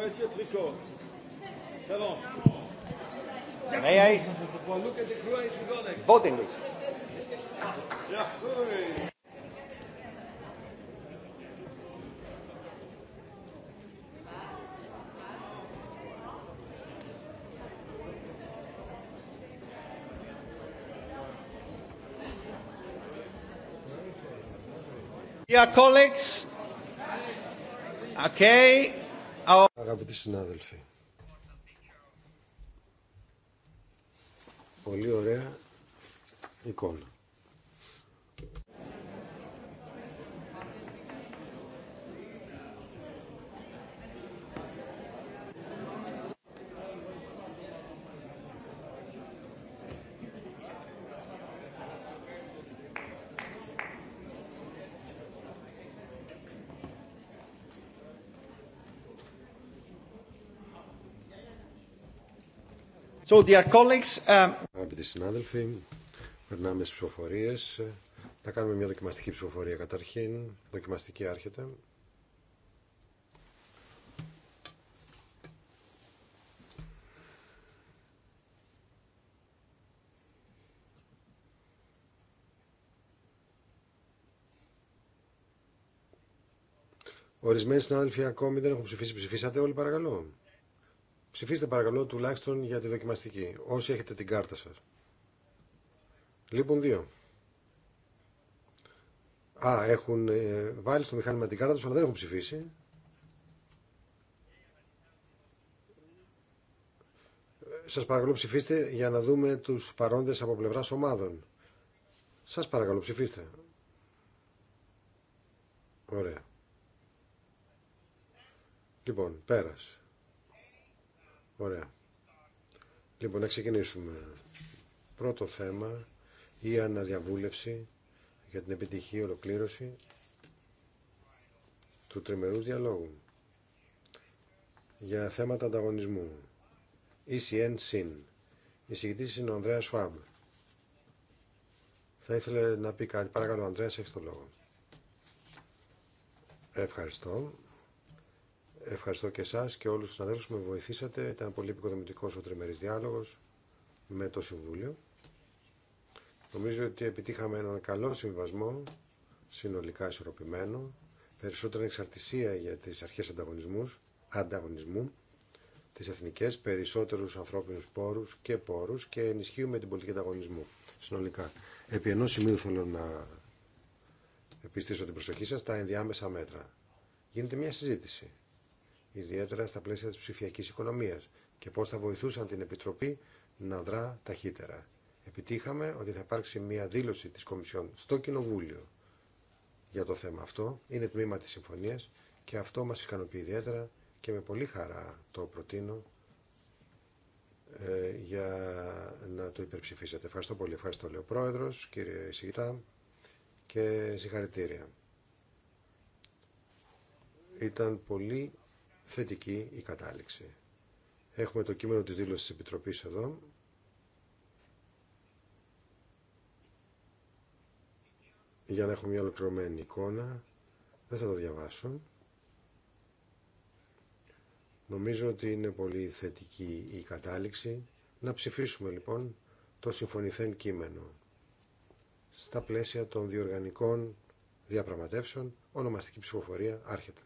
Speaker 2: May I? Look at
Speaker 1: Dear colleagues,
Speaker 2: okay, αγαπητοί συνάδελφοι. Πολύ ωραία εικόνα. So, uh, Αγαπητοί συνάδελφοι, περνάμε στι ψηφοφορίε. Θα κάνουμε μια δοκιμαστική ψηφοφορία καταρχήν. Δοκιμαστική άρχεται. Ορισμένοι συνάδελφοι ακόμη δεν έχουν ψηφίσει. Ψηφίσατε όλοι παρακαλώ. Ψηφίστε παρακαλώ τουλάχιστον για τη δοκιμαστική, όσοι έχετε την κάρτα σας. Λείπουν δύο. Α, έχουν ε, βάλει στο μηχάνημα την κάρτα τους, αλλά δεν έχουν ψηφίσει. Σας παρακαλώ ψηφίστε για να δούμε τους παρόντες από πλευράς ομάδων. Σας παρακαλώ ψηφίστε. Ωραία. Λοιπόν, πέρασε. Ωραία. Λοιπόν, να ξεκινήσουμε. Πρώτο θέμα, η αναδιαβούλευση για την επιτυχή ολοκλήρωση του τριμερούς διαλόγου για θέματα ανταγωνισμού. ECN Η Εισηγητής είναι ο Ανδρέας Σουάμπ. Θα ήθελε να πει κάτι. Παρακαλώ, Ανδρέας, έχεις το λόγο. Ευχαριστώ. Ευχαριστώ και εσά και όλου του συναδέλφου που με βοηθήσατε. Ήταν πολύ επικοδομητικό ο τριμερή διάλογο με το Συμβούλιο. Νομίζω ότι επιτύχαμε έναν καλό συμβασμό, συνολικά ισορροπημένο, περισσότερη εξαρτησία για τι αρχέ ανταγωνισμού, ανταγωνισμού τι εθνικέ περισσότερους ανθρώπινους πόρους και πόρου και ενισχύουμε την πολιτική ανταγωνισμού συνολικά. Επί ενό σημείου θέλω να επιστήσω την προσοχή σα τα ενδιάμεσα μέτρα. Γίνεται μια συζήτηση ιδιαίτερα στα πλαίσια της ψηφιακής οικονομίας και πώς θα βοηθούσαν την Επιτροπή να δρά ταχύτερα. Επιτύχαμε ότι θα υπάρξει μια δήλωση της Κομισιόν στο Κοινοβούλιο για το θέμα αυτό. Είναι τμήμα της συμφωνίας και αυτό μας ικανοποιεί ιδιαίτερα και με πολύ χαρά το προτείνω ε, για να το υπερψηφίσετε. Ευχαριστώ πολύ. Ευχαριστώ, λέει ο κύριε Σιγητά και συγχαρητήρια. Ήταν πολύ θετική η κατάληξη. Έχουμε το κείμενο της δήλωσης της Επιτροπής εδώ. Για να έχουμε μια ολοκληρωμένη εικόνα. Δεν θα το διαβάσω. Νομίζω ότι είναι πολύ θετική η κατάληξη. Να ψηφίσουμε λοιπόν το συμφωνηθέν κείμενο. Στα πλαίσια των διοργανικών διαπραγματεύσεων, ονομαστική ψηφοφορία άρχεται.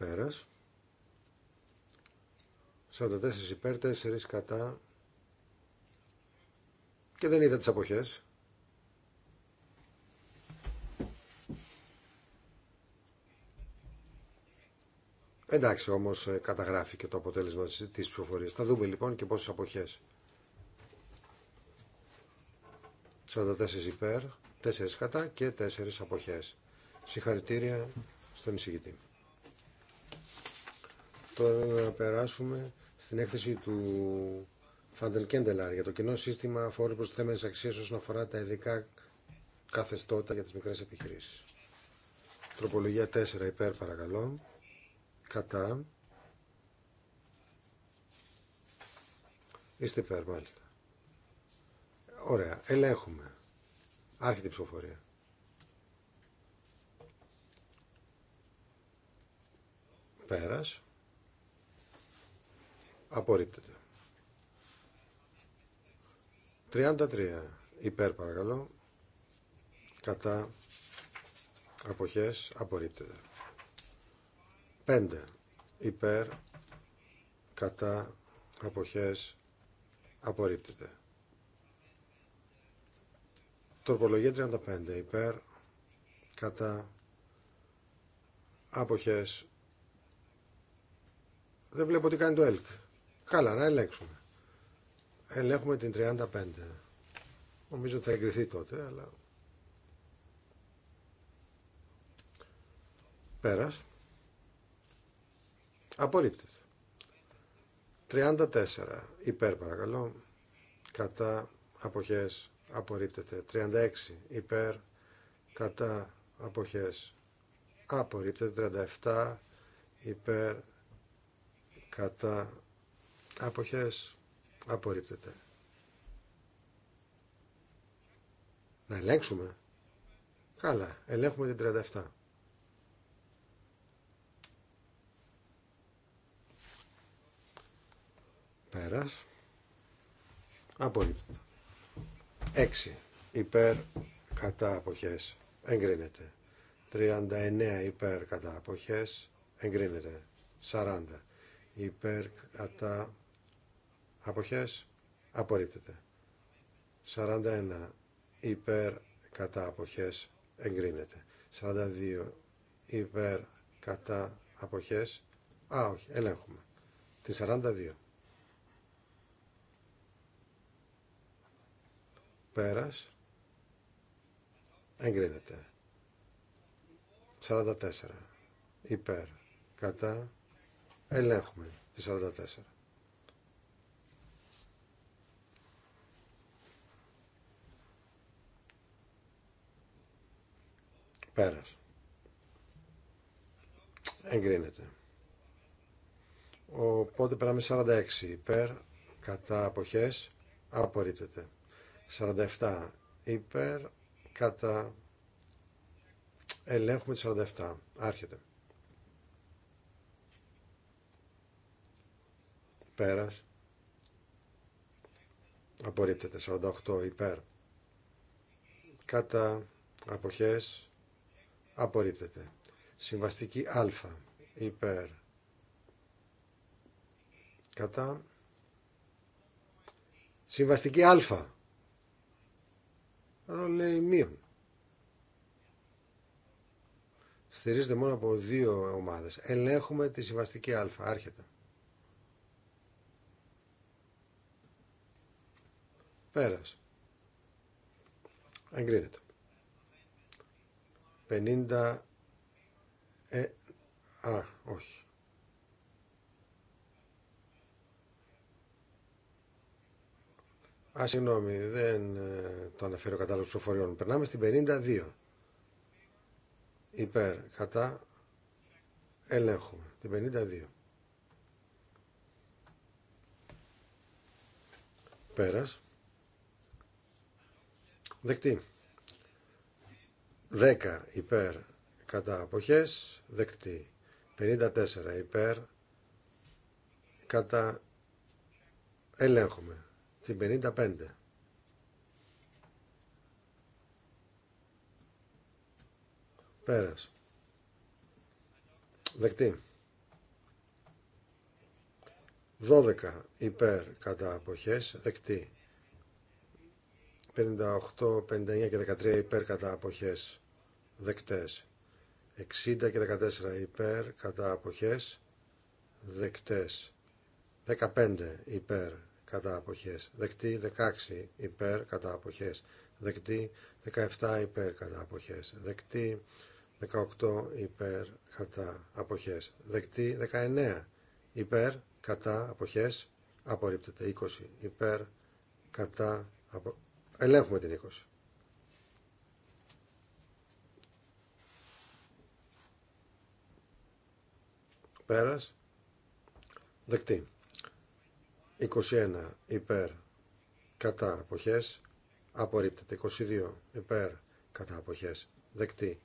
Speaker 2: Πέρας. 44 υπέρ, 4 κατά. Και δεν είδα τις αποχές. Εντάξει όμως ε, καταγράφει και το αποτέλεσμα της ψηφοφορίας. Θα δούμε λοιπόν και πόσες αποχές. 44 υπέρ, 4 κατά και 4 αποχές. Συγχαρητήρια στον εισηγητή. Τώρα να περάσουμε στην έκθεση του Φαντελ Κέντελαρ για το κοινό σύστημα φόρου προστιθέμενης αξίας όσον αφορά τα ειδικά καθεστώτα για τις μικρές επιχειρήσεις. Τροπολογία 4 υπέρ παρακαλώ. Κατά. Είστε υπέρ μάλιστα. Ωραία. Ελέγχουμε. Άρχεται η ψηφοφορία. Πέρας. Απορρίπτεται. 33 υπέρ παρακαλώ. Κατά αποχές απορρίπτεται. 5 υπέρ κατά αποχές απορρίπτεται. Τροπολογία 35 υπέρ κατά αποχές δεν βλέπω τι κάνει το ΕΛΚ. Καλά, να ελέγξουμε. Ελέγχουμε την 35. Νομίζω ότι θα εγκριθεί τότε, αλλά... Πέρας. Απορρίπτεται. 34. Υπέρ παρακαλώ. Κατά αποχές απορρίπτεται. 36. Υπέρ. Κατά αποχές απορρίπτεται. 37. Υπέρ. Κατά Αποχές. Απορρίπτεται. Να ελέγξουμε. Καλά. Ελέγχουμε την 37. Πέρας. Απορρίπτεται. 6. Υπέρ κατά αποχές. Εγκρίνεται. 39 υπέρ κατά αποχές εγκρίνεται 40 υπέρ κατά αποχές απορρίπτεται 41 υπέρ κατά αποχές εγκρίνεται 42 υπέρ κατά αποχές α όχι ελέγχουμε τη 42 πέρας εγκρίνεται 44 υπέρ κατά ελέγχουμε τη 44 Πέρας. Εγκρίνεται. Οπότε περάμε 46 υπέρ, κατά αποχές, απορρίπτεται. 47 υπέρ, κατά ελέγχουμε 47. Άρχεται. Πέρας. Απορρίπτεται. 48 υπέρ. Κατά αποχές απορρίπτεται. Συμβαστική α υπέρ κατά συμβαστική α εδώ λέει μείον στηρίζεται μόνο από δύο ομάδες ελέγχουμε τη συμβαστική α άρχεται πέρας εγκρίνεται 50... Ε, α, όχι. Α, συγγνώμη, δεν ε, το αναφέρω κατάλληλο ψηφοφοριών. Περνάμε στην 52. Υπέρ, κατά, ελέγχουμε. Την 52. Πέρας. Δεκτή. 10 υπέρ κατά αποχές δεκτή 54 υπέρ κατά ελέγχουμε την 55 πέρας δεκτή 12 υπέρ κατά αποχές δεκτή 58, 59 και 13 υπέρ κατά αποχές δεκτές. 60 και 14 υπέρ κατά αποχές δεκτές. 15 υπέρ κατά αποχές δεκτή. 16 υπέρ κατά αποχές δεκτή. 17 υπέρ κατά αποχές δεκτή. 18 υπέρ κατά αποχές δεκτή. 19 υπέρ κατά αποχές απορρίπτεται. 20 υπέρ κατά απο... Ελέγχουμε την 20. Πέρας. Δεκτή. 21 υπέρ κατά αποχές. Απορρίπτεται. 22 υπέρ κατά αποχές. Δεκτή.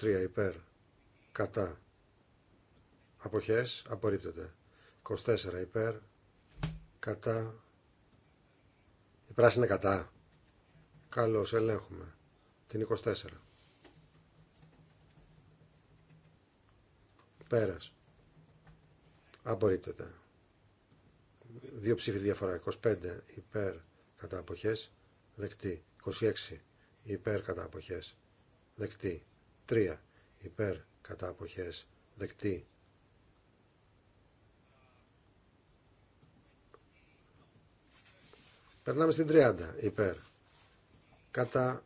Speaker 2: 23 υπέρ κατά αποχές. Απορρίπτεται. 24 υπέρ κατά Πράσινα κατά. Καλώς, ελέγχουμε. Την 24. Πέρας. Απορρίπτεται. Δύο ψήφοι διαφορά. 25 υπέρ κατά αποχές. Δεκτή. 26 υπέρ κατά αποχές. Δεκτή. 3 υπέρ κατά αποχές. Δεκτή. Περνάμε στην 30 υπέρ. Κατά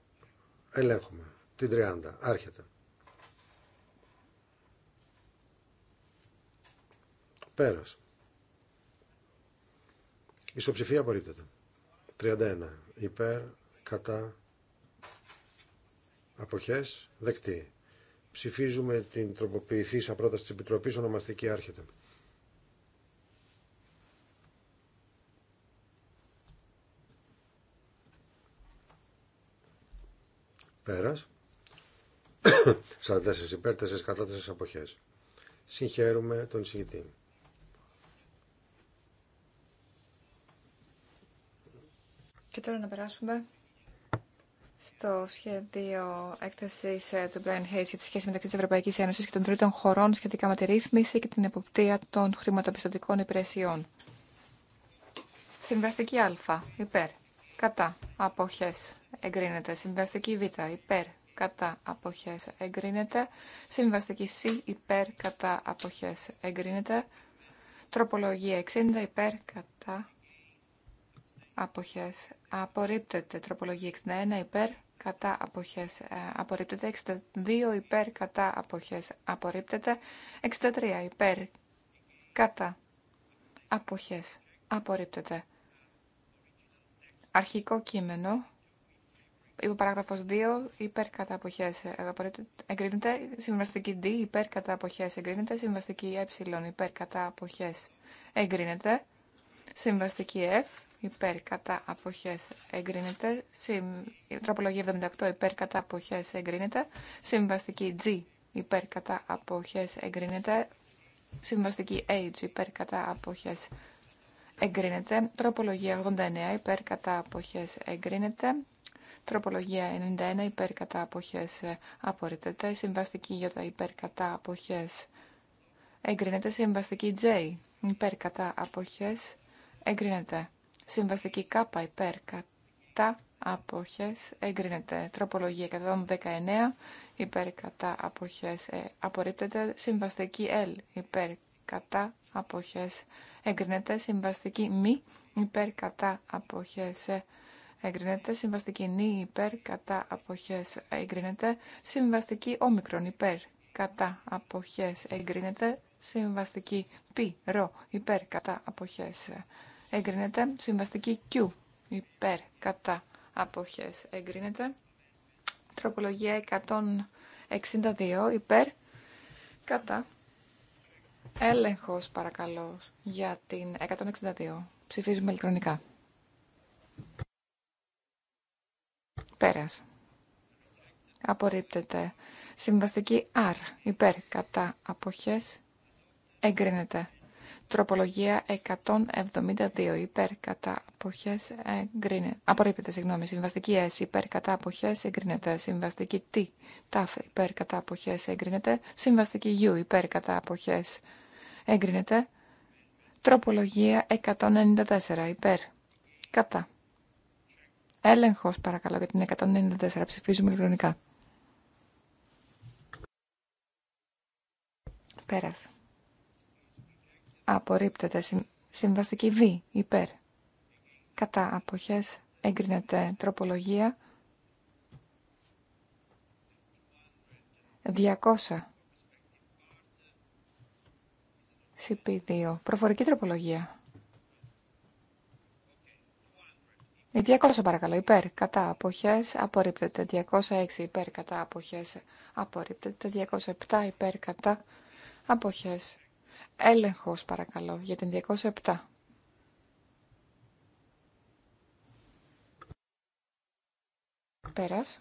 Speaker 2: ελέγχουμε. Την 30. Άρχεται. Πέρας. Ισοψηφία απορρίπτεται. 31. Υπέρ, κατά, αποχές, δεκτή. Ψηφίζουμε την τροποποιηθήσα πρόταση της Επιτροπής, ονομαστική άρχεται. Πέρας. 44 υπέρ, 4 κατά 4 αποχές. Συγχαίρουμε τον εισηγητή.
Speaker 4: Και τώρα να περάσουμε στο σχέδιο έκθεση ε, του Brian Hayes για τη σχέση μεταξύ τη Ευρωπαϊκή Ένωση και των τρίτων χωρών σχετικά με τη ρύθμιση και την εποπτεία των χρηματοπιστωτικών υπηρεσιών. Συμβαστική Α. Υπέρ κατά αποχές εγκρίνεται. Συμβαστική Β υπέρ κατά αποχές εγκρίνεται. Συμβαστική Σ υπέρ κατά αποχές εγκρίνεται. Τροπολογία 60 υπέρ κατά αποχές απορρίπτεται. Τροπολογία 61 ε, υπέρ κατά αποχές απορρίπτεται. 62 υπέρ κατά αποχές απορρίπτεται. 63 υπέρ κατά αποχές απορρίπτεται. Αρχικό κείμενο. Υπό παράγραφος 2, υπέρ κατά αποχές εγκρίνεται. Συμβαστική D, υπέρ κατά αποχές εγκρίνεται. Συμβαστική ε, υπέρ κατά αποχές εγκρίνεται. Συμβαστική F, υπέρ κατά αποχές εγκρίνεται. Συμ... Τροπολογία 78, υπέρ κατά αποχές εγκρίνεται. Συμβαστική G, υπέρ κατά αποχές εγκρίνεται. Συμβαστική H, υπέρ κατά αποχές εγκρίνεται. Τροπολογία 89 υπέρ κατά αποχές εγκρίνεται. Τροπολογία 91 υπέρ κατά αποχές απορρίπτεται. Συμβαστική για τα υπέρ κατά αποχές εγκρίνεται. Συμβαστική J υπέρ κατά αποχές εγκρίνεται. Συμβαστική K υπέρ κατά αποχές εγκρίνεται. Τροπολογία 119 υπέρ κατά αποχές ε, απορρίπτεται. Συμβαστική L υπέρ κατά αποχές εγκρίνεται συμβαστική μη υπέρ κατά αποχές εγκρίνεται συμβαστική νη υπέρ κατά αποχές εγκρίνεται συμβαστική όμικρον υπέρ κατά αποχές εγκρίνεται συμβαστική πι ρο υπέρ κατά αποχές εγκρίνεται συμβαστική Q υπέρ κατά αποχές εγκρίνεται τροπολογία 162 υπέρ κατά Έλεγχος παρακαλώ για την 162. Ψηφίζουμε ηλεκτρονικά. Πέρας. Απορρίπτεται. Συμβαστική R. Υπέρ κατά αποχές. Εγκρίνεται. Τροπολογία 172 υπέρ κατά αποχέ εγκρίνεται. Απορρίπτεται, συγγνώμη. Συμβαστική S υπέρ κατά αποχέ εγκρίνεται. Συμβαστική T τάφ υπέρ κατά αποχέ εγκρίνεται. Συμβαστική U υπέρ κατά αποχέ εγκρίνεται. Τροπολογία 194 υπέρ κατά. Έλεγχος παρακαλώ για την 194. Ψηφίζουμε ηλεκτρονικά. Πέρασε απορρίπτεται. Συμβαστική Β, υπέρ. Κατά αποχές εγκρίνεται τροπολογία 200. CP2. Προφορική τροπολογία. 200 ε, παρακαλώ, υπέρ, κατά αποχές, απορρίπτεται. 206 υπέρ, κατά αποχές, απορρίπτεται. 207 υπέρ, κατά αποχές, Έλεγχος παρακαλώ για την 207. Πέρας.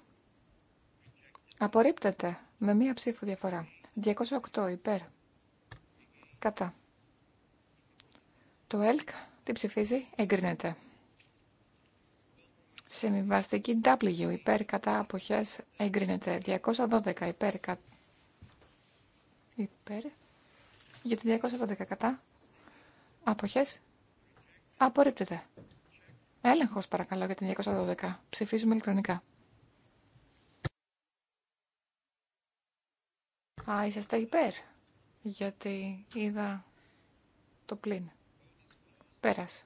Speaker 4: Απορρίπτεται με μία ψήφο διαφορά. 208 υπέρ. Κατά. Το ΕΛΚ τι ψηφίζει, εγκρίνεται. Σεμιβαστική W υπέρ κατά αποχές εγκρίνεται. 212 υπέρ κατά. Υπέρ για τη 212 κατά. Αποχές. Απορρίπτεται. Έλεγχος παρακαλώ για την 212. Ψηφίζουμε ηλεκτρονικά. Α, είσαστε υπέρ. Γιατί είδα το πλήν. Πέρασε.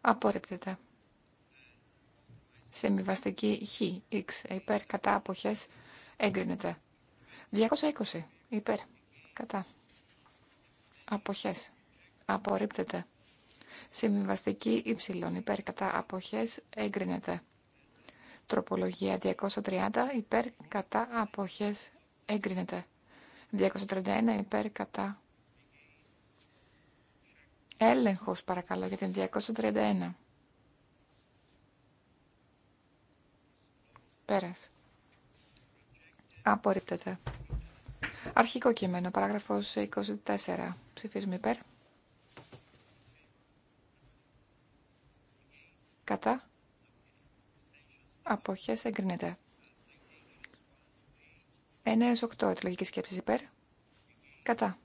Speaker 4: Απορρίπτεται. Σε χ, υπέρ, κατά, αποχές, έγκρινεται. 220, υπέρ, Κατά. Αποχές. Απορρίπτεται. Συμβιβαστική υψηλών υπέρ κατά αποχές εγκρίνεται. Τροπολογία 230 υπέρ κατά αποχές εγκρίνεται. 231 υπέρ κατά. Έλεγχος παρακαλώ για την 231. Πέρας. Απορρίπτεται. Αρχικό κείμενο, παράγραφος 24. Ψηφίζουμε υπέρ. Κατά. Αποχές εγκρίνεται. 1 έως 8 αιτιολογική σκέψη υπέρ. Κατά.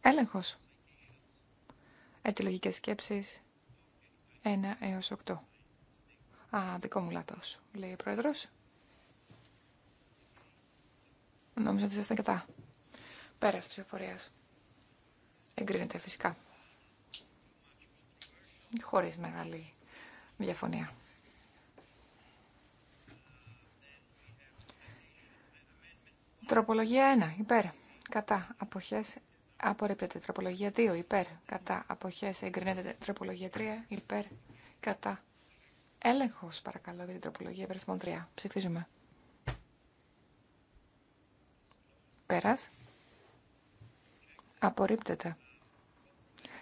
Speaker 4: Έλεγχος. Ετυλογικές σκέψεις 1 έως 8. Α, δικό μου λάθος, λέει ο πρόεδρος. Νόμιζα ότι ήσασταν κατά. Πέρας ψηφοφορία. Εγκρίνεται φυσικά. Χωρί μεγάλη διαφωνία. Τροπολογία 1. Υπέρ. Κατά. Αποχές. Απορρίπτεται. Τροπολογία 2. Υπέρ. Κατά. Αποχές. Εγκρίνεται. Τροπολογία 3. Υπέρ. Κατά. Έλεγχος παρακαλώ για την τροπολογία υπερθμών 3. Ψηφίζουμε. Πέρας. Απορρίπτεται.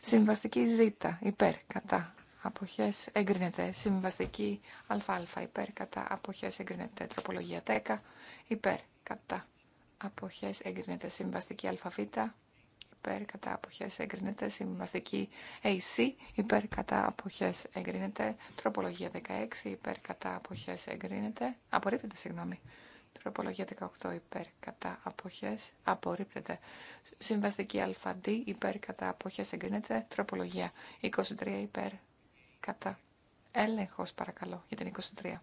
Speaker 4: Συμβαστική Ζ, υπέρ, κατά, αποχές, εγκρίνεται. Συμβαστική αλφα υπέρ, κατά, αποχές, εγκρίνεται. Τροπολογία 10, υπέρ, κατά, αποχές, εγκρίνεται. Συμβαστική β, υπέρ, κατά, αποχές, εγκρίνεται. Συμβαστική AC, υπέρ, κατά, αποχές, εγκρίνεται. Τροπολογία 16, υπέρ, κατά, αποχές, εγκρίνεται. Απορρίπτεται, συγγνώμη. Τροπολογία 18 υπέρ κατά απόχέ. απορρίπτεται. Συμβαστική ΑΔ υπέρ κατά αποχές εγκρίνεται. Τροπολογία 23 υπέρ κατά Έλεγχο παρακαλώ για την 23.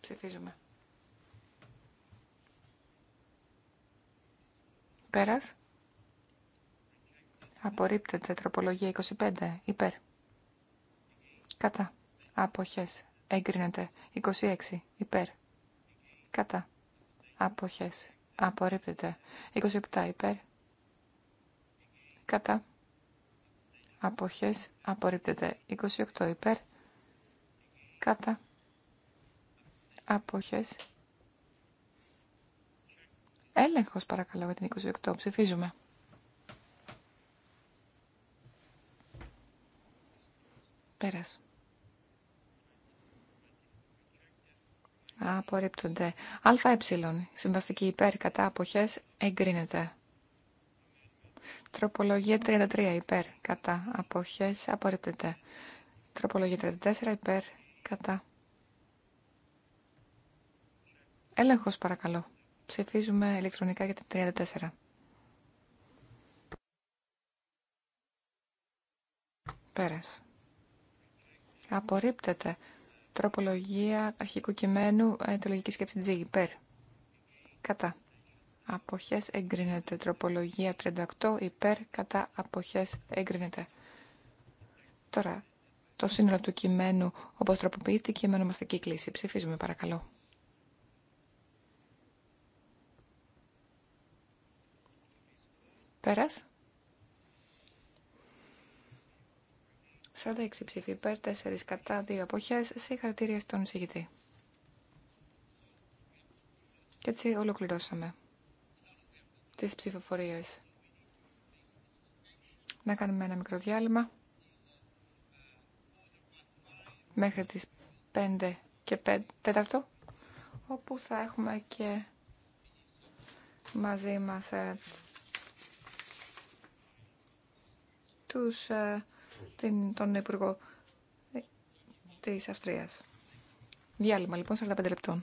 Speaker 4: Ψηφίζουμε. Πέρας. Απορρίπτεται τροπολογία 25 υπέρ. Κατά. Αποχές. Έγκρινεται 26 υπέρ. Κατά. Αποχές. Απορρίπτεται. 27 υπέρ. Κατά. Αποχές. Απορρίπτεται. 28 υπέρ. Κατά. Αποχές. Έλεγχος παρακαλώ για την 28. Ψηφίζουμε. Πέρας. απορρίπτονται. ΑΕ, συμβαστική υπέρ, κατά αποχές, εγκρίνεται. Τροπολογία 33 υπέρ, κατά αποχές, απορρίπτεται. Τροπολογία 34 υπέρ, κατά. Έλεγχος παρακαλώ. Ψηφίζουμε ηλεκτρονικά για την 34. Πέρας. Απορρίπτεται Τροπολογία αρχικού κειμένου, ε, λογική σκέψη G, υπέρ. Κατά. Αποχές εγκρίνεται. Τροπολογία 38, υπέρ, κατά, αποχές εγκρίνεται. Τώρα, το σύνολο του κειμένου, όπως τροποποιήθηκε, με ονομαστική κλίση. Ψηφίζουμε, παρακαλώ. Πέρας. 46 ψήφοι υπέρ, 4 κατά, 2 αποχές. Συγχαρητήρια στον εισηγητή. Και έτσι ολοκληρώσαμε τις ψηφοφορίες. Να κάνουμε ένα μικρό διάλειμμα μέχρι τις 5 και 5 τέταρτο, όπου θα έχουμε και μαζί μας ε, τους ε, την, τον Υπουργό της Αυστρίας. Διάλειμμα λοιπόν 45 λεπτών.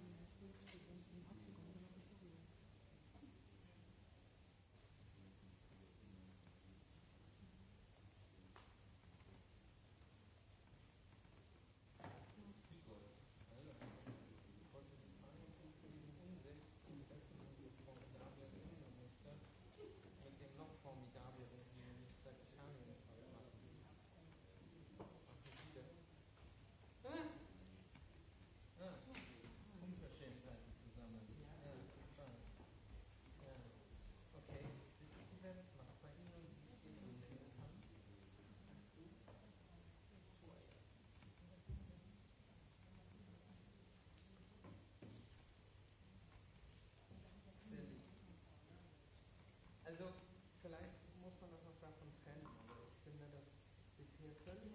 Speaker 5: Also vielleicht muss man das noch davon trennen. Also ich finde das bisher völlig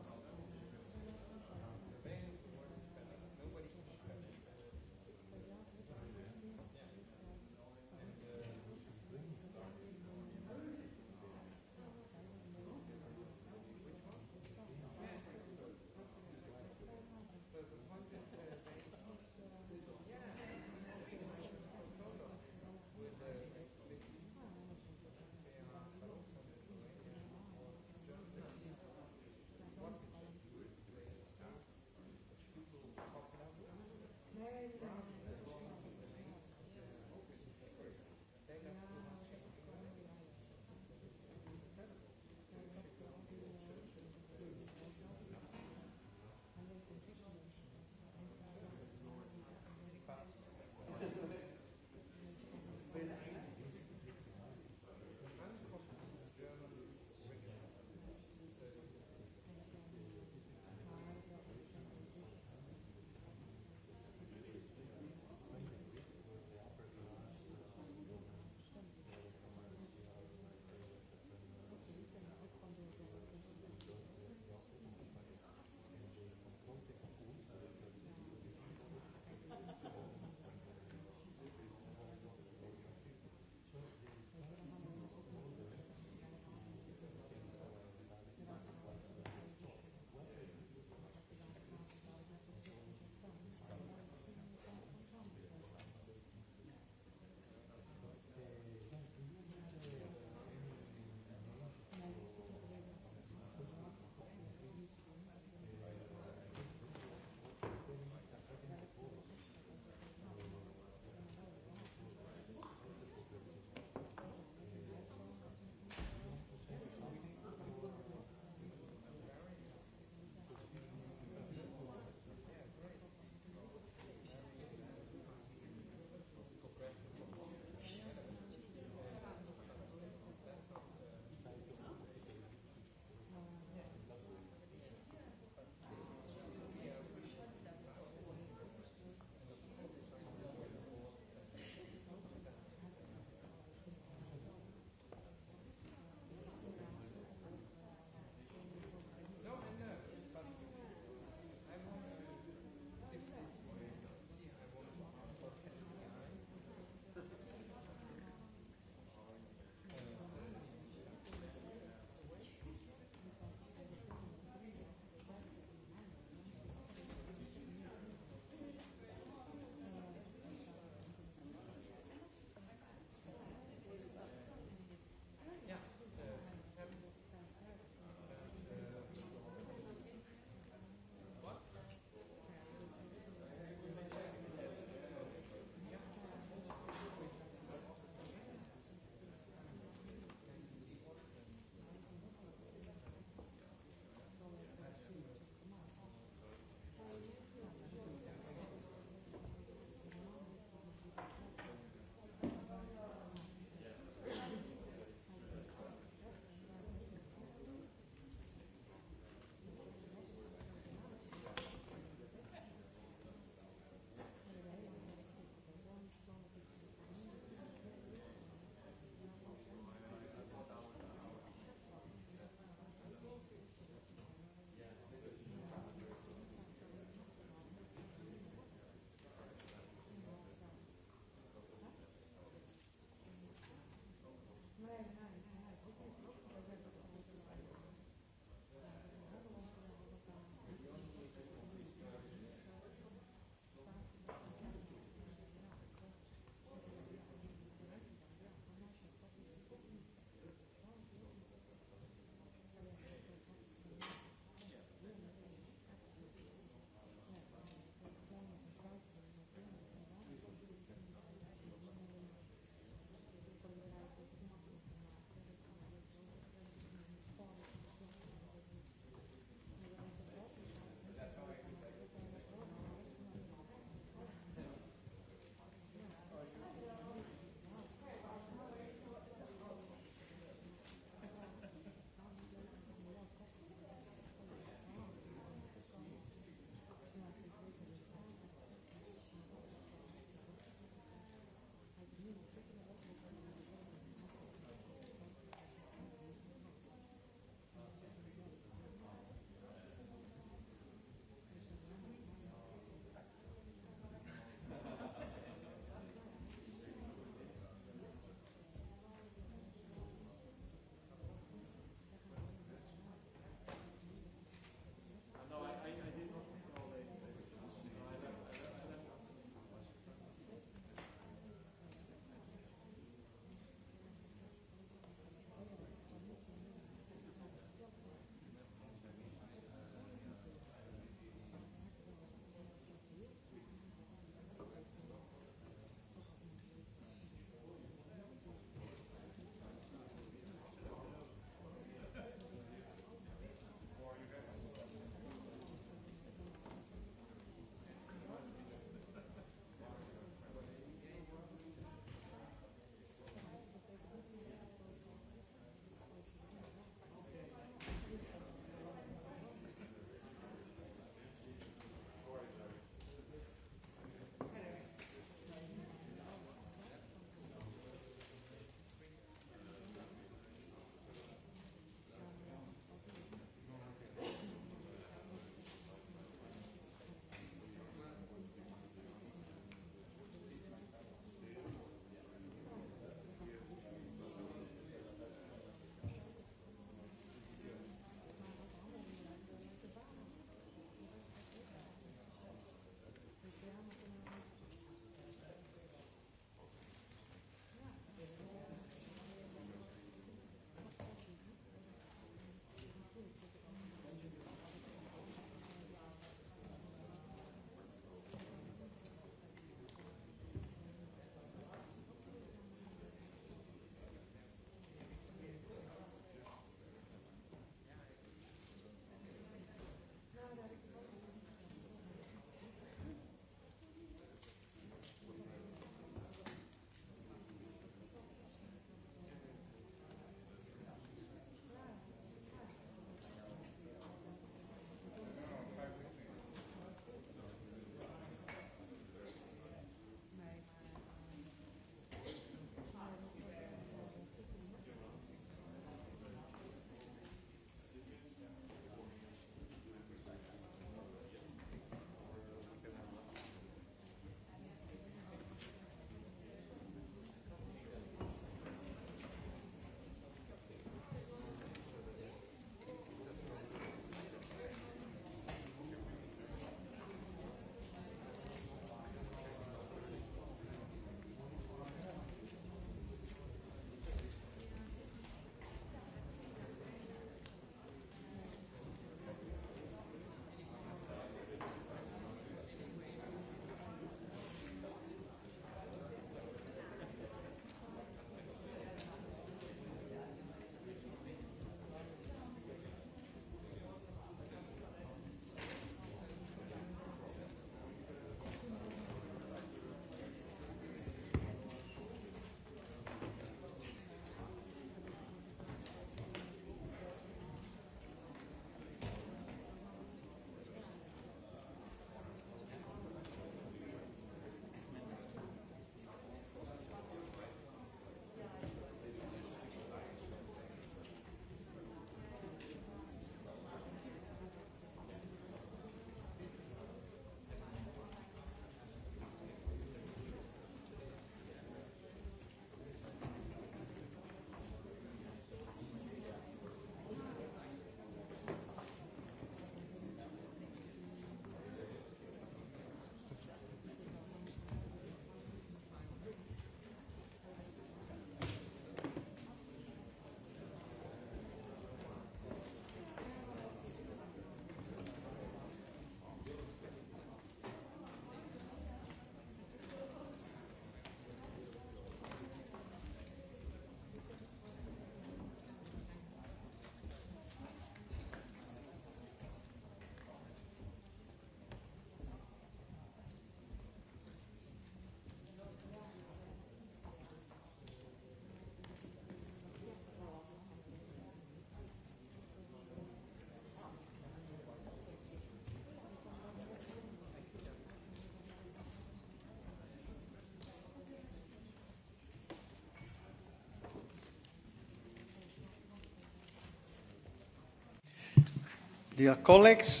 Speaker 2: Dear colleagues.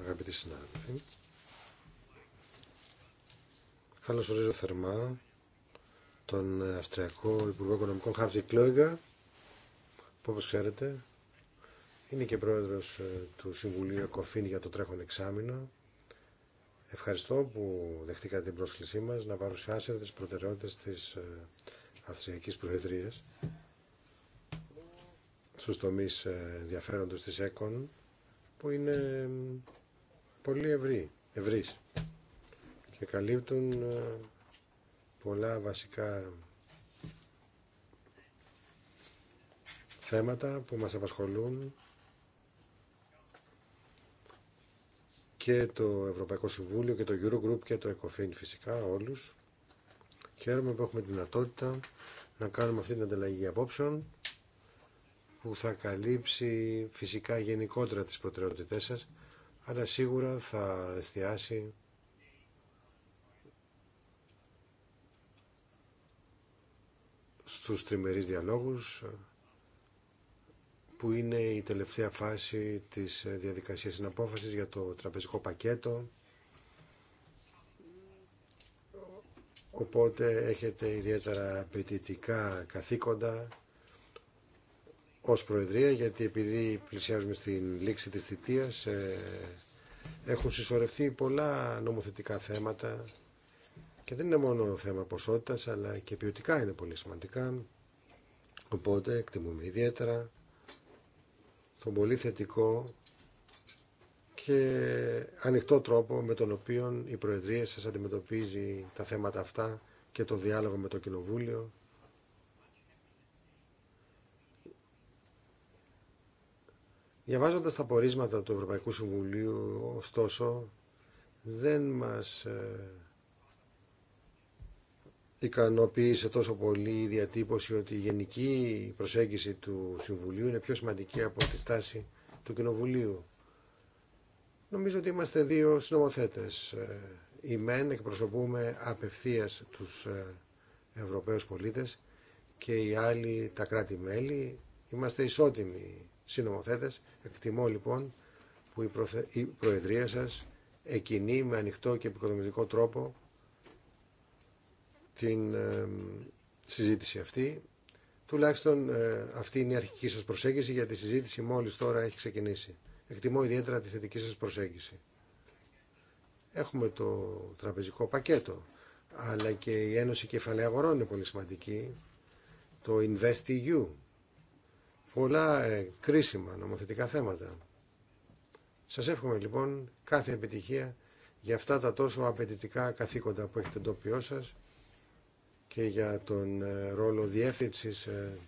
Speaker 2: Αγαπητοί συνάδελφοι, καλώς θερμά τον ε, Αυστριακό Υπουργό Οικονομικών Χάρτζη Κλόγκα, που όπως ξέρετε είναι και πρόεδρος ε, του Συμβουλίου ΕΚΟΦΗΝ για το τρέχον εξάμεινο. Ευχαριστώ που δεχτήκατε την πρόσκλησή μας να παρουσιάσετε τις προτεραιότητες της ε, Αυστριακής Προεδρίας στους τομείς ε, ενδιαφέροντος της ΕΚΟΝ που είναι πολύ ευρύ, ευρύς και καλύπτουν ε, πολλά βασικά θέματα που μας απασχολούν και το Ευρωπαϊκό Συμβούλιο και το Eurogroup και το ECOFIN φυσικά όλους. Χαίρομαι που έχουμε τη δυνατότητα να κάνουμε αυτή την ανταλλαγή απόψεων που θα καλύψει φυσικά γενικότερα τις προτεραιότητές σας, αλλά σίγουρα θα εστιάσει στους τριμερείς διαλόγους που είναι η τελευταία φάση της διαδικασίας συναπόφασης για το τραπεζικό πακέτο. Οπότε έχετε ιδιαίτερα απαιτητικά καθήκοντα ως Προεδρία γιατί επειδή πλησιάζουμε στην λήξη της θητείας ε, έχουν συσσωρευτεί πολλά νομοθετικά θέματα και δεν είναι μόνο θέμα ποσότητας αλλά και ποιοτικά είναι πολύ σημαντικά οπότε εκτιμούμε ιδιαίτερα τον πολύ θετικό και ανοιχτό τρόπο με τον οποίο η Προεδρία σας αντιμετωπίζει τα θέματα αυτά και το διάλογο με το Κοινοβούλιο Διαβάζοντα τα πορίσματα του Ευρωπαϊκού Συμβουλίου, ωστόσο, δεν μας ε, ικανοποίησε τόσο πολύ η διατύπωση ότι η γενική προσέγγιση του Συμβουλίου είναι πιο σημαντική από τη στάση του Κοινοβουλίου. Νομίζω ότι είμαστε δύο συνομοθέτες. Ε, οι ΜΕΝ εκπροσωπούμε απευθείας τους ε, Ευρωπαίους πολίτες και οι άλλοι τα κράτη-μέλη. Είμαστε ισότιμοι Συνομοθέτε. Εκτιμώ λοιπόν που η Προεδρία σας εκκινεί με ανοιχτό και επικοδομητικό τρόπο την συζήτηση αυτή. Τουλάχιστον ε, αυτή είναι η αρχική σας προσέγγιση γιατί η συζήτηση μόλις τώρα έχει ξεκινήσει. Εκτιμώ ιδιαίτερα τη θετική σας προσέγγιση. Έχουμε το τραπεζικό πακέτο, αλλά και η Ένωση Κεφαλαίου Αγορών είναι πολύ σημαντική, το InvestEU πολλά ε, κρίσιμα νομοθετικά θέματα. Σας εύχομαι λοιπόν κάθε επιτυχία για αυτά τα τόσο απαιτητικά καθήκοντα που έχετε εντοπιό σας και για τον ε, ρόλο διεύθυνσης ε,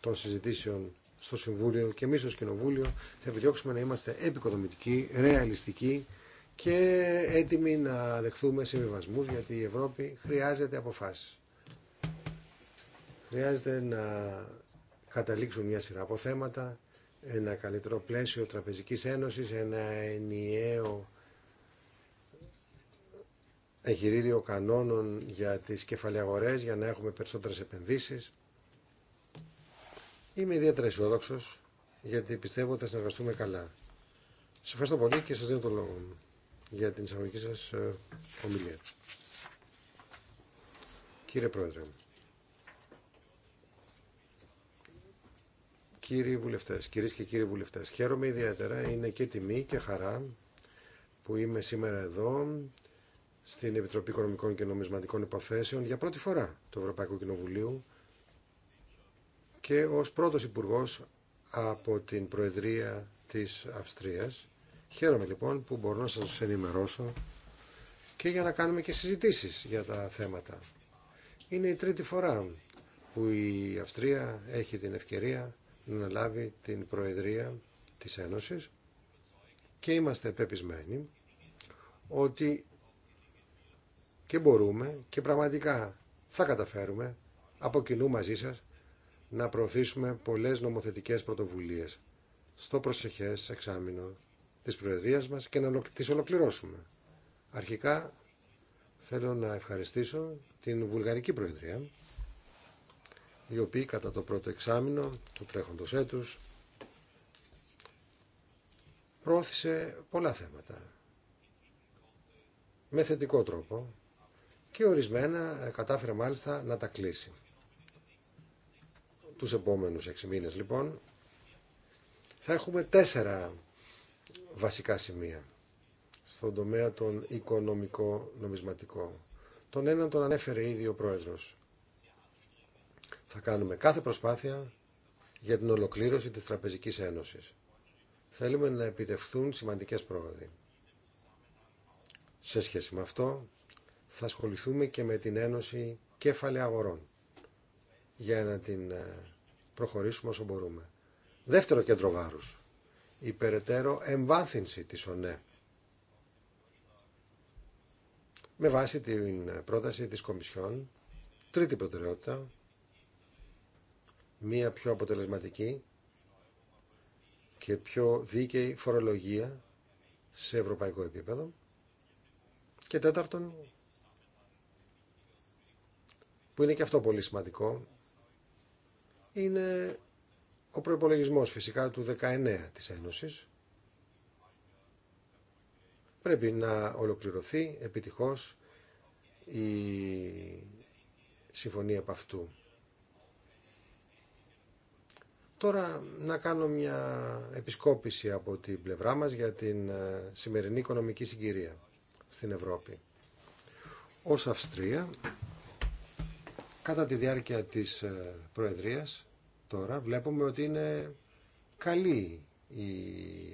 Speaker 2: των συζητήσεων στο Συμβούλιο και εμείς ως Κοινοβούλιο θα επιδιώξουμε να είμαστε επικοδομητικοί, ρεαλιστικοί και έτοιμοι να δεχθούμε συμβιβασμούς γιατί η Ευρώπη χρειάζεται αποφάσεις. Χρειάζεται να καταλήξουν μια σειρά από θέματα, ένα καλύτερο πλαίσιο τραπεζικής ένωσης, ένα ενιαίο εγχειρίδιο κανόνων για τις κεφαλαιαγορές, για να έχουμε περισσότερες επενδύσεις. Είμαι ιδιαίτερα αισιόδοξο γιατί πιστεύω ότι θα συνεργαστούμε καλά. Σας ευχαριστώ πολύ και σας δίνω το λόγο για την εισαγωγική σας ε, ομιλία. Κύριε Πρόεδρε μου. κύριοι βουλευτές, κυρίες και κύριοι βουλευτές, χαίρομαι ιδιαίτερα, είναι και τιμή και χαρά που είμαι σήμερα εδώ στην Επιτροπή Οικονομικών και Νομισματικών Υποθέσεων για πρώτη φορά του Ευρωπαϊκού Κοινοβουλίου και ως πρώτος Υπουργός από την Προεδρία της Αυστρίας. Χαίρομαι λοιπόν που μπορώ να σας ενημερώσω και για να κάνουμε και συζητήσεις για τα θέματα. Είναι η τρίτη φορά που η Αυστρία έχει την ευκαιρία να λάβει την Προεδρία της Ένωσης και είμαστε πεπισμένοι ότι και μπορούμε και πραγματικά θα καταφέρουμε από κοινού μαζί σας να προωθήσουμε πολλές νομοθετικές πρωτοβουλίες στο προσεχές εξάμεινο της Προεδρίας μας και να τις ολοκληρώσουμε. Αρχικά θέλω να ευχαριστήσω την Βουλγαρική Προεδρία οι οποίοι κατά το πρώτο εξάμεινο του τρέχοντος έτους προώθησε πολλά θέματα με θετικό τρόπο και ορισμένα ε, κατάφερε μάλιστα να τα κλείσει. Τους επόμενους έξι μήνες λοιπόν θα έχουμε τέσσερα βασικά σημεία στον τομέα των οικονομικο νομισματικών. Τον έναν τον ανέφερε ήδη ο Πρόεδρος. Θα κάνουμε κάθε προσπάθεια για την ολοκλήρωση της Τραπεζικής Ένωσης. Θέλουμε να επιτευχθούν σημαντικές πρόοδοι. Σε σχέση με αυτό, θα ασχοληθούμε και με την Ένωση Κέφαλη Αγορών για να την ε, προχωρήσουμε όσο μπορούμε. Δεύτερο κέντρο βάρους, η περαιτέρω εμβάθυνση της ΟΝΕ με βάση την πρόταση της Κομισιόν, τρίτη προτεραιότητα, μία πιο αποτελεσματική και πιο δίκαιη φορολογία σε ευρωπαϊκό επίπεδο. Και τέταρτον, που είναι και αυτό πολύ σημαντικό, είναι ο προϋπολογισμός φυσικά του 19 της Ένωσης. Πρέπει να ολοκληρωθεί επιτυχώς η συμφωνία από αυτού. Τώρα να κάνω μια επισκόπηση από την πλευρά μας για την ε, σημερινή οικονομική συγκυρία στην Ευρώπη. Ως Αυστρία, κατά τη διάρκεια της ε, Προεδρίας, τώρα βλέπουμε ότι είναι καλή η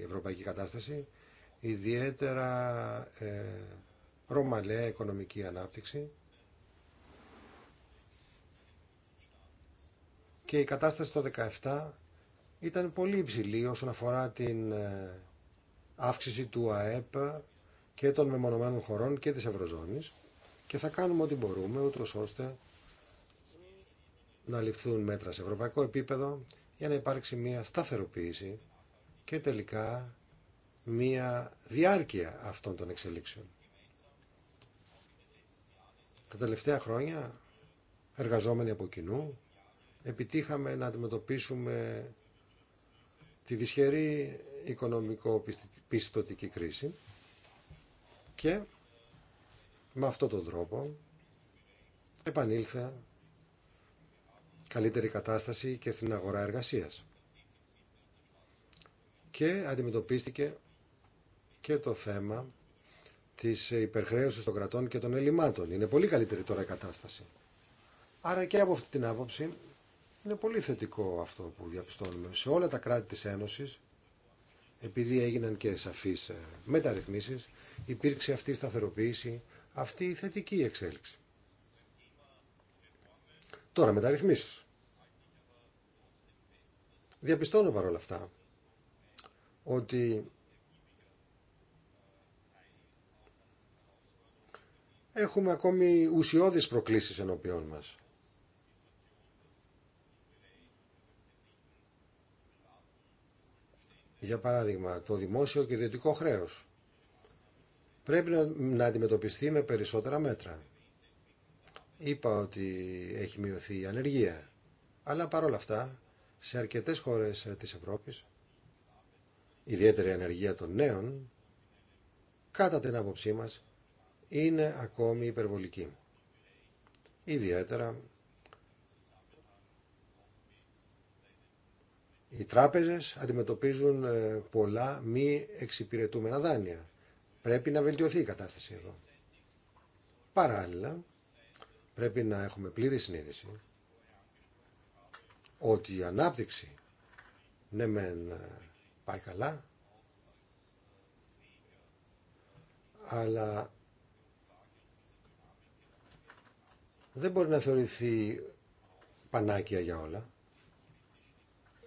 Speaker 2: ευρωπαϊκή κατάσταση, ιδιαίτερα ε, ρωμαλαία οικονομική ανάπτυξη και η κατάσταση το 2017 ήταν πολύ υψηλή όσον αφορά την ε, αύξηση του ΑΕΠ και των μεμονωμένων χωρών και της Ευρωζώνης και θα κάνουμε ό,τι μπορούμε ούτως ώστε να ληφθούν μέτρα σε ευρωπαϊκό επίπεδο για να υπάρξει μια σταθεροποίηση και τελικά μια διάρκεια αυτών των εξελίξεων. Τα τελευταία χρόνια εργαζόμενοι από κοινού επιτύχαμε να αντιμετωπίσουμε τη δυσχερή οικονομικό-πιστωτική κρίση και με αυτό τον τρόπο επανήλθε καλύτερη κατάσταση και στην αγορά εργασίας. Και αντιμετωπίστηκε και το θέμα της υπερχρέωσης των κρατών και των ελλημάτων. Είναι πολύ καλύτερη τώρα η κατάσταση. Άρα και από αυτή την άποψη είναι πολύ θετικό αυτό που διαπιστώνουμε. Σε όλα τα κράτη της Ένωσης, επειδή έγιναν και σαφείς ε, μεταρρυθμίσεις, υπήρξε αυτή η σταθεροποίηση, αυτή η θετική εξέλιξη. Τώρα μεταρρυθμίσεις. Διαπιστώνω παρόλα αυτά ότι έχουμε ακόμη ουσιώδεις προκλήσεις ενώπιόν μας. για παράδειγμα το δημόσιο και ιδιωτικό χρέος, πρέπει να αντιμετωπιστεί με περισσότερα μέτρα. Είπα ότι έχει μειωθεί η ανεργία, αλλά παρόλα αυτά σε αρκετές χώρες της Ευρώπης, ιδιαίτερη ανεργία των νέων, κατά την άποψή μας, είναι ακόμη υπερβολική. Ιδιαίτερα Οι τράπεζες αντιμετωπίζουν ε, πολλά μη εξυπηρετούμενα δάνεια. Πρέπει να βελτιωθεί η κατάσταση εδώ. Παράλληλα, πρέπει να έχουμε πλήρη συνείδηση ότι η ανάπτυξη ναι μεν ε, πάει καλά αλλά δεν μπορεί να θεωρηθεί πανάκια για όλα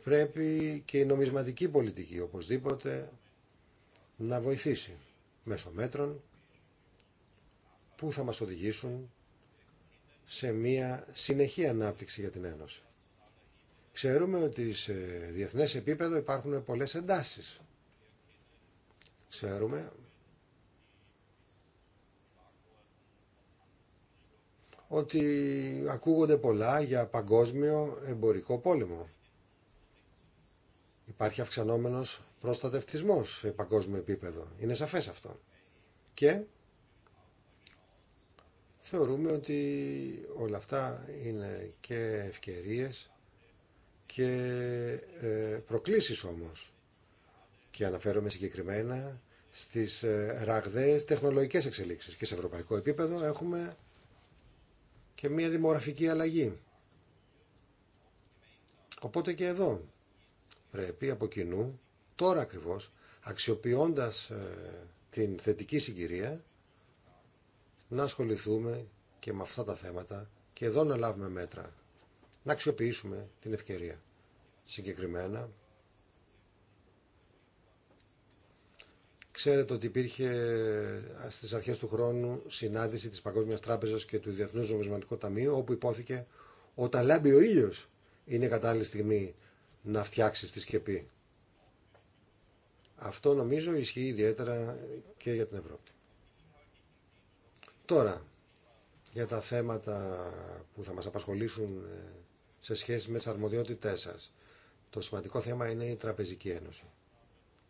Speaker 2: πρέπει και η νομισματική πολιτική οπωσδήποτε να βοηθήσει μέσω μέτρων που θα μας οδηγήσουν σε μια συνεχή ανάπτυξη για την Ένωση. Ξέρουμε ότι σε διεθνές επίπεδο υπάρχουν πολλές εντάσεις. Ξέρουμε ότι ακούγονται πολλά για παγκόσμιο εμπορικό πόλεμο. Υπάρχει αυξανόμενος προστατευτισμός σε παγκόσμιο επίπεδο. Είναι σαφές αυτό. Και θεωρούμε ότι όλα αυτά είναι και ευκαιρίες και ε, προκλήσεις όμως. Και αναφέρομαι συγκεκριμένα στις ε, ραγδαίες τεχνολογικές εξελίξεις. Και σε ευρωπαϊκό επίπεδο έχουμε και μια δημογραφική αλλαγή. Οπότε και εδώ πρέπει από κοινού, τώρα ακριβώς, αξιοποιώντας ε, την θετική συγκυρία, να ασχοληθούμε και με αυτά τα θέματα και εδώ να λάβουμε μέτρα, να αξιοποιήσουμε την ευκαιρία. Συγκεκριμένα, Ξέρετε ότι υπήρχε ε, στις αρχές του χρόνου συνάντηση της Παγκόσμιας Τράπεζας και του Διεθνούς Νομισματικού Ταμείου όπου υπόθηκε όταν λάμπει ο ήλιος είναι κατάλληλη στιγμή να φτιάξεις τη σκεπή. Αυτό νομίζω ισχύει ιδιαίτερα και για την Ευρώπη. Τώρα, για τα θέματα που θα μας απασχολήσουν ε, σε σχέση με τις αρμοδιότητές σας. Το σημαντικό θέμα είναι η Τραπεζική Ένωση.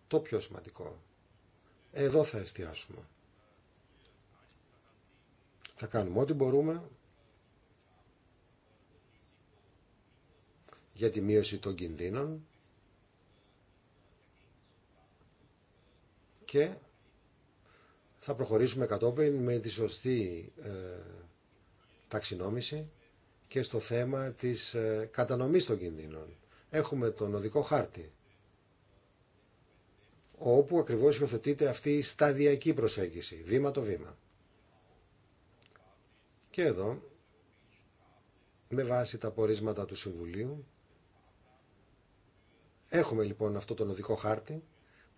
Speaker 2: Το πιο σημαντικό. Εδώ θα εστιάσουμε. Θα κάνουμε ό,τι μπορούμε για τη μείωση των κινδύνων και θα προχωρήσουμε κατόπιν με τη σωστή ε, ταξινόμηση και στο θέμα της ε, κατανομής των κινδύνων. Έχουμε τον οδικό χάρτη, όπου ακριβώς υιοθετείται αυτή η σταδιακή προσέγγιση, βήμα το βήμα. Και εδώ, με βάση τα πορίσματα του Συμβουλίου, Έχουμε λοιπόν αυτό τον οδικό χάρτη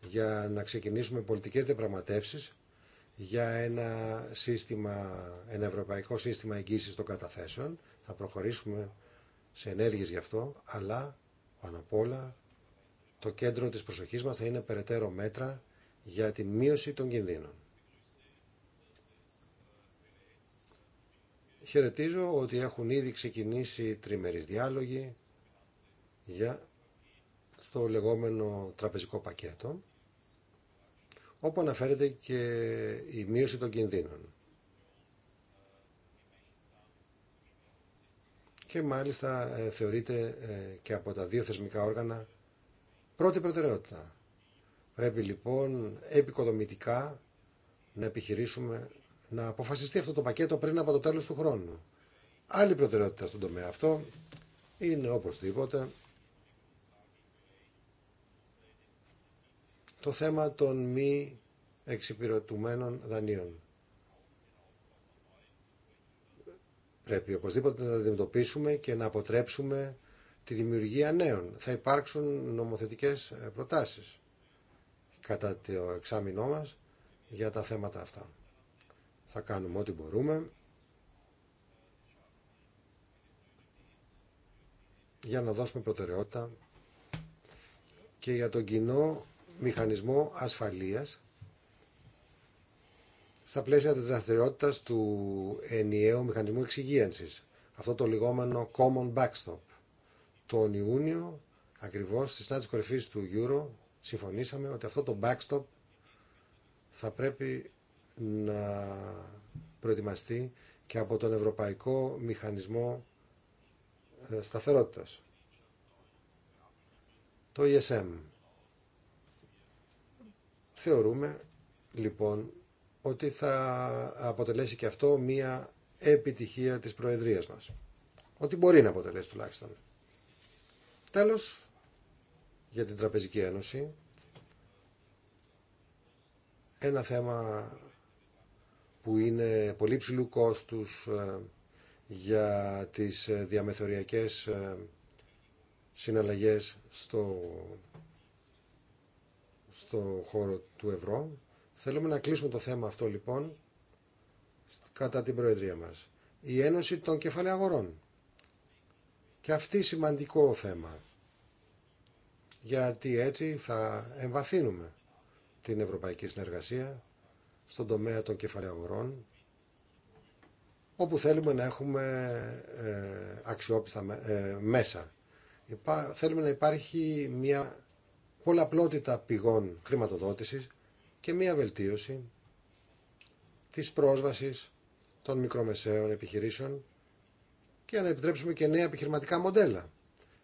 Speaker 2: για να ξεκινήσουμε πολιτικές διαπραγματεύσεις για ένα, σύστημα, ένα ευρωπαϊκό σύστημα εγγύησης των καταθέσεων. Θα προχωρήσουμε σε ενέργειες γι' αυτό, αλλά πάνω απ' όλα το κέντρο της προσοχής μας θα είναι περαιτέρω μέτρα για τη μείωση των κινδύνων. Χαιρετίζω ότι έχουν ήδη ξεκινήσει τριμερείς διάλογοι για στο λεγόμενο τραπεζικό πακέτο, όπου αναφέρεται και η μείωση των κινδύνων. Και μάλιστα ε, θεωρείται ε, και από τα δύο θεσμικά όργανα πρώτη προτεραιότητα. Πρέπει λοιπόν επικοδομητικά να επιχειρήσουμε να αποφασιστεί αυτό το πακέτο πριν από το τέλος του χρόνου. Άλλη προτεραιότητα στον τομέα αυτό είναι οπωσδήποτε το θέμα των μη εξυπηρετουμένων δανείων. Πρέπει οπωσδήποτε να αντιμετωπίσουμε και να αποτρέψουμε τη δημιουργία νέων. Θα υπάρξουν νομοθετικές ε, προτάσεις κατά το εξάμεινό μας για τα θέματα αυτά. Θα κάνουμε ό,τι μπορούμε για να δώσουμε προτεραιότητα και για τον κοινό μηχανισμό ασφαλείας στα πλαίσια της δραστηριότητα του ενιαίου μηχανισμού εξυγίανσης. Αυτό το λιγόμενο Common Backstop. Τον Ιούνιο, ακριβώς στη συνάντηση κορυφής του Euro, συμφωνήσαμε ότι αυτό το Backstop θα πρέπει να προετοιμαστεί και από τον Ευρωπαϊκό Μηχανισμό ε, Σταθερότητας. Το ESM Θεωρούμε λοιπόν ότι θα αποτελέσει και αυτό μία επιτυχία της Προεδρίας μας. Ότι μπορεί να αποτελέσει τουλάχιστον. Τέλος, για την Τραπεζική Ένωση, ένα θέμα που είναι πολύ ψηλού κόστους ε, για τις ε, διαμεθοριακές ε, συναλλαγές στο στο χώρο του ευρώ. Θέλουμε να κλείσουμε το θέμα αυτό λοιπόν κατά την Προεδρία μας. Η Ένωση των Κεφαλαίων Αγορών. Και αυτή σημαντικό θέμα. Γιατί έτσι θα εμβαθύνουμε την ευρωπαϊκή συνεργασία στον τομέα των κεφαλαίων όπου θέλουμε να έχουμε ε, αξιόπιστα ε, μέσα. Θέλουμε να υπάρχει μια πολλαπλότητα πηγών χρηματοδότησης και μία βελτίωση της πρόσβασης των μικρομεσαίων επιχειρήσεων και να επιτρέψουμε και νέα επιχειρηματικά μοντέλα.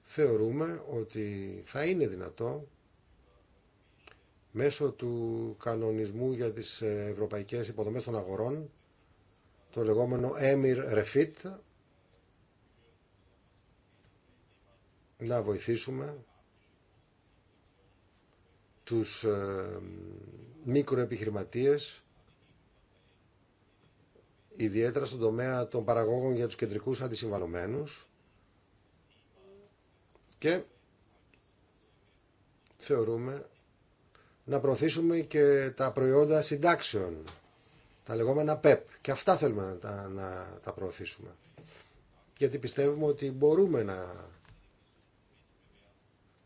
Speaker 2: Θεωρούμε ότι θα είναι δυνατό μέσω του κανονισμού για τις ευρωπαϊκές υποδομές των αγορών, το λεγόμενο EMIR REFIT, να βοηθήσουμε τους ε, μικροεπιχειρηματίες, ιδιαίτερα στον τομέα των παραγόγων για τους κεντρικούς αντισυμβαλωμένους και θεωρούμε να προωθήσουμε και τα προϊόντα συντάξεων, τα λεγόμενα PEP. E και αυτά θέλουμε να τα, να τα προωθήσουμε. Γιατί πιστεύουμε ότι μπορούμε να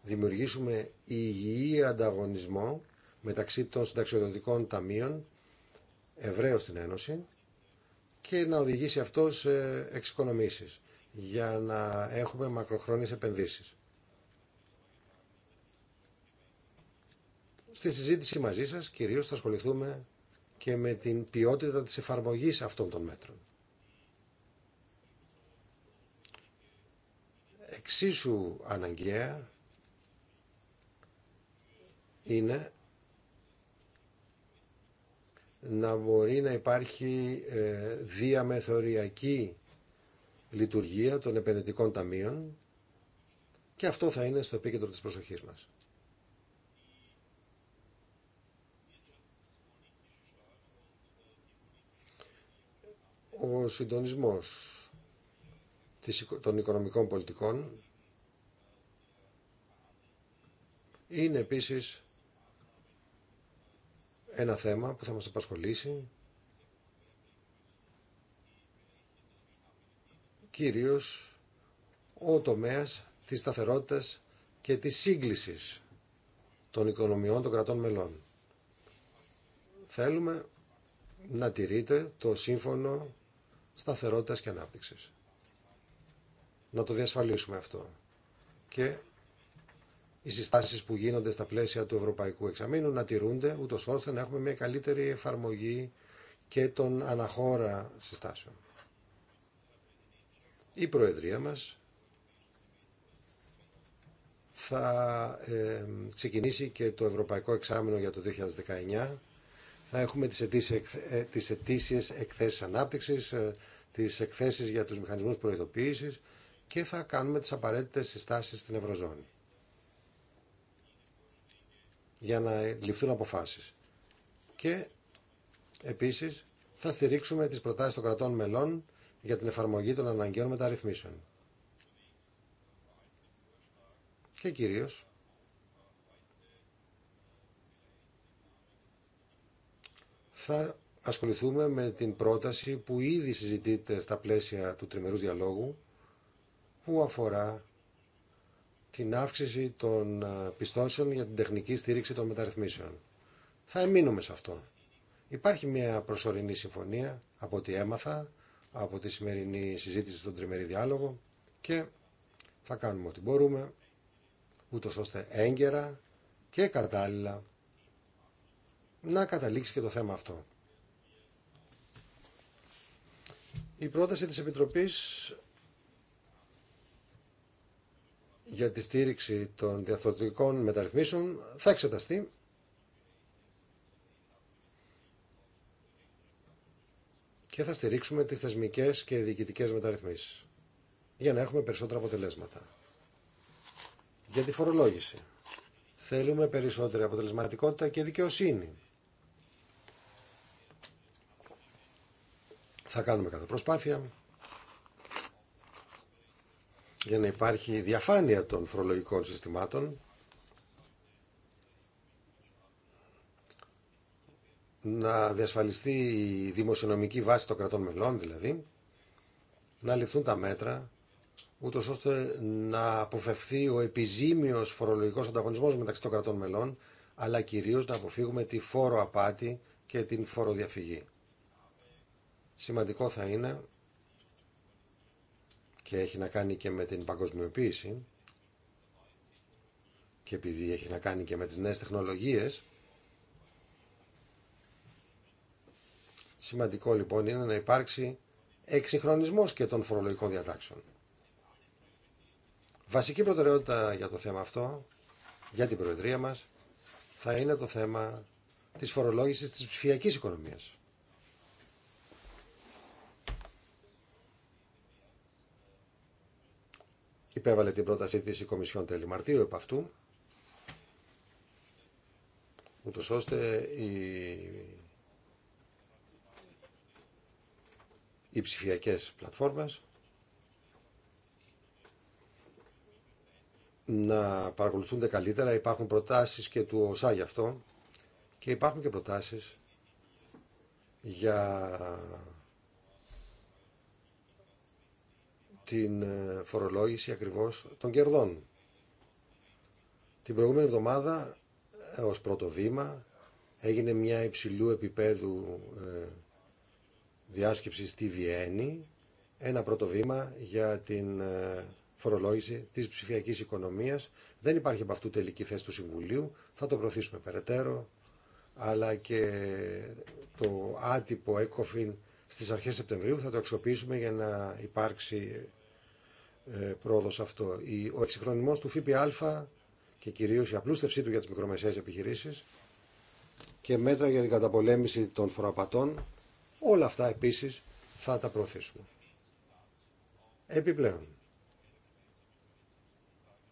Speaker 2: δημιουργήσουμε υγιή ανταγωνισμό μεταξύ των συνταξιοδοτικών ταμείων ευρέως στην Ένωση και να οδηγήσει αυτό σε εξοικονομήσεις για να έχουμε μακροχρόνιες επενδύσεις. Στη συζήτηση μαζί σας κυρίως θα ασχοληθούμε και με την ποιότητα της εφαρμογής αυτών των μέτρων. Εξίσου αναγκαία είναι να μπορεί να υπάρχει ε, διαμεθοριακή λειτουργία των επενδυτικών ταμείων και αυτό θα είναι στο επίκεντρο της προσοχής μας. Ο συντονισμός των οικονομικών πολιτικών είναι επίσης ένα θέμα που θα μας απασχολήσει κυρίως ο τομέας της σταθερότητας και της σύγκλησης των οικονομιών των κρατών μελών. Θέλουμε να τηρείται το σύμφωνο σταθερότητας και ανάπτυξης. Να το διασφαλίσουμε αυτό. Και οι συστάσεις που γίνονται στα πλαίσια του Ευρωπαϊκού Εξαμήνου να τηρούνται, ούτω ώστε να έχουμε μια καλύτερη εφαρμογή και των αναχώρα συστάσεων. Η Προεδρία μας θα ε, ξεκινήσει και το Ευρωπαϊκό Εξάμεινο για το 2019. Θα έχουμε τις, αιτήσει ε, τις εκθέσεις ανάπτυξης, ε, τις εκθέσεις για τους μηχανισμούς προειδοποίησης και θα κάνουμε τις απαραίτητες συστάσεις στην Ευρωζώνη για να ληφθούν αποφάσεις. Και επίσης θα στηρίξουμε τις προτάσεις των κρατών μελών για την εφαρμογή των αναγκαίων μεταρρυθμίσεων. Και κυρίως θα ασχοληθούμε με την πρόταση που ήδη συζητείται στα πλαίσια του τριμερούς διαλόγου που αφορά την αύξηση των ε, πιστώσεων για την τεχνική στήριξη των μεταρρυθμίσεων. Θα εμείνουμε σε αυτό. Υπάρχει μια προσωρινή συμφωνία από ό,τι έμαθα, από τη σημερινή συζήτηση στον τριμερή διάλογο και θα κάνουμε ό,τι μπορούμε, ούτω ώστε έγκαιρα και κατάλληλα να καταλήξει και το θέμα αυτό. Η πρόταση της Επιτροπής για τη στήριξη των διαθροτικών μεταρρυθμίσεων θα εξεταστεί και θα στηρίξουμε τις θεσμικές και διοικητικές μεταρρυθμίσεις για να έχουμε περισσότερα αποτελέσματα. Για τη φορολόγηση. Θέλουμε περισσότερη αποτελεσματικότητα και δικαιοσύνη. Θα κάνουμε κάθε προσπάθεια για να υπάρχει διαφάνεια των φορολογικών συστημάτων να διασφαλιστεί η δημοσιονομική βάση των κρατών μελών δηλαδή να ληφθούν τα μέτρα ούτω ώστε να αποφευθεί ο επιζήμιος φορολογικός ανταγωνισμός μεταξύ των κρατών μελών αλλά κυρίως να αποφύγουμε τη φόρο απάτη και την φοροδιαφυγή. Σημαντικό θα είναι και έχει να κάνει και με την παγκοσμιοποίηση και επειδή έχει να κάνει και με τις νέες τεχνολογίες σημαντικό λοιπόν είναι να υπάρξει εξυγχρονισμός και των φορολογικών διατάξεων. Βασική προτεραιότητα για το θέμα αυτό, για την Προεδρία μας, θα είναι το θέμα της φορολόγησης της ψηφιακής οικονομίας. υπέβαλε την πρότασή της η Κομισιόν τέλη Μαρτίου επ' αυτού, ούτως ώστε οι, οι ψηφιακές πλατφόρμες να παρακολουθούνται καλύτερα. Υπάρχουν προτάσεις και του ΟΣΑ γι' αυτό και υπάρχουν και προτάσεις για την ε, φορολόγηση ακριβώς των κερδών. Την προηγούμενη εβδομάδα ε, ως πρώτο βήμα έγινε μια υψηλού επίπεδου ε, διάσκεψη στη Βιέννη, ένα πρώτο βήμα για την φορολόγηση της ψηφιακής οικονομίας. Δεν υπάρχει από αυτού τελική θέση του Συμβουλίου, θα το προωθήσουμε περαιτέρω, αλλά και το άτυπο ECOFIN στις αρχές Σεπτεμβρίου θα το αξιοποιήσουμε για να υπάρξει ε, πρόοδο αυτό. Ο εξυγχρονισμό του ΦΠΑ και κυρίω η απλούστευσή του για τι μικρομεσαίες επιχειρήσει και μέτρα για την καταπολέμηση των φοροαπατών, όλα αυτά επίση θα τα προωθήσουμε. Επιπλέον,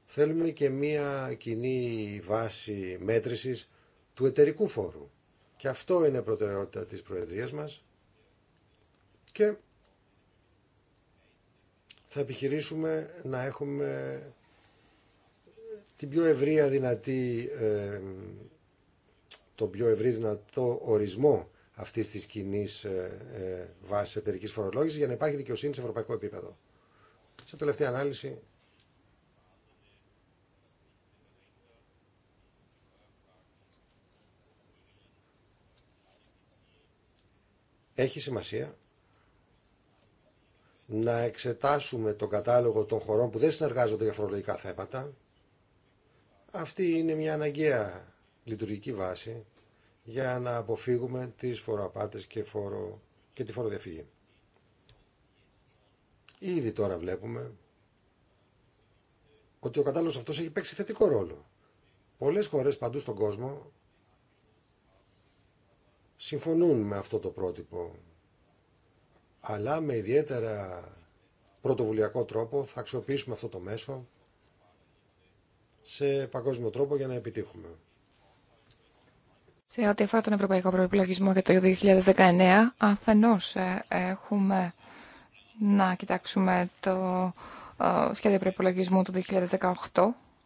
Speaker 2: θέλουμε και μία κοινή βάση μέτρησης του εταιρικού φόρου. Και αυτό είναι προτεραιότητα της Προεδρίας μας και θα επιχειρήσουμε να έχουμε την πιο ευρία δυνατή, το πιο ευρύ δυνατό ορισμό αυτής της κοινή ε, ε, βάσης εταιρική φορολόγησης για να υπάρχει δικαιοσύνη σε ευρωπαϊκό επίπεδο. Σε τελευταία ανάλυση, έχει σημασία να εξετάσουμε τον κατάλογο των χωρών που δεν συνεργάζονται για φορολογικά θέματα. Αυτή είναι μια αναγκαία λειτουργική βάση για να αποφύγουμε τις φοροαπάτες και, φορο... και τη φοροδιαφυγή. Ήδη τώρα βλέπουμε ότι ο κατάλογος αυτός έχει παίξει θετικό ρόλο. Πολλές χώρες παντού στον κόσμο συμφωνούν με αυτό το πρότυπο αλλά με ιδιαίτερα πρωτοβουλιακό τρόπο θα αξιοποιήσουμε αυτό το μέσο σε παγκόσμιο τρόπο για να επιτύχουμε.
Speaker 4: Σε ό,τι αφορά τον Ευρωπαϊκό Προπολογισμό για το 2019, αφενός ε, έχουμε να κοιτάξουμε το ε, σχέδιο προπολογισμού του 2018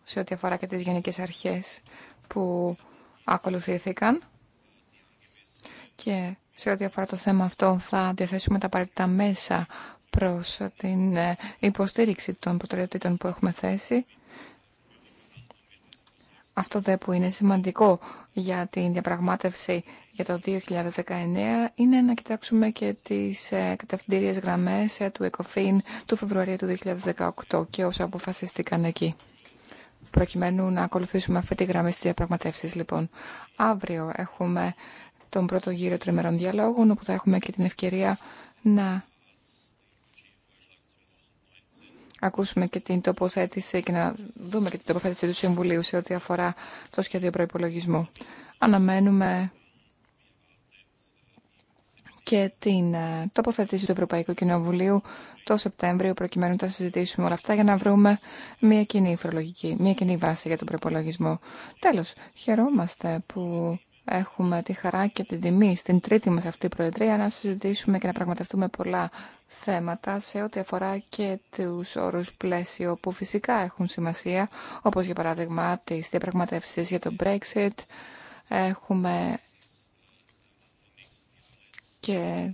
Speaker 4: σε ό,τι αφορά και τις γενικές αρχές που ακολουθήθηκαν και σε ό,τι αφορά το θέμα αυτό θα διαθέσουμε τα απαραίτητα μέσα προς την ε, υποστήριξη των προτεραιοτήτων που έχουμε θέσει. Αυτό δε που είναι σημαντικό για την διαπραγμάτευση για το 2019 είναι να κοιτάξουμε και τις ε, κατευθυντήριες γραμμές ε, του ECOFIN του Φεβρουαρίου του 2018 και όσα αποφασίστηκαν εκεί. Προκειμένου να ακολουθήσουμε αυτή τη γραμμή στις διαπραγματεύσεις, λοιπόν. Αύριο έχουμε τον πρώτο γύρο τριμερών διαλόγων, όπου θα έχουμε και την ευκαιρία να ακούσουμε και την τοποθέτηση και να δούμε και την τοποθέτηση του Συμβουλίου σε ό,τι αφορά το σχέδιο προϋπολογισμού. Αναμένουμε και την ε, τοποθέτηση του Ευρωπαϊκού Κοινοβουλίου το Σεπτέμβριο προκειμένου να συζητήσουμε όλα αυτά για να βρούμε μια κοινή φορολογική, μια κοινή βάση για τον προπολογισμό. Τέλος, χαιρόμαστε που έχουμε τη χαρά και την τιμή στην τρίτη μας αυτή προεδρία να συζητήσουμε και να πραγματευτούμε πολλά θέματα σε ό,τι αφορά και τους όρους πλαίσιο που φυσικά έχουν σημασία, όπως για παράδειγμα τις διαπραγματεύσεις για το Brexit. Έχουμε και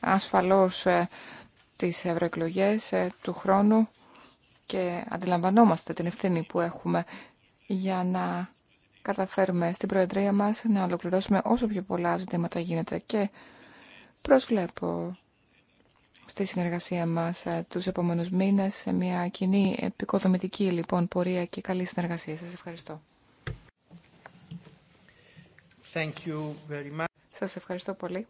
Speaker 4: ασφαλώς ε, τις ευρωεκλογέ ε, του χρόνου και αντιλαμβανόμαστε την ευθύνη που έχουμε για να καταφέρουμε στην Προεδρία μας να ολοκληρώσουμε όσο πιο πολλά ζητήματα γίνεται και προσβλέπω στη συνεργασία μας ε, τους επόμενους μήνες σε μια κοινή επικοδομητική λοιπόν πορεία και καλή συνεργασία. Σας ευχαριστώ. Thank you very much. Σας ευχαριστώ πολύ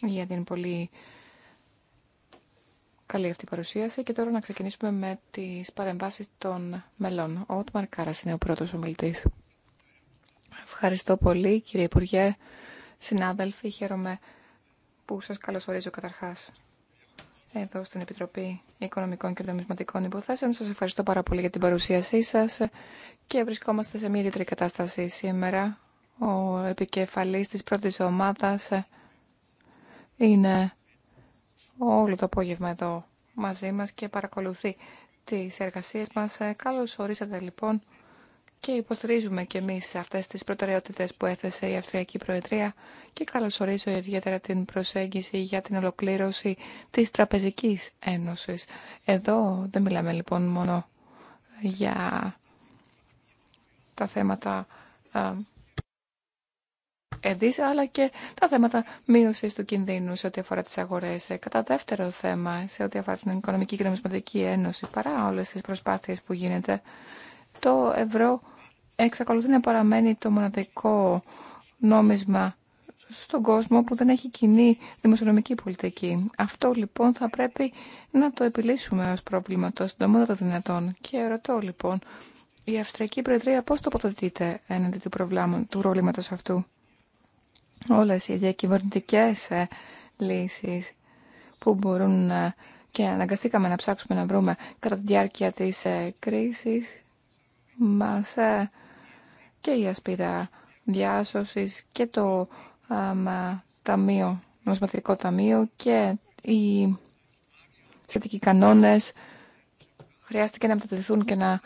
Speaker 4: για την πολύ Καλή αυτή η παρουσίαση και τώρα να ξεκινήσουμε με τις παρεμβάσεις των μελών. Ο Ότμαρ Κάρας είναι ο πρώτος ομιλητής. Ευχαριστώ πολύ κύριε Υπουργέ, συνάδελφοι, χαίρομαι που σας καλωσορίζω καταρχάς εδώ στην Επιτροπή Οικονομικών και Νομισματικών Υποθέσεων. Σας ευχαριστώ πάρα πολύ για την παρουσίασή σας και βρισκόμαστε σε μια ιδιαίτερη κατάσταση σήμερα. Ο επικεφαλής της πρώτης ομάδας είναι όλο το απόγευμα εδώ μαζί μας και παρακολουθεί τις εργασίες μας. Ε, καλώς ορίσατε λοιπόν και υποστηρίζουμε και εμείς αυτές τις προτεραιότητες που έθεσε η Αυστριακή Προεδρία και καλώς ορίζω ιδιαίτερα την προσέγγιση για την ολοκλήρωση της Τραπεζικής Ένωσης. Εδώ δεν μιλάμε λοιπόν μόνο για τα θέματα ε, ΕΔΙΣ, αλλά και τα θέματα μείωση του κινδύνου σε ό,τι αφορά τι αγορέ. Ε, κατά δεύτερο θέμα, σε ό,τι αφορά την Οικονομική και Νομισματική Ένωση, παρά όλε τι προσπάθειε που γίνεται, το ευρώ εξακολουθεί να παραμένει το μοναδικό νόμισμα στον κόσμο που δεν έχει κοινή δημοσιονομική πολιτική. Αυτό λοιπόν θα πρέπει να το επιλύσουμε ως πρόβλημα το συντομότερο δυνατόν. Και ρωτώ λοιπόν, η Αυστριακή Προεδρία πώς τοποθετείται έναντι του, του προβλήματος αυτού όλες οι διακυβερνητικές ε, λύσεις που μπορούν ε, και αναγκαστήκαμε να ψάξουμε να βρούμε κατά τη διάρκεια της ε, κρίσης μας και η ασπίδα διάσωσης και το ταμείο, νομισματικό ταμείο και οι σχετικοί κανόνες χρειάστηκε να μετατεθούν και να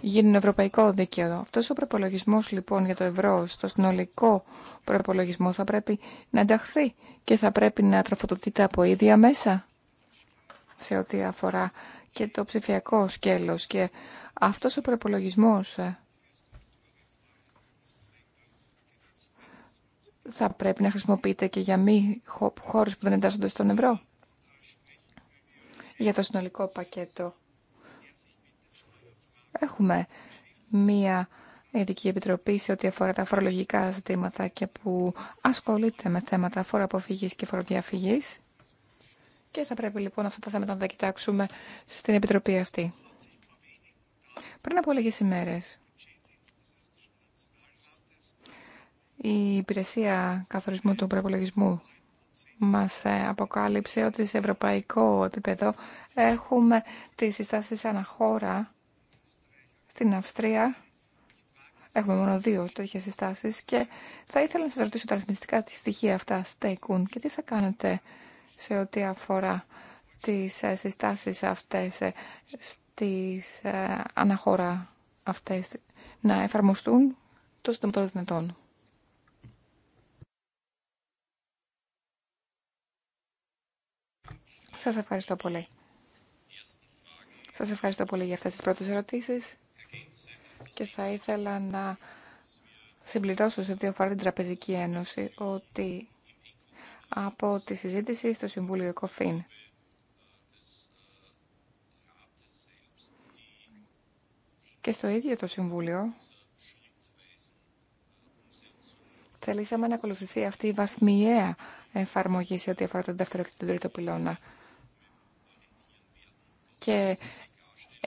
Speaker 4: γίνουν ευρωπαϊκό δίκαιο. Αυτός ο προπολογισμός λοιπόν για το ευρώ στο συνολικό προπολογισμό θα πρέπει να ενταχθεί και θα πρέπει να τροφοδοτείται από ίδια μέσα σε ό,τι αφορά και το ψηφιακό σκέλος και αυτός ο προπολογισμό ε, θα πρέπει να χρησιμοποιείται και για μη χώρους που δεν εντάσσονται στον ευρώ για το συνολικό πακέτο έχουμε μία ειδική επιτροπή σε ό,τι αφορά τα φορολογικά ζητήματα και που ασχολείται με θέματα φοροαποφυγής και φοροδιαφυγής. Και θα πρέπει λοιπόν αυτά τα θέματα να τα κοιτάξουμε στην επιτροπή αυτή. Πριν από λίγες ημέρες, η υπηρεσία καθορισμού του προπολογισμού μας ε, αποκάλυψε ότι σε ευρωπαϊκό επίπεδο έχουμε τις συστάσεις αναχώρα στην Αυστρία έχουμε μόνο δύο τέτοιε συστάσει και θα ήθελα να σα ρωτήσω τα αριθμιστικά τι στοιχεία αυτά στέκουν και τι θα κάνετε σε ό,τι αφορά τις ε, συστάσεις αυτές ε, στις ε, αναχώρα αυτές να εφαρμοστούν το των δυνατόν. Σας ευχαριστώ πολύ. Σας ευχαριστώ πολύ για αυτές τις πρώτες ερωτήσεις. Και θα ήθελα να συμπληρώσω σε ό,τι αφορά την Τραπεζική Ένωση ότι από τη συζήτηση στο Συμβούλιο ΕΚΟΦΗΝ και στο ίδιο το Συμβούλιο θελήσαμε να ακολουθηθεί αυτή η βαθμιαία εφαρμογή σε ό,τι αφορά τον δεύτερο και τον τρίτο πυλώνα. Και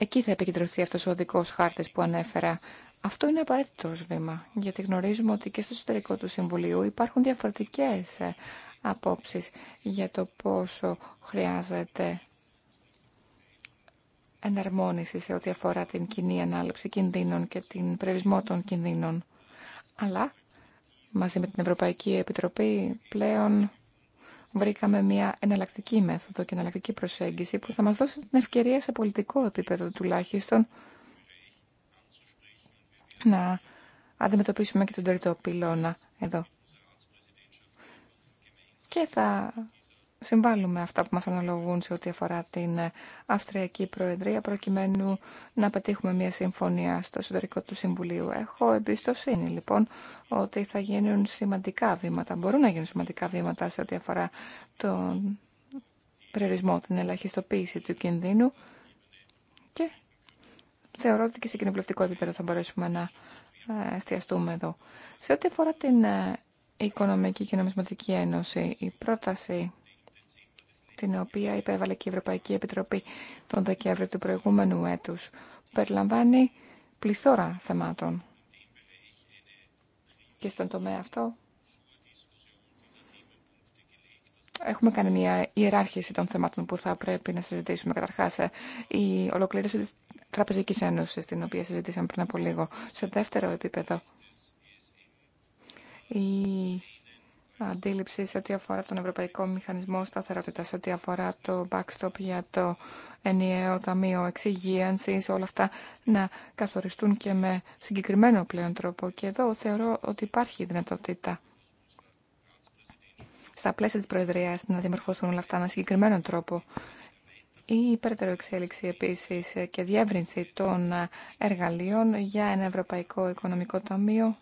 Speaker 4: Εκεί θα επικεντρωθεί αυτός ο οδικός χάρτης που ανέφερα. Αυτό είναι απαραίτητο βήμα, γιατί γνωρίζουμε ότι και στο εσωτερικό του Συμβουλίου υπάρχουν διαφορετικές ε, απόψεις για το πόσο χρειάζεται εναρμόνιση σε ό,τι αφορά την κοινή ανάληψη κινδύνων και την περιορισμό των κινδύνων. Αλλά μαζί με την Ευρωπαϊκή Επιτροπή πλέον βρήκαμε μια εναλλακτική μέθοδο και εναλλακτική προσέγγιση που θα μας δώσει την ευκαιρία σε πολιτικό επίπεδο τουλάχιστον να αντιμετωπίσουμε και τον τρίτο πυλώνα εδώ. Και θα συμβάλλουμε αυτά που μας αναλογούν σε ό,τι αφορά την ε, Αυστριακή Προεδρία προκειμένου να πετύχουμε μια συμφωνία στο εσωτερικό του Συμβουλίου. Έχω εμπιστοσύνη λοιπόν ότι θα γίνουν σημαντικά βήματα, μπορούν να γίνουν σημαντικά βήματα σε ό,τι αφορά τον περιορισμό, την ελαχιστοποίηση του κινδύνου και θεωρώ ότι και σε κοινοβουλευτικό επίπεδο θα μπορέσουμε να ε, εστιαστούμε εδώ. Σε ό,τι αφορά την ε, Οικονομική και Νομισματική Ένωση, η πρόταση την οποία υπέβαλε και η Ευρωπαϊκή Επιτροπή τον Δεκέμβριο του προηγούμενου έτους, περιλαμβάνει πληθώρα θεμάτων. Και στον τομέα αυτό έχουμε κάνει μια ιεράρχηση των θεμάτων που θα πρέπει να συζητήσουμε. Καταρχάς, η ολοκλήρωση της Τραπεζικής Ένωσης, την οποία συζητήσαμε πριν από λίγο, σε δεύτερο επίπεδο. Η αντίληψη σε ό,τι αφορά τον Ευρωπαϊκό Μηχανισμό Σταθερότητα, σε ό,τι αφορά το backstop για το ενιαίο Ταμείο Εξυγίανση, όλα αυτά να καθοριστούν και με συγκεκριμένο πλέον τρόπο. Και εδώ θεωρώ ότι υπάρχει δυνατότητα στα πλαίσια τη Προεδρία να δημορφωθούν όλα αυτά με συγκεκριμένο τρόπο. Η εξέλιξη επίση και διεύρυνση των εργαλείων για ένα Ευρωπαϊκό Οικονομικό Ταμείο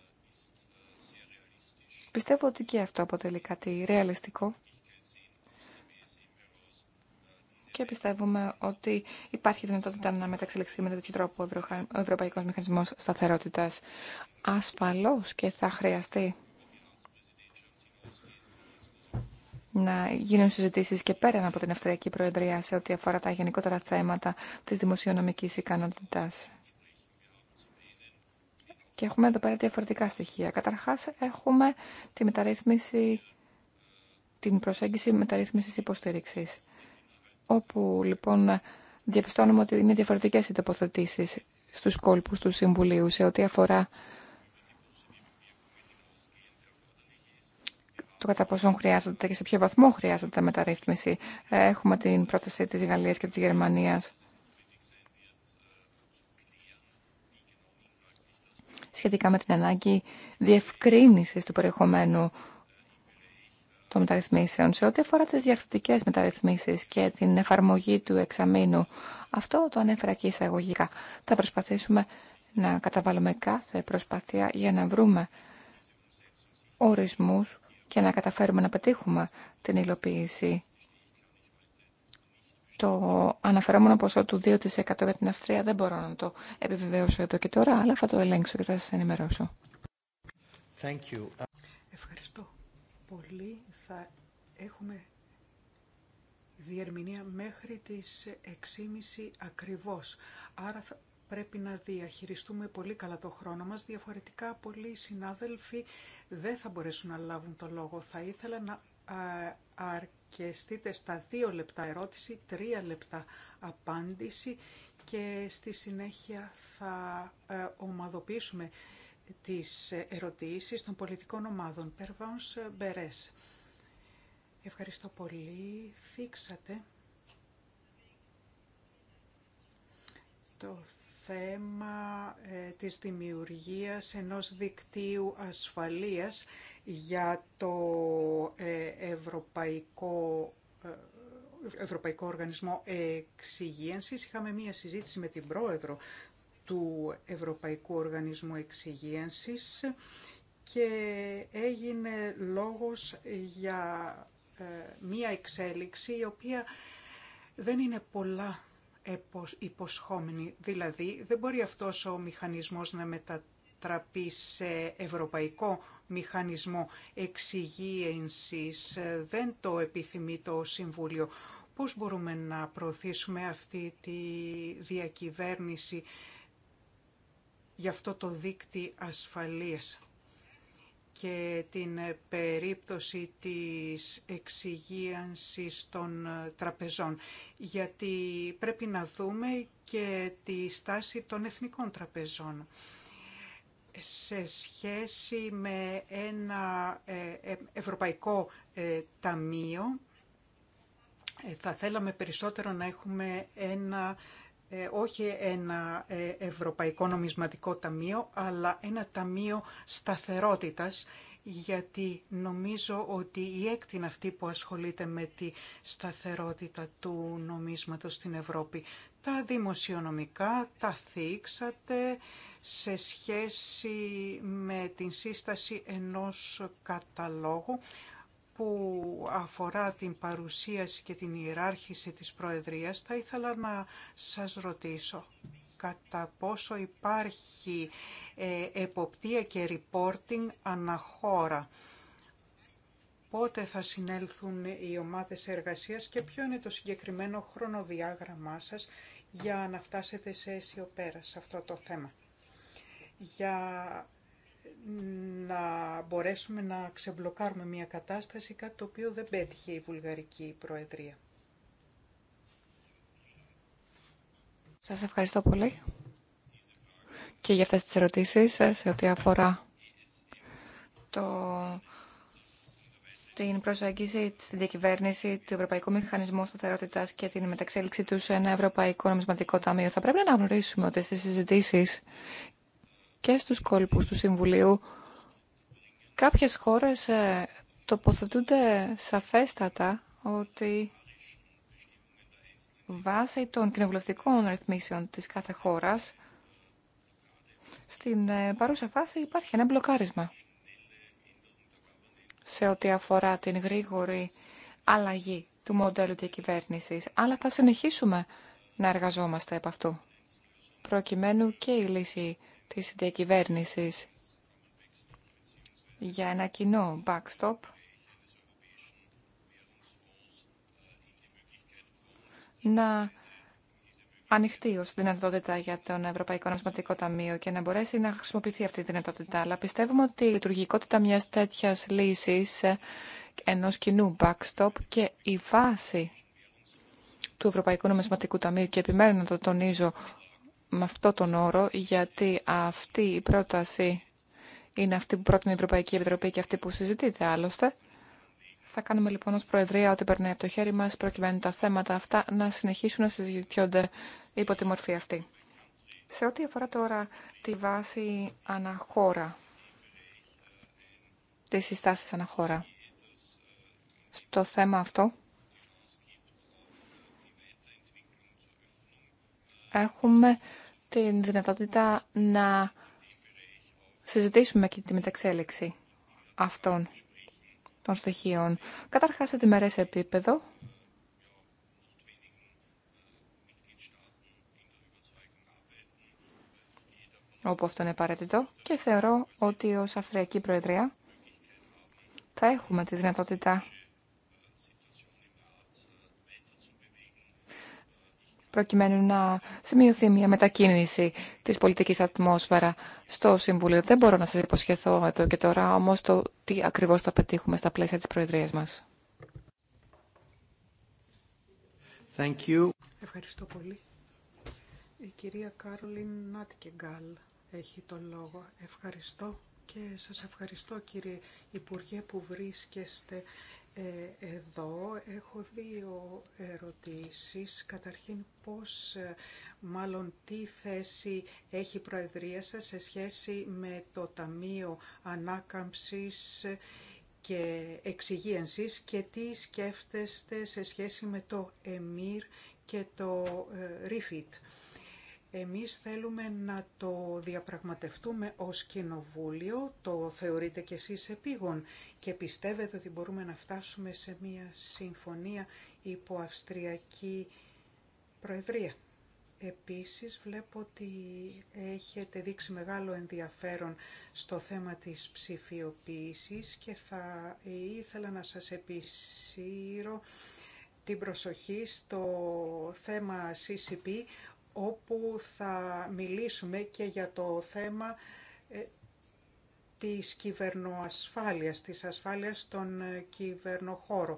Speaker 4: Πιστεύω ότι και αυτό αποτελεί κάτι ρεαλιστικό και πιστεύουμε ότι υπάρχει δυνατότητα να μεταξελιχθεί με τέτοιο τρόπο ο Ευρωπαϊκό Μηχανισμό Σταθερότητα. Ασφαλώ και θα χρειαστεί να γίνουν συζητήσει και πέραν από την Αυστριακή Προεδρία σε ό,τι αφορά τα γενικότερα θέματα τη δημοσιονομική ικανότητα και έχουμε εδώ πέρα διαφορετικά στοιχεία. Καταρχάς έχουμε τη μεταρρύθμιση, την προσέγγιση μεταρρύθμισης υποστήριξης, όπου λοιπόν διαπιστώνουμε ότι είναι διαφορετικές οι τοποθετήσεις στους κόλπους του Συμβουλίου σε ό,τι αφορά το κατά πόσον χρειάζεται και σε ποιο βαθμό χρειάζεται μεταρρύθμιση. Ε, έχουμε την πρόταση της Γαλλίας και της Γερμανίας σχετικά με την ανάγκη διευκρίνησης του περιεχομένου των μεταρρυθμίσεων. Σε ό,τι αφορά τις διαρθρωτικές μεταρρυθμίσεις και την εφαρμογή του εξαμήνου, αυτό το ανέφερα και εισαγωγικά. Θα προσπαθήσουμε να καταβάλουμε κάθε προσπάθεια για να βρούμε ορισμούς και να καταφέρουμε να πετύχουμε την υλοποίηση το αναφερόμενο ποσό του 2% για την Αυστρία δεν μπορώ να το επιβεβαιώσω εδώ και τώρα, αλλά θα το ελέγξω και θα σας ενημερώσω.
Speaker 6: Thank you.
Speaker 3: Ευχαριστώ πολύ. Θα έχουμε διερμηνία μέχρι τις 6.30 ακριβώς. Άρα πρέπει να διαχειριστούμε πολύ καλά το χρόνο μας. Διαφορετικά πολλοί συνάδελφοι δεν θα μπορέσουν να λάβουν το λόγο. Θα ήθελα να και στείτε στα δύο λεπτά ερώτηση, τρία λεπτά απάντηση και στη συνέχεια θα ε, ομαδοποιήσουμε τις ερωτήσεις των πολιτικών ομάδων. Περβάνς Μπερές. Ευχαριστώ πολύ. Θίξατε το θέμα ε, της δημιουργίας ενός δικτύου ασφαλείας για το ε, Ευρωπαϊκό, ε, Ευρωπαϊκό Οργανισμό Εξυγίανσης. Είχαμε μία συζήτηση με την πρόεδρο του Ευρωπαϊκού Οργανισμού Εξυγίανσης και έγινε λόγος για ε, μία εξέλιξη η οποία δεν είναι πολλά υποσχόμενη. Δηλαδή δεν μπορεί αυτός ο μηχανισμός να μετατρέψει μετατραπεί σε ευρωπαϊκό μηχανισμό εξυγίανσης. Δεν το επιθυμεί το Συμβούλιο. Πώς μπορούμε να προωθήσουμε αυτή τη διακυβέρνηση για αυτό το δίκτυ ασφαλείας και την περίπτωση της εξυγίανσης των τραπεζών. Γιατί πρέπει να δούμε και τη στάση των εθνικών τραπεζών σε σχέση με ένα ε, ε, ευρωπαϊκό ε, ταμείο θα θέλαμε περισσότερο να έχουμε ένα όχι ένα ευρωπαϊκό νομισματικό ταμείο, αλλά ένα ταμείο σταθερότητας γιατί νομίζω ότι η έκτην αυτή που ασχολείται με τη σταθερότητα του νομίσματος στην Ευρώπη. Τα δημοσιονομικά τα θίξατε σε σχέση με την σύσταση ενός καταλόγου που αφορά την παρουσίαση και την ιεράρχηση της Προεδρίας, θα ήθελα να σας ρωτήσω κατά πόσο υπάρχει ε, εποπτεία και reporting αναχώρα. Πότε θα συνέλθουν οι ομάδες εργασίας και ποιο είναι το συγκεκριμένο χρονοδιάγραμμά σας για να φτάσετε σε αίσιο πέρα σε αυτό το θέμα. Για να μπορέσουμε να ξεμπλοκάρουμε μια κατάσταση, κάτι το οποίο δεν πέτυχε η Βουλγαρική Προεδρία.
Speaker 4: Σας ευχαριστώ πολύ και για αυτές τις ερωτήσεις ε, σε ό,τι αφορά το... την προσέγγιση στην διακυβέρνηση του Ευρωπαϊκού Μηχανισμού σταθερότητα και την μεταξέλιξη του σε ένα Ευρωπαϊκό Νομισματικό Ταμείο. Θα πρέπει να γνωρίσουμε ότι στις συζητήσεις και στους κόλπους του Συμβουλίου κάποιες χώρες ε, τοποθετούνται σαφέστατα ότι βάσει των κοινοβουλευτικών ρυθμίσεων της κάθε χώρας, στην ε, παρούσα φάση υπάρχει ένα μπλοκάρισμα σε ό,τι αφορά την γρήγορη αλλαγή του μοντέλου διακυβέρνησης, αλλά θα συνεχίσουμε να εργαζόμαστε επ' αυτού, προκειμένου και η λύση της διακυβέρνησης για ένα κοινό backstop να ανοιχτεί ω δυνατότητα για τον Ευρωπαϊκό Νομισματικό Ταμείο και να μπορέσει να χρησιμοποιηθεί αυτή η δυνατότητα. Αλλά πιστεύουμε ότι η λειτουργικότητα μια τέτοια λύση ε, ενό κοινού backstop και η βάση του Ευρωπαϊκού Νομισματικού Ταμείου και επιμένω να το τονίζω με αυτό τον όρο, γιατί αυτή η πρόταση είναι αυτή που πρότεινε η Ευρωπαϊκή Επιτροπή και αυτή που συζητείται άλλωστε. Θα κάνουμε λοιπόν ως Προεδρία ό,τι περνάει από το χέρι μας προκειμένου τα θέματα αυτά να συνεχίσουν να συζητιόνται υπό τη μορφή αυτή. Σε ό,τι αφορά τώρα τη βάση αναχώρα, τις συστάσεις αναχώρα, στο θέμα αυτό έχουμε την δυνατότητα να συζητήσουμε και τη μεταξέλιξη αυτών των στοιχείων. Καταρχάς σε διμερές επίπεδο, όπου αυτό είναι απαραίτητο και θεωρώ ότι ως Αυστριακή Προεδρία θα έχουμε τη δυνατότητα προκειμένου να σημειωθεί μια μετακίνηση της πολιτικής ατμόσφαιρα στο Συμβούλιο. Δεν μπορώ να σας υποσχεθώ εδώ και τώρα, όμως το τι ακριβώς θα πετύχουμε στα πλαίσια της Προεδρίας μας.
Speaker 1: Thank you.
Speaker 3: Ευχαριστώ πολύ. Η κυρία Κάρολιν Νάτικεγκάλ έχει τον λόγο. Ευχαριστώ και σας ευχαριστώ κύριε Υπουργέ που βρίσκεστε ε, εδώ έχω δύο ερωτήσεις. Καταρχήν, πώς, ε, μάλλον τι θέση έχει η Προεδρία σας σε σχέση με το Ταμείο Ανάκαμψης και Εξυγίανσης και τι σκέφτεστε σε σχέση με το ΕΜΙΡ και το ΡΙΦΙΤ. Ε, εμείς θέλουμε να το διαπραγματευτούμε ως κοινοβούλιο, το θεωρείτε κι εσείς επίγον και πιστεύετε ότι μπορούμε να φτάσουμε σε μια συμφωνία υπό Αυστριακή Προεδρία. Επίσης βλέπω ότι έχετε δείξει μεγάλο ενδιαφέρον στο θέμα της ψηφιοποίησης και θα ήθελα να σας επισύρω την προσοχή στο θέμα CCP όπου θα μιλήσουμε και για το θέμα ε, της κυβερνοασφάλειας, της ασφάλειας στον ε, κυβερνοχώρο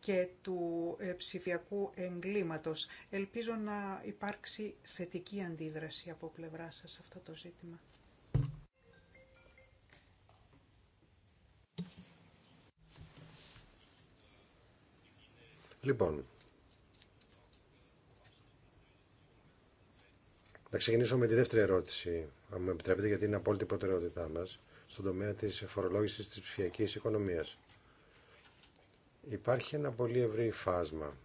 Speaker 3: και του ε, ψηφιακού εγκλήματος. Ελπίζω να υπάρξει θετική αντίδραση από πλευρά σας σε αυτό το ζήτημα.
Speaker 2: Λοιπόν, Να ξεκινήσω με τη δεύτερη ερώτηση, αν μου επιτρέπετε, γιατί είναι απόλυτη προτεραιότητά μα στον τομέα τη φορολόγηση τη ψηφιακή οικονομία. Υπάρχει ένα πολύ ευρύ φάσμα.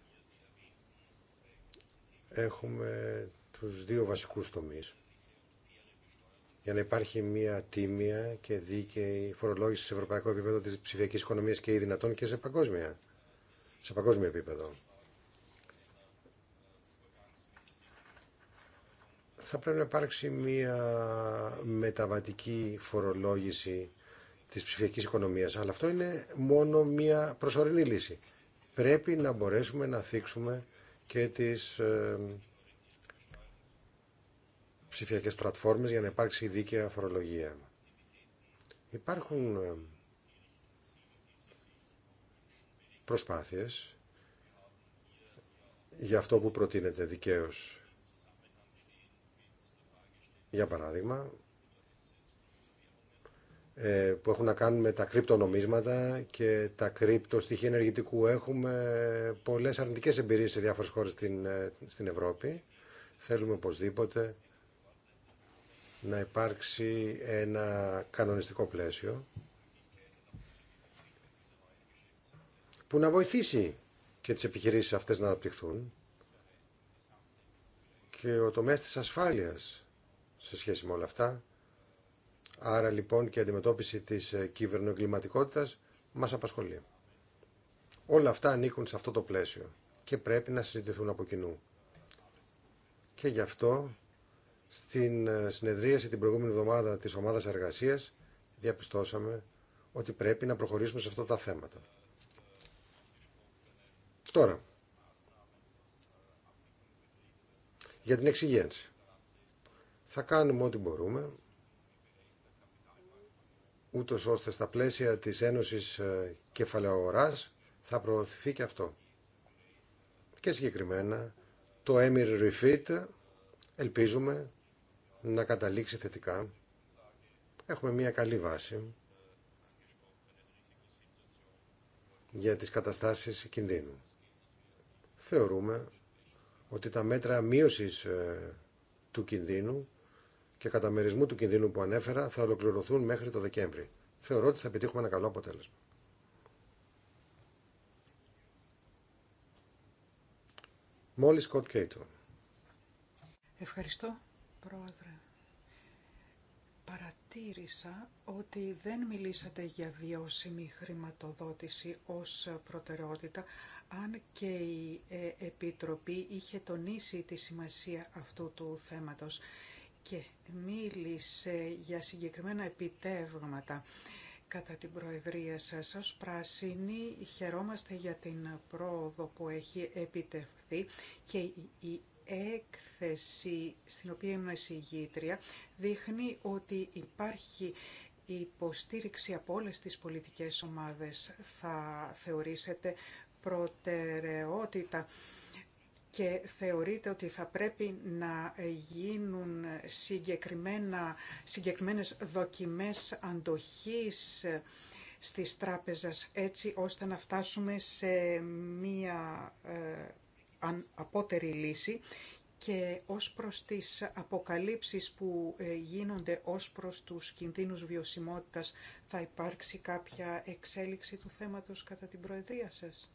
Speaker 2: Έχουμε τους δύο βασικούς τομείς για να υπάρχει μια τίμια και δίκαιη φορολόγηση σε ευρωπαϊκό επίπεδο της ψηφιακής οικονομίας και ή δυνατόν και σε παγκόσμια, σε παγκόσμιο επίπεδο. θα πρέπει να υπάρξει μια μεταβατική φορολόγηση της ψηφιακής οικονομίας. Αλλά αυτό είναι μόνο μια προσωρινή λύση. Πρέπει να μπορέσουμε να θίξουμε και τις ε, ψηφιακές πλατφόρμες για να υπάρξει δίκαια φορολογία. Υπάρχουν ε, προσπάθειες για αυτό που προτείνεται δικαίως για παράδειγμα, ε, που έχουν να κάνουν με τα κρυπτονομίσματα και τα κρυπτοστοιχεία ενεργητικού. Έχουμε πολλές αρνητικές εμπειρίες σε διάφορες χώρες στην, ε, στην Ευρώπη. Θέλουμε οπωσδήποτε να υπάρξει ένα κανονιστικό πλαίσιο που να βοηθήσει και τις επιχειρήσεις αυτές να αναπτυχθούν και ο τομέας της ασφάλειας σε σχέση με όλα αυτά. Άρα λοιπόν και η αντιμετώπιση της ε, κυβερνοεγκληματικότητας μας απασχολεί. Όλα αυτά ανήκουν σε αυτό το πλαίσιο και πρέπει να συζητηθούν από κοινού. Και γι' αυτό στην ε, συνεδρίαση την προηγούμενη εβδομάδα της ομάδας εργασίας διαπιστώσαμε ότι πρέπει να προχωρήσουμε σε αυτά τα θέματα. Τώρα, για την εξυγένση. Θα κάνουμε ό,τι μπορούμε, ούτω ώστε στα πλαίσια της Ένωσης ε, Κεφαλαιογοράς θα προωθηθεί και αυτό. Και συγκεκριμένα το Emir Refit ελπίζουμε να καταλήξει θετικά. Έχουμε μια καλή βάση για τις καταστάσεις κινδύνου. Θεωρούμε ότι τα μέτρα μείωσης ε, του κινδύνου και καταμερισμού του κινδύνου που ανέφερα θα ολοκληρωθούν μέχρι το Δεκέμβρη. Θεωρώ ότι θα πετύχουμε ένα καλό αποτέλεσμα. Μόλις Σκοτ
Speaker 3: Ευχαριστώ, Πρόεδρε. Παρατήρησα ότι δεν μιλήσατε για βιώσιμη χρηματοδότηση ως προτεραιότητα, αν και η ε, Επιτροπή είχε τονίσει τη σημασία αυτού του θέματος και μίλησε για συγκεκριμένα επιτεύγματα κατά την Προεδρία σας ως Χαιρόμαστε για την πρόοδο που έχει επιτευχθεί και η έκθεση στην οποία είμαι συγγήτρια δείχνει ότι υπάρχει υποστήριξη από όλες τις πολιτικές ομάδες. Θα θεωρήσετε προτεραιότητα και θεωρείτε ότι θα πρέπει να γίνουν συγκεκριμένα, συγκεκριμένες δοκιμές αντοχής στις τράπεζες έτσι ώστε να φτάσουμε σε μία ε, απότερη λύση και ως προς τις αποκαλύψεις που ε, γίνονται ως προς τους κινδύνους βιωσιμότητας θα υπάρξει κάποια εξέλιξη του θέματος κατά την Προεδρία σας.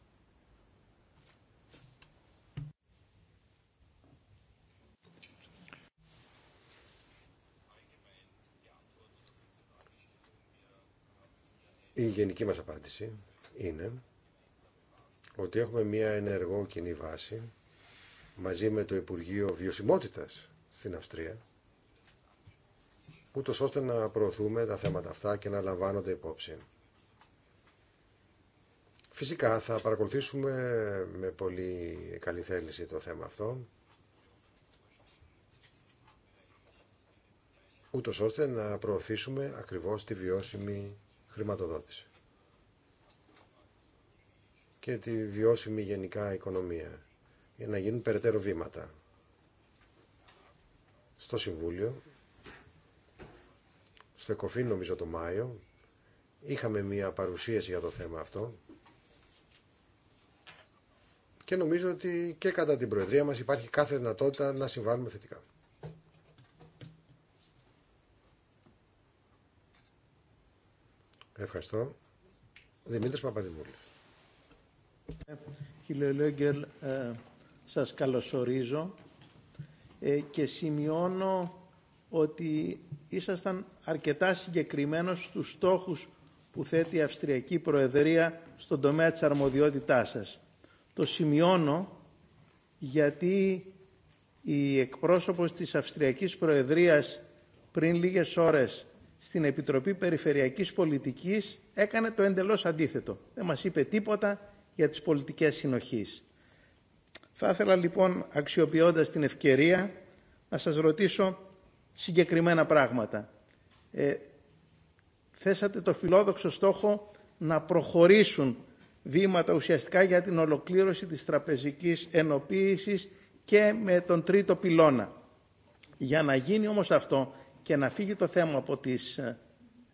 Speaker 2: Η γενική μας απάντηση είναι ότι έχουμε μια ενεργό κοινή βάση μαζί με το Υπουργείο Βιωσιμότητας στην Αυστρία ούτω ώστε να προωθούμε τα θέματα αυτά και να λαμβάνονται υπόψη. Φυσικά θα παρακολουθήσουμε με πολύ καλή θέληση το θέμα αυτό ούτως ώστε να προωθήσουμε ακριβώς τη βιώσιμη χρηματοδότηση και τη βιώσιμη γενικά οικονομία για να γίνουν περαιτέρω βήματα στο Συμβούλιο στο ΕΚΟΦΗΝ νομίζω το Μάιο είχαμε μια παρουσίαση για το θέμα αυτό και νομίζω ότι και κατά την Προεδρία μας υπάρχει κάθε δυνατότητα να συμβάλλουμε θετικά. Ευχαριστώ. Δημήτρης Παπαδημούλης.
Speaker 6: Κύριε Λέγκελ, ε, σας καλωσορίζω ε, και σημειώνω ότι ήσασταν αρκετά συγκεκριμένος στους στόχους που θέτει η Αυστριακή Προεδρία στον τομέα της αρμοδιότητάς σας. Το σημειώνω γιατί η εκπρόσωπος της Αυστριακής Προεδρίας πριν λίγες ώρες στην Επιτροπή Περιφερειακής Πολιτικής έκανε το εντελώς αντίθετο. Δεν μας είπε τίποτα για τις πολιτικές συνοχής. Θα ήθελα λοιπόν αξιοποιώντας την ευκαιρία να σας ρωτήσω συγκεκριμένα πράγματα. Ε, θέσατε το φιλόδοξο στόχο να προχωρήσουν βήματα ουσιαστικά για την ολοκλήρωση της τραπεζικής ενοποίησης και με τον τρίτο πυλώνα. Για να γίνει όμως αυτό και να φύγει το θέμα από τις ε,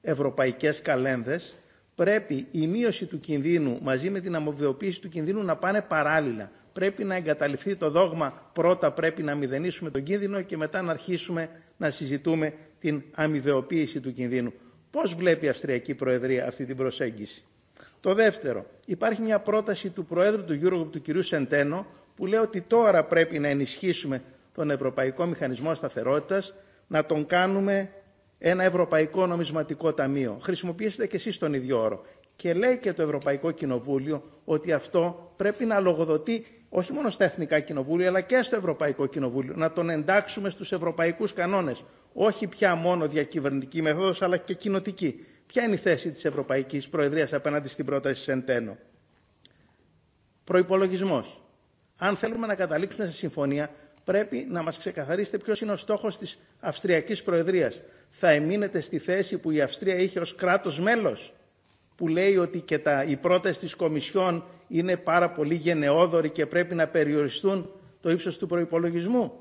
Speaker 6: ευρωπαϊκές καλένδες, πρέπει η μείωση του κινδύνου μαζί με την αμοβιοποίηση του κινδύνου να πάνε παράλληλα. Πρέπει να εγκαταληφθεί το δόγμα πρώτα πρέπει να μηδενίσουμε τον κίνδυνο και μετά να αρχίσουμε να συζητούμε την αμοιβεοποίηση του κινδύνου. Πώς βλέπει η Αυστριακή Προεδρία αυτή την προσέγγιση. Το δεύτερο, υπάρχει μια πρόταση του Προέδρου του Eurogroup, του κ. Σεντένο, που λέει ότι τώρα πρέπει να ενισχύσουμε τον Ευρωπαϊκό Μηχανισμό Σταθερότητας να τον κάνουμε ένα Ευρωπαϊκό Νομισματικό Ταμείο. Χρησιμοποιήσετε και εσείς τον ίδιο όρο. Και λέει και το Ευρωπαϊκό Κοινοβούλιο ότι αυτό πρέπει να λογοδοτεί όχι μόνο στα Εθνικά Κοινοβούλια, αλλά και στο Ευρωπαϊκό Κοινοβούλιο. Να τον εντάξουμε στους ευρωπαϊκούς κανόνες. Όχι πια μόνο διακυβερνητική μεθόδος, αλλά και κοινοτική. Ποια είναι η θέση της Ευρωπαϊκής Προεδρίας απέναντι στην πρόταση Σεντένο. Προϋπολογισμός. Αν θέλουμε να καταλήξουμε σε συμφωνία, πρέπει να μας ξεκαθαρίσετε ποιος είναι ο στόχος της Αυστριακής Προεδρίας. Θα εμείνετε στη θέση που η Αυστρία είχε ως κράτος μέλος, που λέει ότι και τα, οι πρώτες της Κομισιόν είναι πάρα πολύ γενναιόδοροι και πρέπει να περιοριστούν το ύψος του προϋπολογισμού.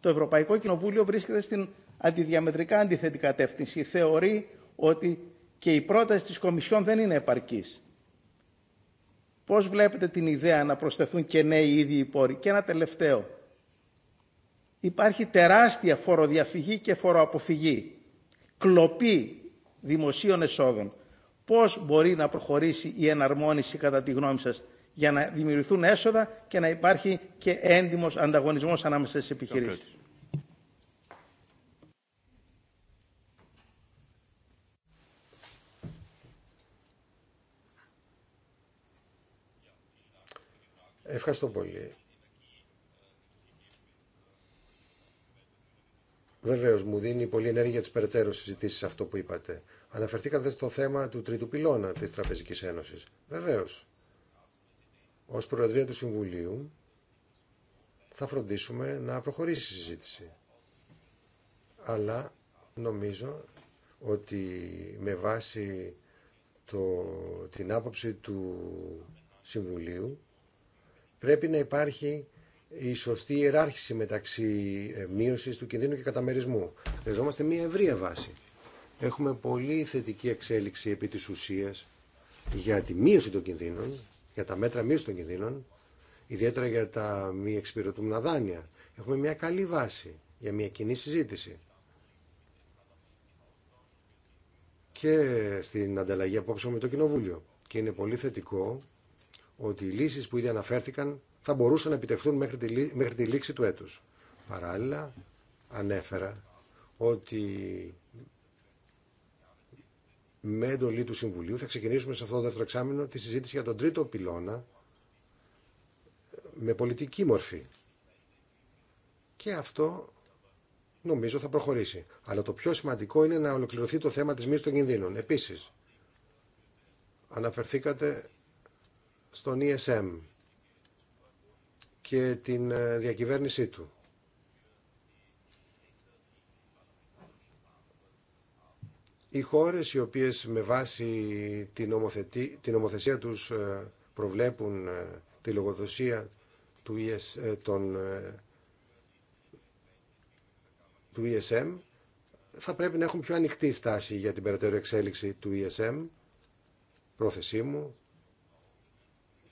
Speaker 6: Το Ευρωπαϊκό Κοινοβούλιο βρίσκεται στην αντιδιαμετρικά αντιθέτη κατεύθυνση. Θεωρεί ότι και η πρόταση της Κομισιόν δεν είναι επαρκής. Πώς βλέπετε την ιδέα να προσθεθούν και νέοι ίδιοι οι πόροι. Και ένα τελευταίο υπάρχει τεράστια φοροδιαφυγή και φοροαποφυγή, κλοπή δημοσίων εσόδων. Πώς μπορεί να προχωρήσει η εναρμόνιση κατά τη γνώμη σας για να δημιουργηθούν έσοδα και να υπάρχει και έντιμος ανταγωνισμός ανάμεσα στις επιχειρήσεις.
Speaker 2: Ευχαριστώ πολύ. Βεβαίω, μου δίνει πολλή ενέργεια τι περαιτέρω συζητήσει αυτό που είπατε. Αναφερθήκατε στο θέμα του τρίτου πυλώνα τη Τραπεζική Ένωση. Βεβαίω. Ω Προεδρία του Συμβουλίου θα φροντίσουμε να προχωρήσει η συζήτηση. Αλλά νομίζω ότι με βάση το, την άποψη του Συμβουλίου πρέπει να υπάρχει η σωστή ιεράρχηση μεταξύ ε, μείωση του κινδύνου και καταμερισμού. Χρειαζόμαστε μια ευρεία βάση. Έχουμε πολύ θετική εξέλιξη επί της ουσίας για τη μείωση των κινδύνων, για τα μέτρα μείωση των κινδύνων, ιδιαίτερα για τα μη εξυπηρετούμενα δάνεια. Έχουμε μια καλή βάση για μια κοινή συζήτηση. Και στην ανταλλαγή απόψε με το Κοινοβούλιο. Και είναι πολύ θετικό ότι οι λύσεις που ήδη αναφέρθηκαν θα μπορούσαν να επιτευχθούν μέχρι τη, μέχρι τη λήξη του έτους. Παράλληλα, ανέφερα ότι με εντολή του Συμβουλίου θα ξεκινήσουμε σε αυτό το δεύτερο εξάμεινο τη συζήτηση για τον τρίτο πυλώνα με πολιτική μορφή. Και αυτό νομίζω θα προχωρήσει. Αλλά το πιο σημαντικό είναι να ολοκληρωθεί το θέμα της μίσης των κινδύνων. Επίσης, αναφερθήκατε στον ESM και την ε, διακυβέρνησή του. Οι χώρες οι οποίες με βάση την, ομοθετή, την ομοθεσία τους ε, προβλέπουν ε, τη λογοδοσία του, ES, του ESM θα πρέπει να έχουν πιο ανοιχτή στάση για την περαιτέρω εξέλιξη του ESM. Πρόθεσή μου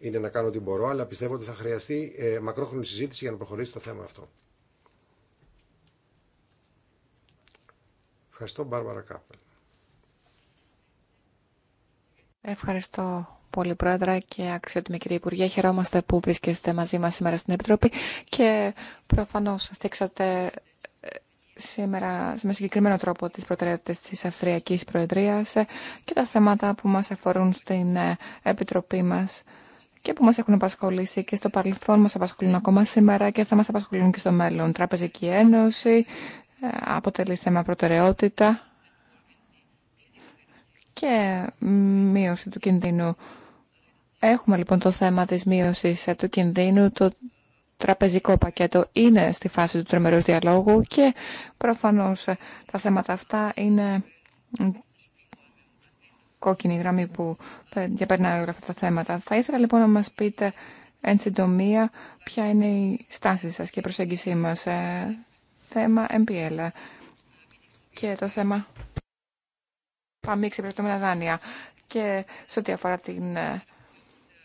Speaker 2: είναι να κάνω ό,τι μπορώ, αλλά πιστεύω ότι θα χρειαστεί ε, μακρόχρονη συζήτηση για να προχωρήσει το θέμα αυτό. Ευχαριστώ, Μπάρμπαρα Κάπελ.
Speaker 4: Ευχαριστώ πολύ, Πρόεδρε και αξιότιμη κυρία Υπουργέ. Χαιρόμαστε που βρίσκεστε μαζί μας σήμερα στην Επιτροπή και προφανώς στήξατε ε, σήμερα με συγκεκριμένο τρόπο τις προτεραιότητες της Αυστριακής Προεδρίας ε, και τα θέματα που μας αφορούν στην Επιτροπή μας και που μας έχουν απασχολήσει και στο παρελθόν μας απασχολούν ακόμα σήμερα και θα μας απασχολούν και στο μέλλον. Τραπεζική Ένωση ε, αποτελεί θέμα προτεραιότητα και μείωση του κινδύνου. Έχουμε λοιπόν το θέμα της μείωσης ε, του κινδύνου, το τραπεζικό πακέτο είναι στη φάση του τρομερούς διαλόγου και προφανώς ε, τα θέματα αυτά είναι κόκκινη γραμμή που διαπερνάει όλα αυτά τα θέματα. Θα ήθελα λοιπόν να μας πείτε εν συντομία ποια είναι η στάση σας και η προσέγγιση μας. θέμα MPL και το θέμα πάμε ξεπληκτωμένα δάνεια και σε ό,τι αφορά την, ε,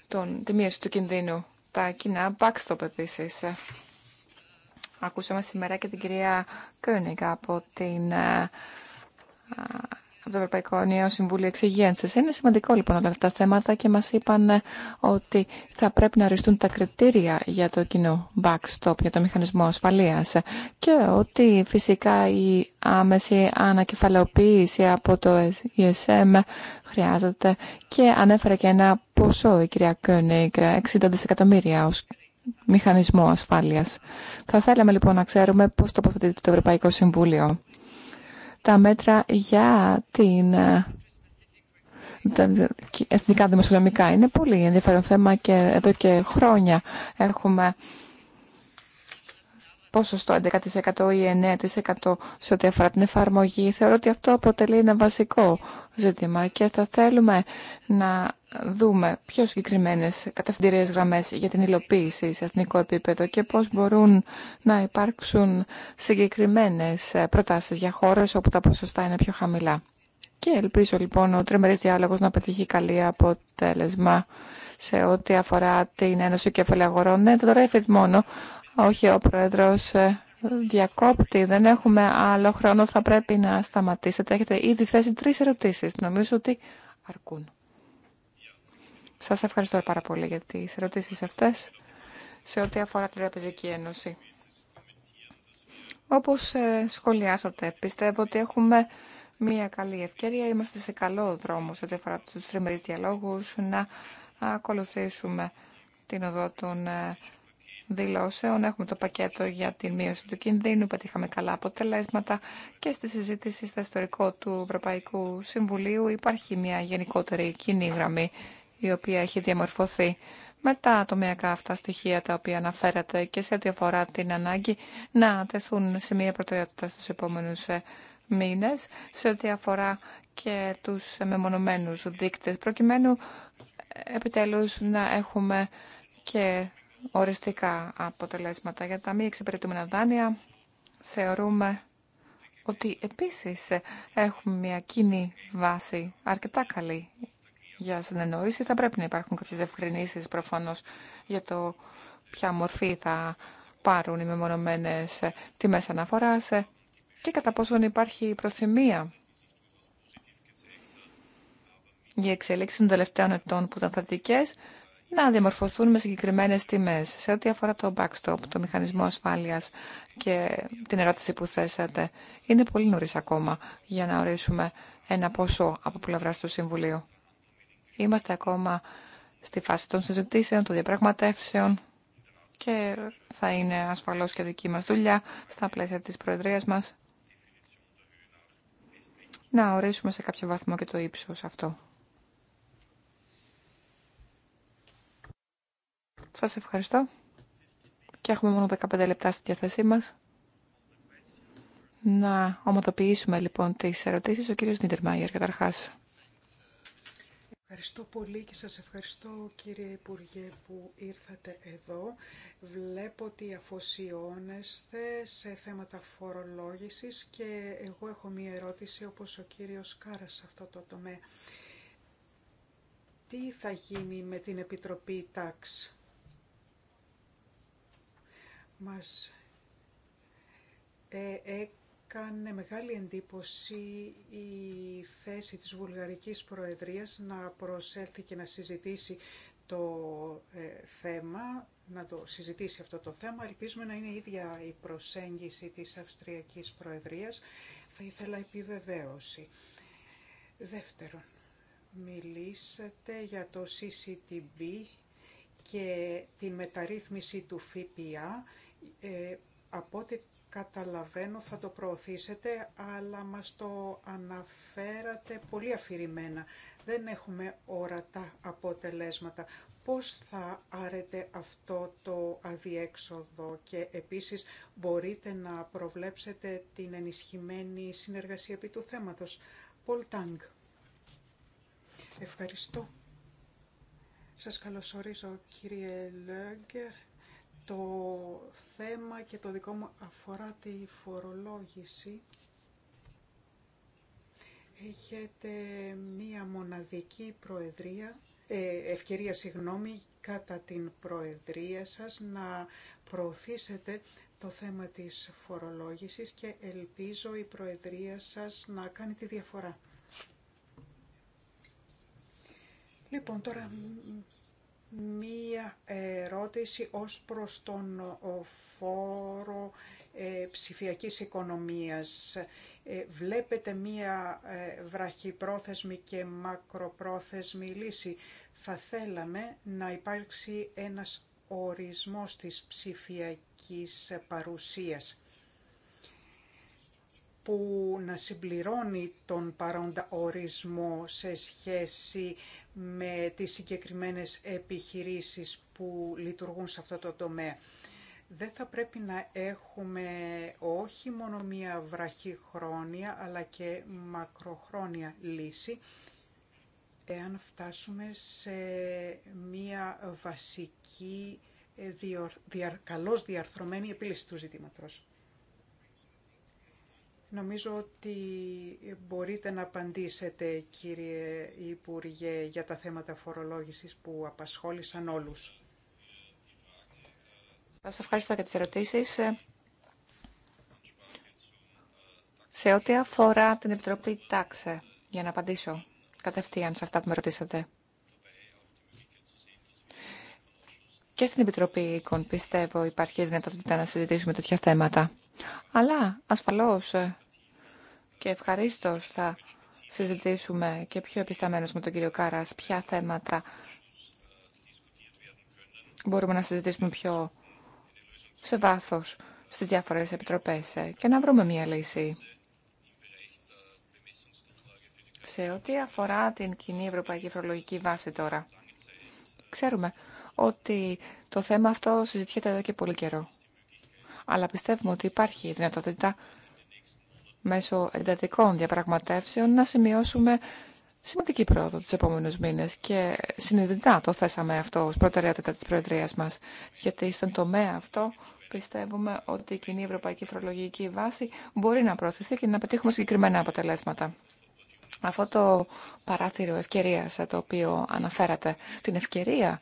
Speaker 4: τον, τη μείωση του κινδύνου. Τα κοινά backstop επίσης. Ακούσαμε σήμερα και την κυρία Κόνικ από την ε, το Ευρωπαϊκό Νέο Συμβούλιο Εξυγένσης. Είναι σημαντικό λοιπόν όλα αυτά τα θέματα και μας είπαν ε, ότι θα πρέπει να οριστούν τα κριτήρια για το κοινό backstop, για το μηχανισμό ασφαλείας και ότι φυσικά η άμεση ανακεφαλαιοποίηση από το ESM ε χρειάζεται και ανέφερε και ένα ποσό η κυρία Κόνικ, 60 δισεκατομμύρια ως μηχανισμό ασφάλειας. Θα θέλαμε λοιπόν να ξέρουμε πώς τοποθετείται το Ευρωπαϊκό Συμβούλιο τα μέτρα για την ε, τα εθνικά δημοσιονομικά. Είναι πολύ ενδιαφέρον θέμα και εδώ και χρόνια έχουμε στο 11% ή 9% σε ό,τι αφορά την εφαρμογή. Θεωρώ ότι αυτό αποτελεί ένα βασικό ζήτημα και θα θέλουμε να δούμε πιο συγκεκριμένε κατευθυντήριε γραμμέ για την υλοποίηση σε εθνικό επίπεδο και πώ μπορούν να υπάρξουν συγκεκριμένε ε, προτάσει για χώρε όπου τα ποσοστά είναι πιο χαμηλά. Και ελπίζω λοιπόν ο τριμερή διάλογο να πετύχει καλή αποτέλεσμα σε ό,τι αφορά την Ένωση Κεφαλαίου Αγορών. Ναι, το μόνο, όχι ο Πρόεδρος ε, διακόπτη, δεν έχουμε άλλο χρόνο, θα πρέπει να σταματήσετε. Έχετε ήδη θέσει τρει ερωτήσει, Νομίζω ότι αρκούν. Σας ευχαριστώ πάρα πολύ για τις ερωτήσεις αυτές σε ό,τι αφορά την Τραπεζική Ένωση. Όπως ε, σχολιάσατε, πιστεύω ότι έχουμε μια καλή ευκαιρία, είμαστε σε καλό δρόμο σε ό,τι αφορά τους τριμερείς διαλόγους, να ακολουθήσουμε την οδό των ε, δηλώσεων. Έχουμε το πακέτο για την μείωση του κινδύνου, πετύχαμε καλά αποτελέσματα και στη συζήτηση στο ιστορικό του Ευρωπαϊκού Συμβουλίου υπάρχει μια γενικότερη κοινή γραμμή η οποία έχει διαμορφωθεί με τα ατομιακά αυτά στοιχεία τα οποία αναφέρατε και σε ό,τι αφορά την ανάγκη να τεθούν σε μία προτεραιότητα στους επόμενους ε, μήνες, σε ό,τι αφορά και τους μεμονωμένους δείκτες, προκειμένου ε, επιτέλους να έχουμε και οριστικά αποτελέσματα για τα μη εξυπηρετούμενα δάνεια. Θεωρούμε ότι επίσης ε, έχουμε μια κοινή βάση αρκετά καλή για συνεννόηση. Θα πρέπει να υπάρχουν κάποιες ευκρινήσεις προφανώς για το ποια μορφή θα πάρουν οι μεμονωμένες τιμές αναφοράς και κατά πόσο υπάρχει προθυμία για εξελίξη των τελευταίων ετών που ήταν θετικέ να διαμορφωθούν με συγκεκριμένες τιμές σε ό,τι αφορά το backstop, το μηχανισμό ασφάλειας και την ερώτηση που θέσατε. Είναι πολύ νωρίς ακόμα για να ορίσουμε ένα ποσό από πλευρά του Συμβουλίου. Είμαστε ακόμα στη φάση των συζητήσεων, των διαπραγματεύσεων και θα είναι ασφαλώς και δική μας δουλειά στα πλαίσια της Προεδρίας μας να ορίσουμε σε κάποιο βαθμό και το ύψος αυτό. Σας ευχαριστώ και έχουμε μόνο 15 λεπτά στη διαθέσή μας. Να ομοδοποιήσουμε λοιπόν τις ερωτήσεις. Ο κύριος Νίτερμαγερ καταρχάς.
Speaker 3: Ευχαριστώ πολύ και σας ευχαριστώ κύριε Υπουργέ που ήρθατε εδώ. Βλέπω ότι αφοσιώνεστε σε θέματα φορολόγησης και εγώ έχω μία ερώτηση όπως ο κύριος Κάρας σε αυτό το τομέα. Τι θα γίνει με την Επιτροπή Τάξ. Μας ε, ε, κάνει μεγάλη εντύπωση η θέση της Βουλγαρικής Προεδρίας να προσέλθει και να συζητήσει το ε, θέμα, να το συζητήσει αυτό το θέμα. Ελπίζουμε να είναι ίδια η προσέγγιση της Αυστριακής Προεδρίας. Θα ήθελα επιβεβαίωση. Δεύτερον, μιλήσατε για το CCTB και τη μεταρρύθμιση του ΦΠΑ. Ε, από ό,τι Καταλαβαίνω θα το προωθήσετε, αλλά μας το αναφέρατε πολύ αφηρημένα. Δεν έχουμε ορατά αποτελέσματα. Πώς θα άρετε αυτό το αδιέξοδο και επίσης μπορείτε να προβλέψετε την ενισχυμένη συνεργασία επί του θέματος. Πολ Τάγκ. Ευχαριστώ. Σας καλωσορίζω κύριε Λέγκερ το θέμα και το δικό μου αφορά τη φορολόγηση. Έχετε μία μοναδική προεδρία, ε, ευκαιρία συγγνώμη, κατά την προεδρία σας να προωθήσετε το θέμα της φορολόγησης και ελπίζω η προεδρία σας να κάνει τη διαφορά. Λοιπόν, τώρα μία ερώτηση ως προς τον φόρο ε, ψηφιακής οικονομίας. Ε, βλέπετε μία ε, βραχυπρόθεσμη και μακροπρόθεσμη λύση. Θα θέλαμε να υπάρξει ένας ορισμός της ψηφιακής παρουσίας που να συμπληρώνει τον παρόντα ορισμό σε σχέση με τις συγκεκριμένες επιχειρήσεις που λειτουργούν σε αυτό το τομέα. Δεν θα πρέπει να έχουμε όχι μόνο μία χρόνια, αλλά και μακροχρόνια λύση εάν φτάσουμε σε μία βασική ε, διορ... καλώς διαρθρωμένη επίλυση του ζητήματος. Νομίζω ότι μπορείτε να απαντήσετε, κύριε Υπουργέ, για τα θέματα φορολόγησης που απασχόλησαν όλους.
Speaker 4: Σας ευχαριστώ για τις ερωτήσεις. Σε ό,τι αφορά την Επιτροπή Τάξε, για να απαντήσω κατευθείαν σε αυτά που με ρωτήσατε. Και στην Επιτροπή Οίκων, πιστεύω, υπάρχει δυνατότητα να συζητήσουμε τέτοια θέματα. Αλλά ασφαλώς ε, και ευχαριστώ θα συζητήσουμε και πιο επισταμένως με τον κύριο Κάρας ποια θέματα μπορούμε να συζητήσουμε πιο σε βάθος στις διάφορες επιτροπές ε, και να βρούμε μία λύση. Σε ό,τι αφορά την κοινή ευρωπαϊκή φορολογική βάση τώρα, ξέρουμε ότι το θέμα αυτό συζητιέται εδώ και πολύ καιρό αλλά πιστεύουμε ότι υπάρχει η δυνατότητα μέσω εντατικών διαπραγματεύσεων να σημειώσουμε σημαντική πρόοδο τους επόμενους μήνες και συνειδητά το θέσαμε αυτό ως προτεραιότητα της Προεδρίας μας, γιατί στον τομέα αυτό πιστεύουμε ότι η κοινή ευρωπαϊκή φορολογική βάση μπορεί να προωθηθεί και να πετύχουμε συγκεκριμένα αποτελέσματα. Αυτό το παράθυρο ευκαιρίας το οποίο αναφέρατε, την ευκαιρία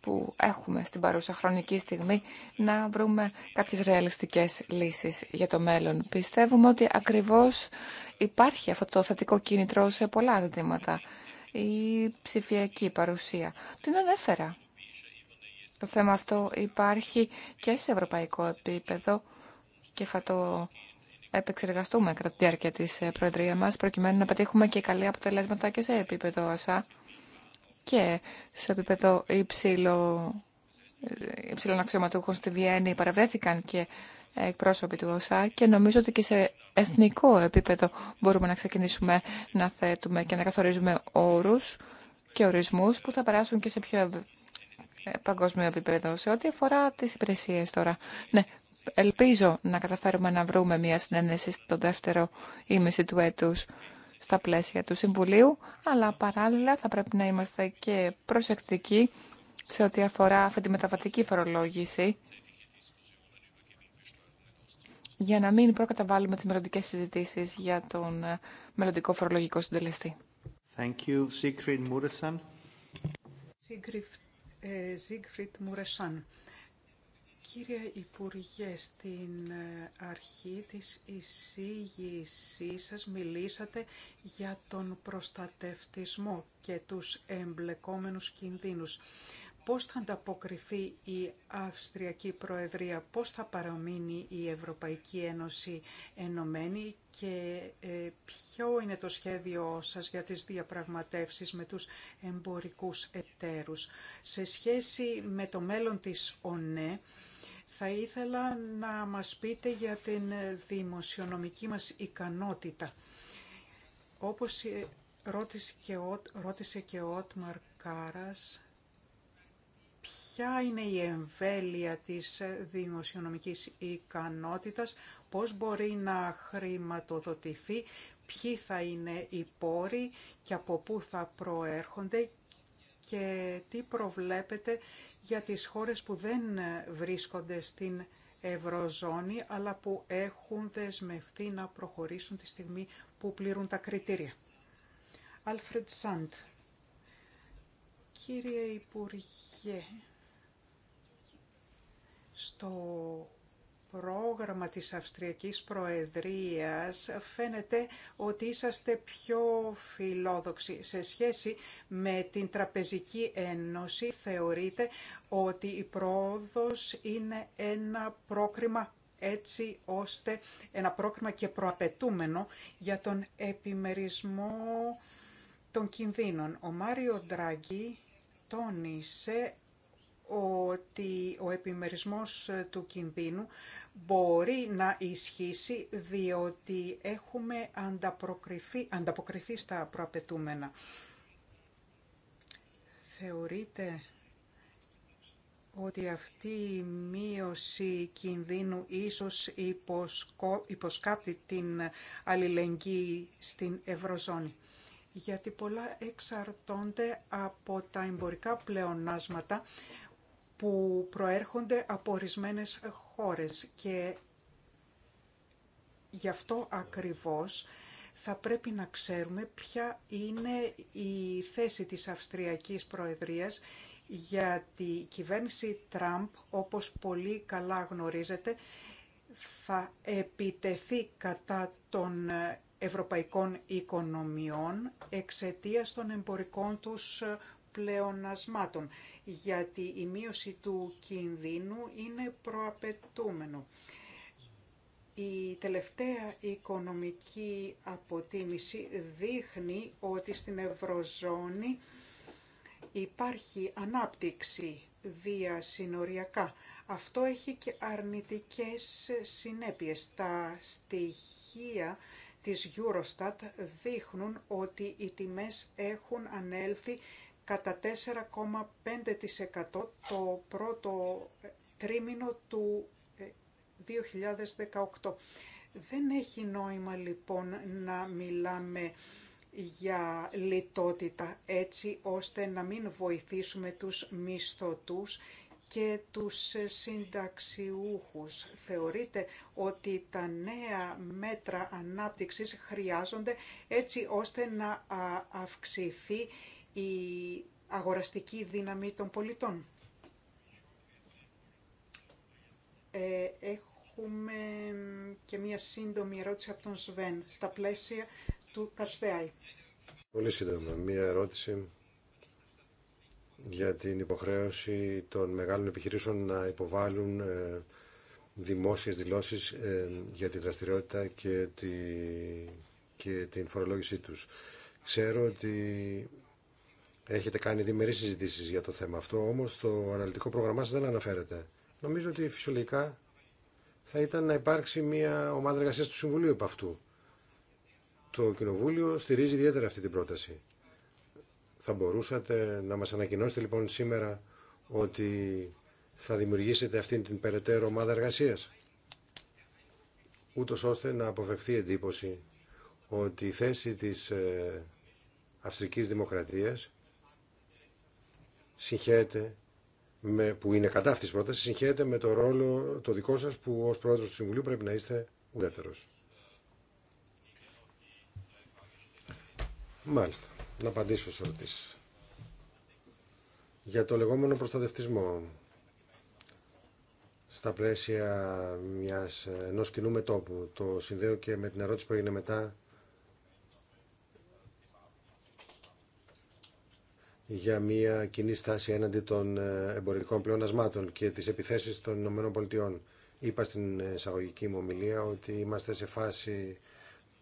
Speaker 4: που έχουμε στην παρούσα χρονική στιγμή να βρούμε κάποιες ρεαλιστικές λύσεις για το μέλλον. Πιστεύουμε ότι ακριβώς υπάρχει αυτό το θετικό κίνητρο σε πολλά ζητήματα. Η ψηφιακή παρουσία. Την ανέφερα. Το θέμα αυτό υπάρχει και σε ευρωπαϊκό επίπεδο και θα το επεξεργαστούμε κατά τη διάρκεια της ε, Προεδρία μας προκειμένου να πετύχουμε και καλή αποτελέσματα και σε επίπεδο ΑΣΑ και σε επίπεδο υψηλό, υψηλών αξιωματούχων στη Βιέννη παραβρέθηκαν και εκπρόσωποι του ΩΣΑ και νομίζω ότι και σε εθνικό επίπεδο μπορούμε να ξεκινήσουμε να θέτουμε και να καθορίζουμε όρους και ορισμούς που θα περάσουν και σε πιο ε, παγκόσμιο επίπεδο σε ό,τι αφορά τις υπηρεσίες τώρα. Ναι, ελπίζω να καταφέρουμε να βρούμε μια συνένεση στο δεύτερο ήμιση του έτους στα πλαίσια του Συμβουλίου, αλλά παράλληλα θα πρέπει να είμαστε και προσεκτικοί σε ό,τι αφορά αυτή τη μεταβατική φορολόγηση για να μην προκαταβάλουμε τις μελλοντικές συζητήσεις για τον ε, μελλοντικό φορολογικό συντελεστή.
Speaker 3: Κύριε Υπουργέ, στην ε, αρχή της εισήγησής σας μιλήσατε για τον προστατευτισμό και τους εμπλεκόμενους κινδύνους. Πώς θα ανταποκριθεί η Αυστριακή Προεδρία, πώς θα παραμείνει η Ευρωπαϊκή Ένωση ενωμένη και ε, ποιο είναι το σχέδιο σας για τις διαπραγματεύσεις με τους εμπορικούς εταίρους. Σε σχέση με το μέλλον της ΟΝΕ, θα ήθελα να μας πείτε για την δημοσιονομική μας ικανότητα. Όπως ε, ρώτησε και ο, ρώτησε και ο Ότμαρ Κάρας, ποια είναι η εμβέλεια της δημοσιονομικής ικανότητας, πώς μπορεί να χρηματοδοτηθεί, ποιοι θα είναι οι πόροι και από πού θα προέρχονται και τι προβλέπετε για τις χώρες που δεν βρίσκονται στην Ευρωζώνη, αλλά που έχουν δεσμευτεί να προχωρήσουν τη στιγμή που πληρούν τα κριτήρια. Άλφρεντ Σαντ. Κύριε Υπουργέ, στο πρόγραμμα της Αυστριακής Προεδρίας φαίνεται ότι είσαστε πιο φιλόδοξοι σε σχέση με την Τραπεζική Ένωση. Θεωρείτε ότι η πρόοδος είναι ένα πρόκριμα έτσι ώστε ένα πρόκριμα και προαπαιτούμενο για τον επιμερισμό των κινδύνων. Ο Μάριο Ντράγκη τόνισε ότι ο επιμερισμός ε, του κινδύνου μπορεί να ισχύσει διότι έχουμε ανταποκριθεί, στα προαπαιτούμενα. Θεωρείτε ότι αυτή η μείωση κινδύνου ίσως υποσκάπτει την αλληλεγγύη στην Ευρωζώνη γιατί πολλά εξαρτώνται από τα εμπορικά πλεονάσματα που προέρχονται από ορισμένε χώρες και γι' αυτό ακριβώς θα πρέπει να ξέρουμε ποια είναι η θέση της Αυστριακής Προεδρίας γιατί η κυβέρνηση Τραμπ, όπως πολύ καλά γνωρίζετε, θα επιτεθεί κατά των ευρωπαϊκών οικονομιών εξαιτίας των εμπορικών τους πλεονασμάτων, γιατί η μείωση του κινδύνου είναι προαπαιτούμενο. Η τελευταία οικονομική αποτίμηση δείχνει ότι στην Ευρωζώνη υπάρχει ανάπτυξη διασυνοριακά. Αυτό έχει και αρνητικές συνέπειες. Τα στοιχεία της Eurostat δείχνουν ότι οι τιμές έχουν ανέλθει κατά 4,5% το πρώτο τρίμηνο του 2018. Ε, Δεν έχει νόημα λοιπόν να μιλάμε για λιτότητα έτσι ώστε να μην βοηθήσουμε τους μισθωτούς και τους συνταξιούχους. Θεωρείται ότι τα νέα μέτρα ανάπτυξης χρειάζονται έτσι ώστε να αυξηθεί η αγοραστική δύναμη των πολιτών. Ε, έχουμε και μία σύντομη ερώτηση από τον Σβέν, στα πλαίσια του Καρστεάη.
Speaker 2: Πολύ σύντομα, μία ερώτηση για την υποχρέωση των μεγάλων επιχειρήσεων να υποβάλουν ε, δημόσιες δηλώσεις ε, για τη δραστηριότητα και, και την φορολόγησή τους. Ξέρω ότι Έχετε κάνει διμερεί συζητήσει για το θέμα αυτό, όμω το αναλυτικό πρόγραμμά σα δεν αναφέρεται. Νομίζω ότι φυσιολογικά θα ήταν να υπάρξει μια ομάδα εργασία του Συμβουλίου επ' αυτού. Το Κοινοβούλιο στηρίζει ιδιαίτερα αυτή την πρόταση. Θα μπορούσατε να μα ανακοινώσετε λοιπόν σήμερα ότι θα δημιουργήσετε αυτή την περαιτέρω ομάδα εργασία, ούτω ώστε να αποφευθεί εντύπωση ότι η θέση της ε, Αυστρικής Δημοκρατίας με, που είναι κατά αυτής της πρότασης, συγχαίρεται με το ρόλο το δικό σας που ως πρόεδρος του Συμβουλίου πρέπει να είστε ουδέτερος. Μάλιστα, να απαντήσω σε ερωτήσεις. Για το λεγόμενο προστατευτισμό, στα πλαίσια μιας, ενός κοινού μετόπου, το συνδέω και με την ερώτηση που έγινε μετά για μια κοινή στάση έναντι των ε, εμπορικών πλεονασμάτων και τις επιθέσεις των ΗΠΑ. Είπα στην εισαγωγική μου ομιλία ότι είμαστε σε φάση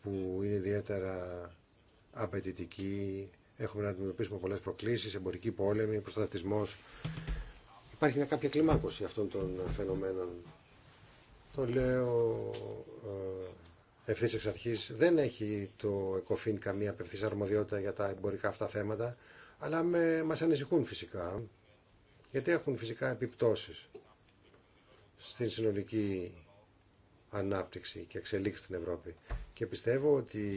Speaker 2: που είναι ιδιαίτερα απαιτητική. Έχουμε να αντιμετωπίσουμε πολλές προκλήσεις, εμπορική πόλεμη, προστατευτισμός. Υπάρχει μια κάποια κλιμάκωση αυτών των φαινομένων. Το λέω ε, ευθύς εξ αρχής. Δεν έχει το ΕΚΟΦΗΝ καμία απευθύς αρμοδιότητα για τα εμπορικά αυτά θέματα αλλά με, μας ανησυχούν φυσικά, γιατί έχουν φυσικά επιπτώσεις στην συνολική ανάπτυξη και εξελίξη στην Ευρώπη. Και πιστεύω ότι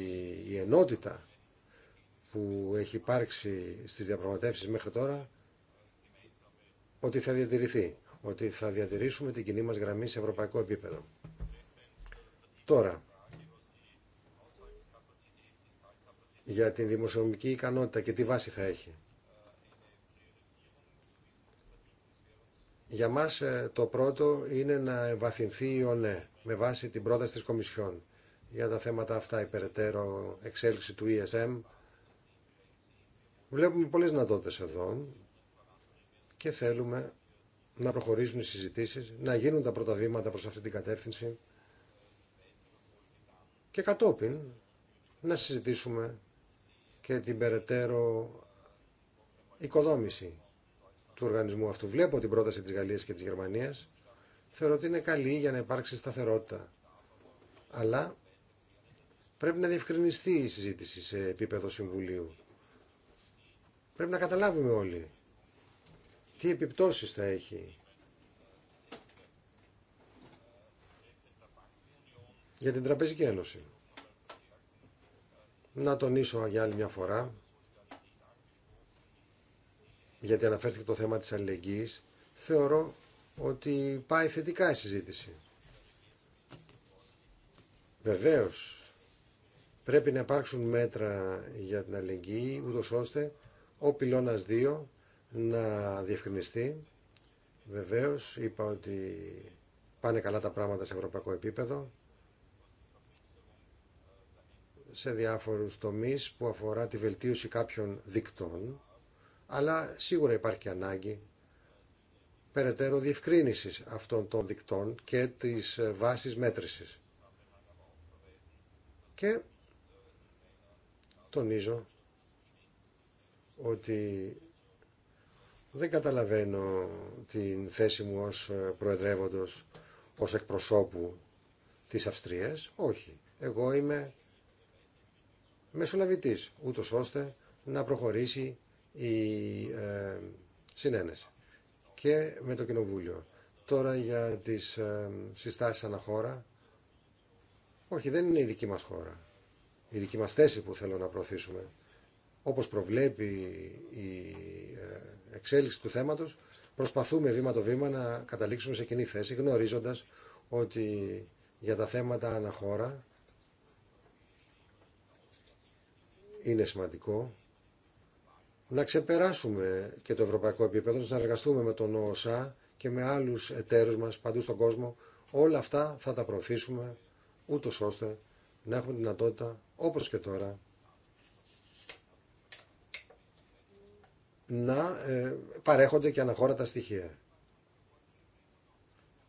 Speaker 2: η ενότητα που έχει υπάρξει στις διαπραγματεύσεις μέχρι τώρα, ότι θα διατηρηθεί, ότι θα διατηρήσουμε την κοινή μας γραμμή σε ευρωπαϊκό επίπεδο. Τώρα, για την δημοσιονομική ικανότητα και τι βάση θα έχει. Για μας ε, το πρώτο είναι να ευαθυνθεί η ΟΝΕ με βάση την πρόταση της Κομισιόν για τα θέματα αυτά, η περαιτέρω εξέλιξη του ESM. Βλέπουμε πολλές δυνατότητε εδώ και θέλουμε να προχωρήσουν οι συζητήσεις, να γίνουν τα πρώτα βήματα προς αυτή την κατεύθυνση και κατόπιν να συζητήσουμε και την περαιτέρω οικοδόμηση του οργανισμού αυτού. Βλέπω την πρόταση της Γαλλίας και της Γερμανίας. Θεωρώ ότι είναι καλή για να υπάρξει σταθερότητα. Αλλά πρέπει να διευκρινιστεί η συζήτηση σε επίπεδο Συμβουλίου. Πρέπει να καταλάβουμε όλοι τι επιπτώσεις θα έχει. Για την Τραπεζική Ένωση να τονίσω για άλλη μια φορά, γιατί αναφέρθηκε το θέμα της αλληλεγγύης, θεωρώ ότι πάει θετικά η συζήτηση. Βεβαίως, πρέπει να υπάρξουν μέτρα για την αλληλεγγύη, ούτως ώστε ο πυλώνας 2 να διευκρινιστεί. Βεβαίως, είπα ότι πάνε καλά τα πράγματα σε ευρωπαϊκό επίπεδο σε διάφορους τομείς που αφορά τη βελτίωση κάποιων δικτών, αλλά σίγουρα υπάρχει ανάγκη περαιτέρω διευκρίνησης αυτών των δικτών και της ε, βάσης μέτρησης. Και τονίζω ότι δεν καταλαβαίνω την θέση μου ως ε, προεδρεύοντος, ως εκπροσώπου της Αυστρίας. Όχι. Εγώ είμαι μεσολαβητής, ούτω ώστε να προχωρήσει η ε, συνένεση και με το Κοινοβούλιο. Τώρα για τις ε, συστάσεις αναχώρα, όχι δεν είναι η δική μας χώρα, η δική μας θέση που θέλω να προωθήσουμε. Όπως προβλέπει η ε, εξέλιξη του θέματος, προσπαθούμε βήμα το βήμα να καταλήξουμε σε κοινή θέση, γνωρίζοντας ότι για τα θέματα αναχώρα είναι σημαντικό να ξεπεράσουμε και το ευρωπαϊκό επίπεδο, να συνεργαστούμε με τον ΟΣΑ και με άλλους εταίρους μας παντού στον κόσμο. Όλα αυτά θα τα προωθήσουμε ούτως ώστε να έχουμε δυνατότητα, όπως και τώρα, να ε, παρέχονται και αναχώρατα στοιχεία.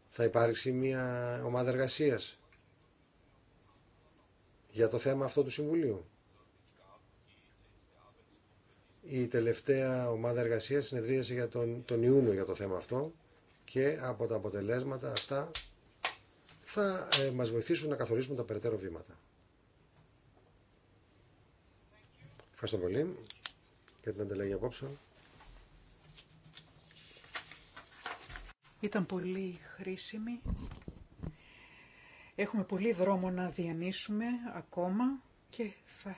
Speaker 2: Θα υπάρξει μια ομάδα εργασίας για το θέμα αυτό του Συμβουλίου. Η τελευταία ομάδα εργασίας συνεδρίασε για τον, τον Ιούνιο για το θέμα αυτό και από τα αποτελέσματα αυτά θα ε, μας βοηθήσουν να καθορίσουμε τα περαιτέρω βήματα. Ευχαριστώ πολύ για την ανταλλαγή απόψε.
Speaker 3: Ήταν πολύ χρήσιμη. Έχουμε πολύ δρόμο να διανύσουμε ακόμα και θα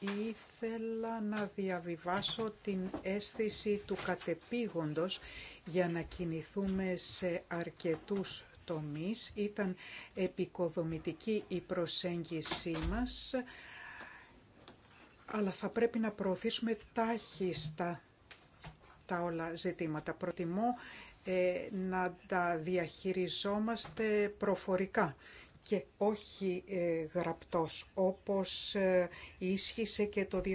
Speaker 3: Ήθελα να διαβιβάσω την αίσθηση του κατεπήγοντος για να κινηθούμε σε αρκετούς τομείς. Ήταν επικοδομητική η προσέγγιση μας, αλλά θα πρέπει να προωθήσουμε τάχιστα τα όλα ζητήματα. Προτιμώ ε, να τα διαχειριζόμαστε προφορικά και όχι ε, γραπτός, όπως ε, ίσχυσε και το 2016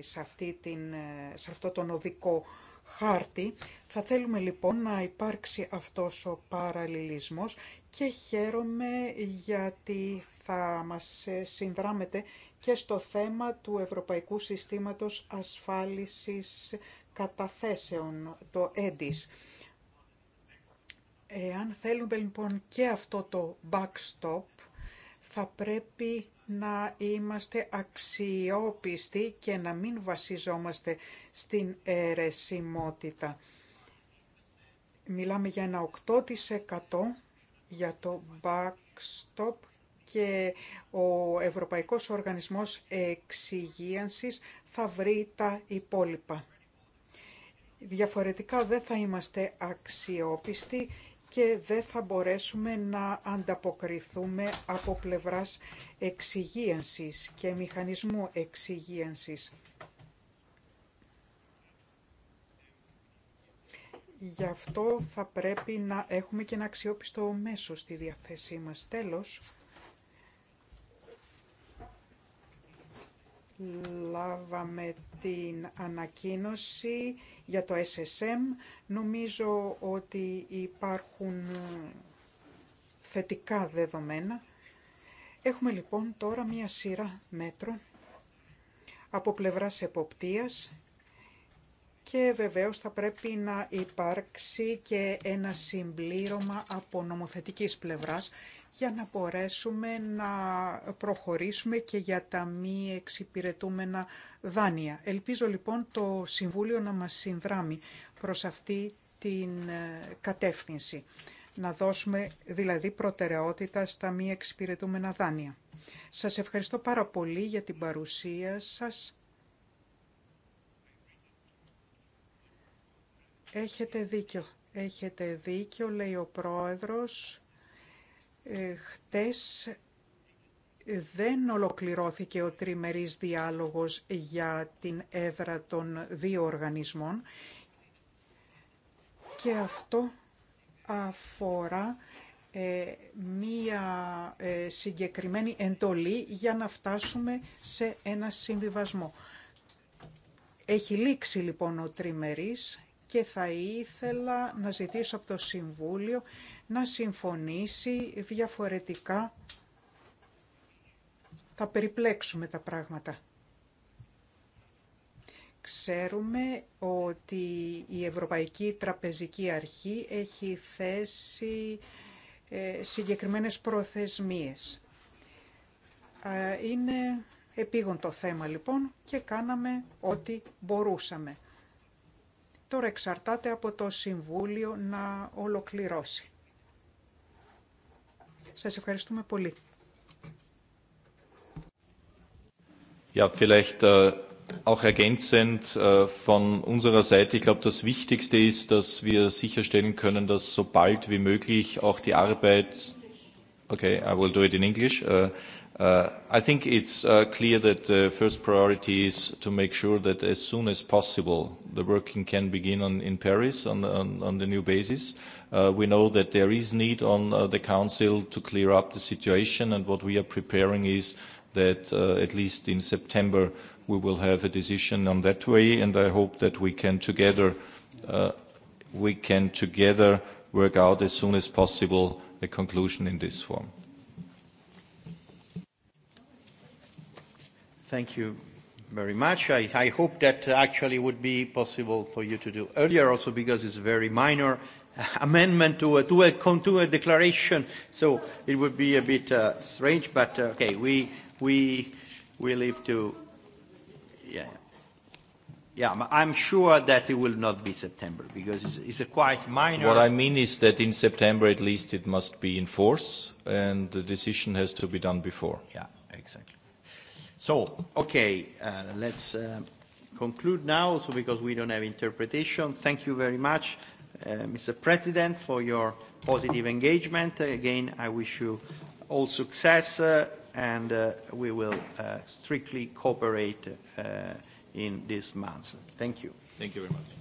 Speaker 3: σε, αυτή την, ε, σε αυτό τον οδικό χάρτη. Θα θέλουμε λοιπόν να υπάρξει αυτός ο παραλληλισμός και χαίρομαι γιατί θα μας συνδράμετε και στο θέμα του Ευρωπαϊκού Συστήματος Ασφάλισης Καταθέσεων, το ΕΝΤΙΣ. Εάν θέλουμε λοιπόν και αυτό το backstop, θα πρέπει να είμαστε αξιόπιστοι και να μην βασιζόμαστε στην αιρεσιμότητα. Μιλάμε για ένα 8% για το backstop και ο Ευρωπαϊκός Οργανισμός Εξυγίανσης θα βρει τα υπόλοιπα. Διαφορετικά δεν θα είμαστε αξιόπιστοι και δεν θα μπορέσουμε να ανταποκριθούμε από πλευράς εξυγίανσης και μηχανισμού εξυγίανσης. Γι' αυτό θα πρέπει να έχουμε και ένα αξιόπιστο μέσο στη διαθέσή μας. Τέλος, λάβαμε την ανακοίνωση για το SSM. Νομίζω ότι υπάρχουν ε, θετικά δεδομένα. Έχουμε λοιπόν τώρα μία σειρά μέτρων από πλευράς εποπτείας και βεβαίως θα πρέπει να υπάρξει και ένα συμπλήρωμα από νομοθετικής πλευράς για να μπορέσουμε να προχωρήσουμε και για τα μη εξυπηρετούμενα δάνεια. Ελπίζω λοιπόν το Συμβούλιο να μας συνδράμει προς αυτή την ε, κατεύθυνση. Να δώσουμε δηλαδή προτεραιότητα στα μη εξυπηρετούμενα δάνεια. Σας ευχαριστώ πάρα πολύ για την παρουσία σας. Έχετε δίκιο. Έχετε δίκιο, λέει ο πρόεδρος. Ε, χτες ε, δεν ολοκληρώθηκε ο τριμερής διάλογος για την έδρα των δύο οργανισμών και αυτό αφορά ε, μία συγκεκριμένη εντολή για να φτάσουμε σε ένα συμβιβασμό. Έχει λήξει λοιπόν ο τριμερής και θα ήθελα να ζητήσω από το Συμβούλιο να συμφωνήσει διαφορετικά. Θα περιπλέξουμε τα πράγματα. Ξέρουμε ότι η Ευρωπαϊκή Τραπεζική Αρχή έχει θέσει ε, συγκεκριμένες προθεσμίες. Είναι επίγοντο το θέμα λοιπόν και κάναμε ό,τι μπορούσαμε. Τώρα εξαρτάται από το Συμβούλιο να ολοκληρώσει. Σας ευχαριστούμε πολύ.
Speaker 1: Ja, vielleicht auch ergänzend von unserer Seite. Ich glaube, das Wichtigste ist, dass wir sicherstellen können, dass so bald wie möglich auch die Arbeit. Okay, I will do it in English. I think it's clear that the first priority is to make sure that as soon as possible the working can begin in Paris on the new basis. We know that there is need on the Council to clear up the situation and what we are preparing is that at least in September we will have a decision on that way and I hope that we can together we can together work out as soon as possible a conclusion in this form. Thank you very much. I, I hope that actually would be possible for you to do earlier also because it's a very minor amendment to a, to a, to declaration, so it would be a bit uh, strange, but uh, okay, we, we, we leave to, yeah. Yeah, I'm sure that it will not be September because it's, it's a quite minor. What I mean is that in September at least it must be in force and the decision has to be done before. Yeah, exactly. So, okay, let's conclude now, Also, because we don't have interpretation. Thank you very much, Mr. President, for your positive engagement. Again, I wish you all success, and we will strictly cooperate in this month. Thank you. Thank you very much.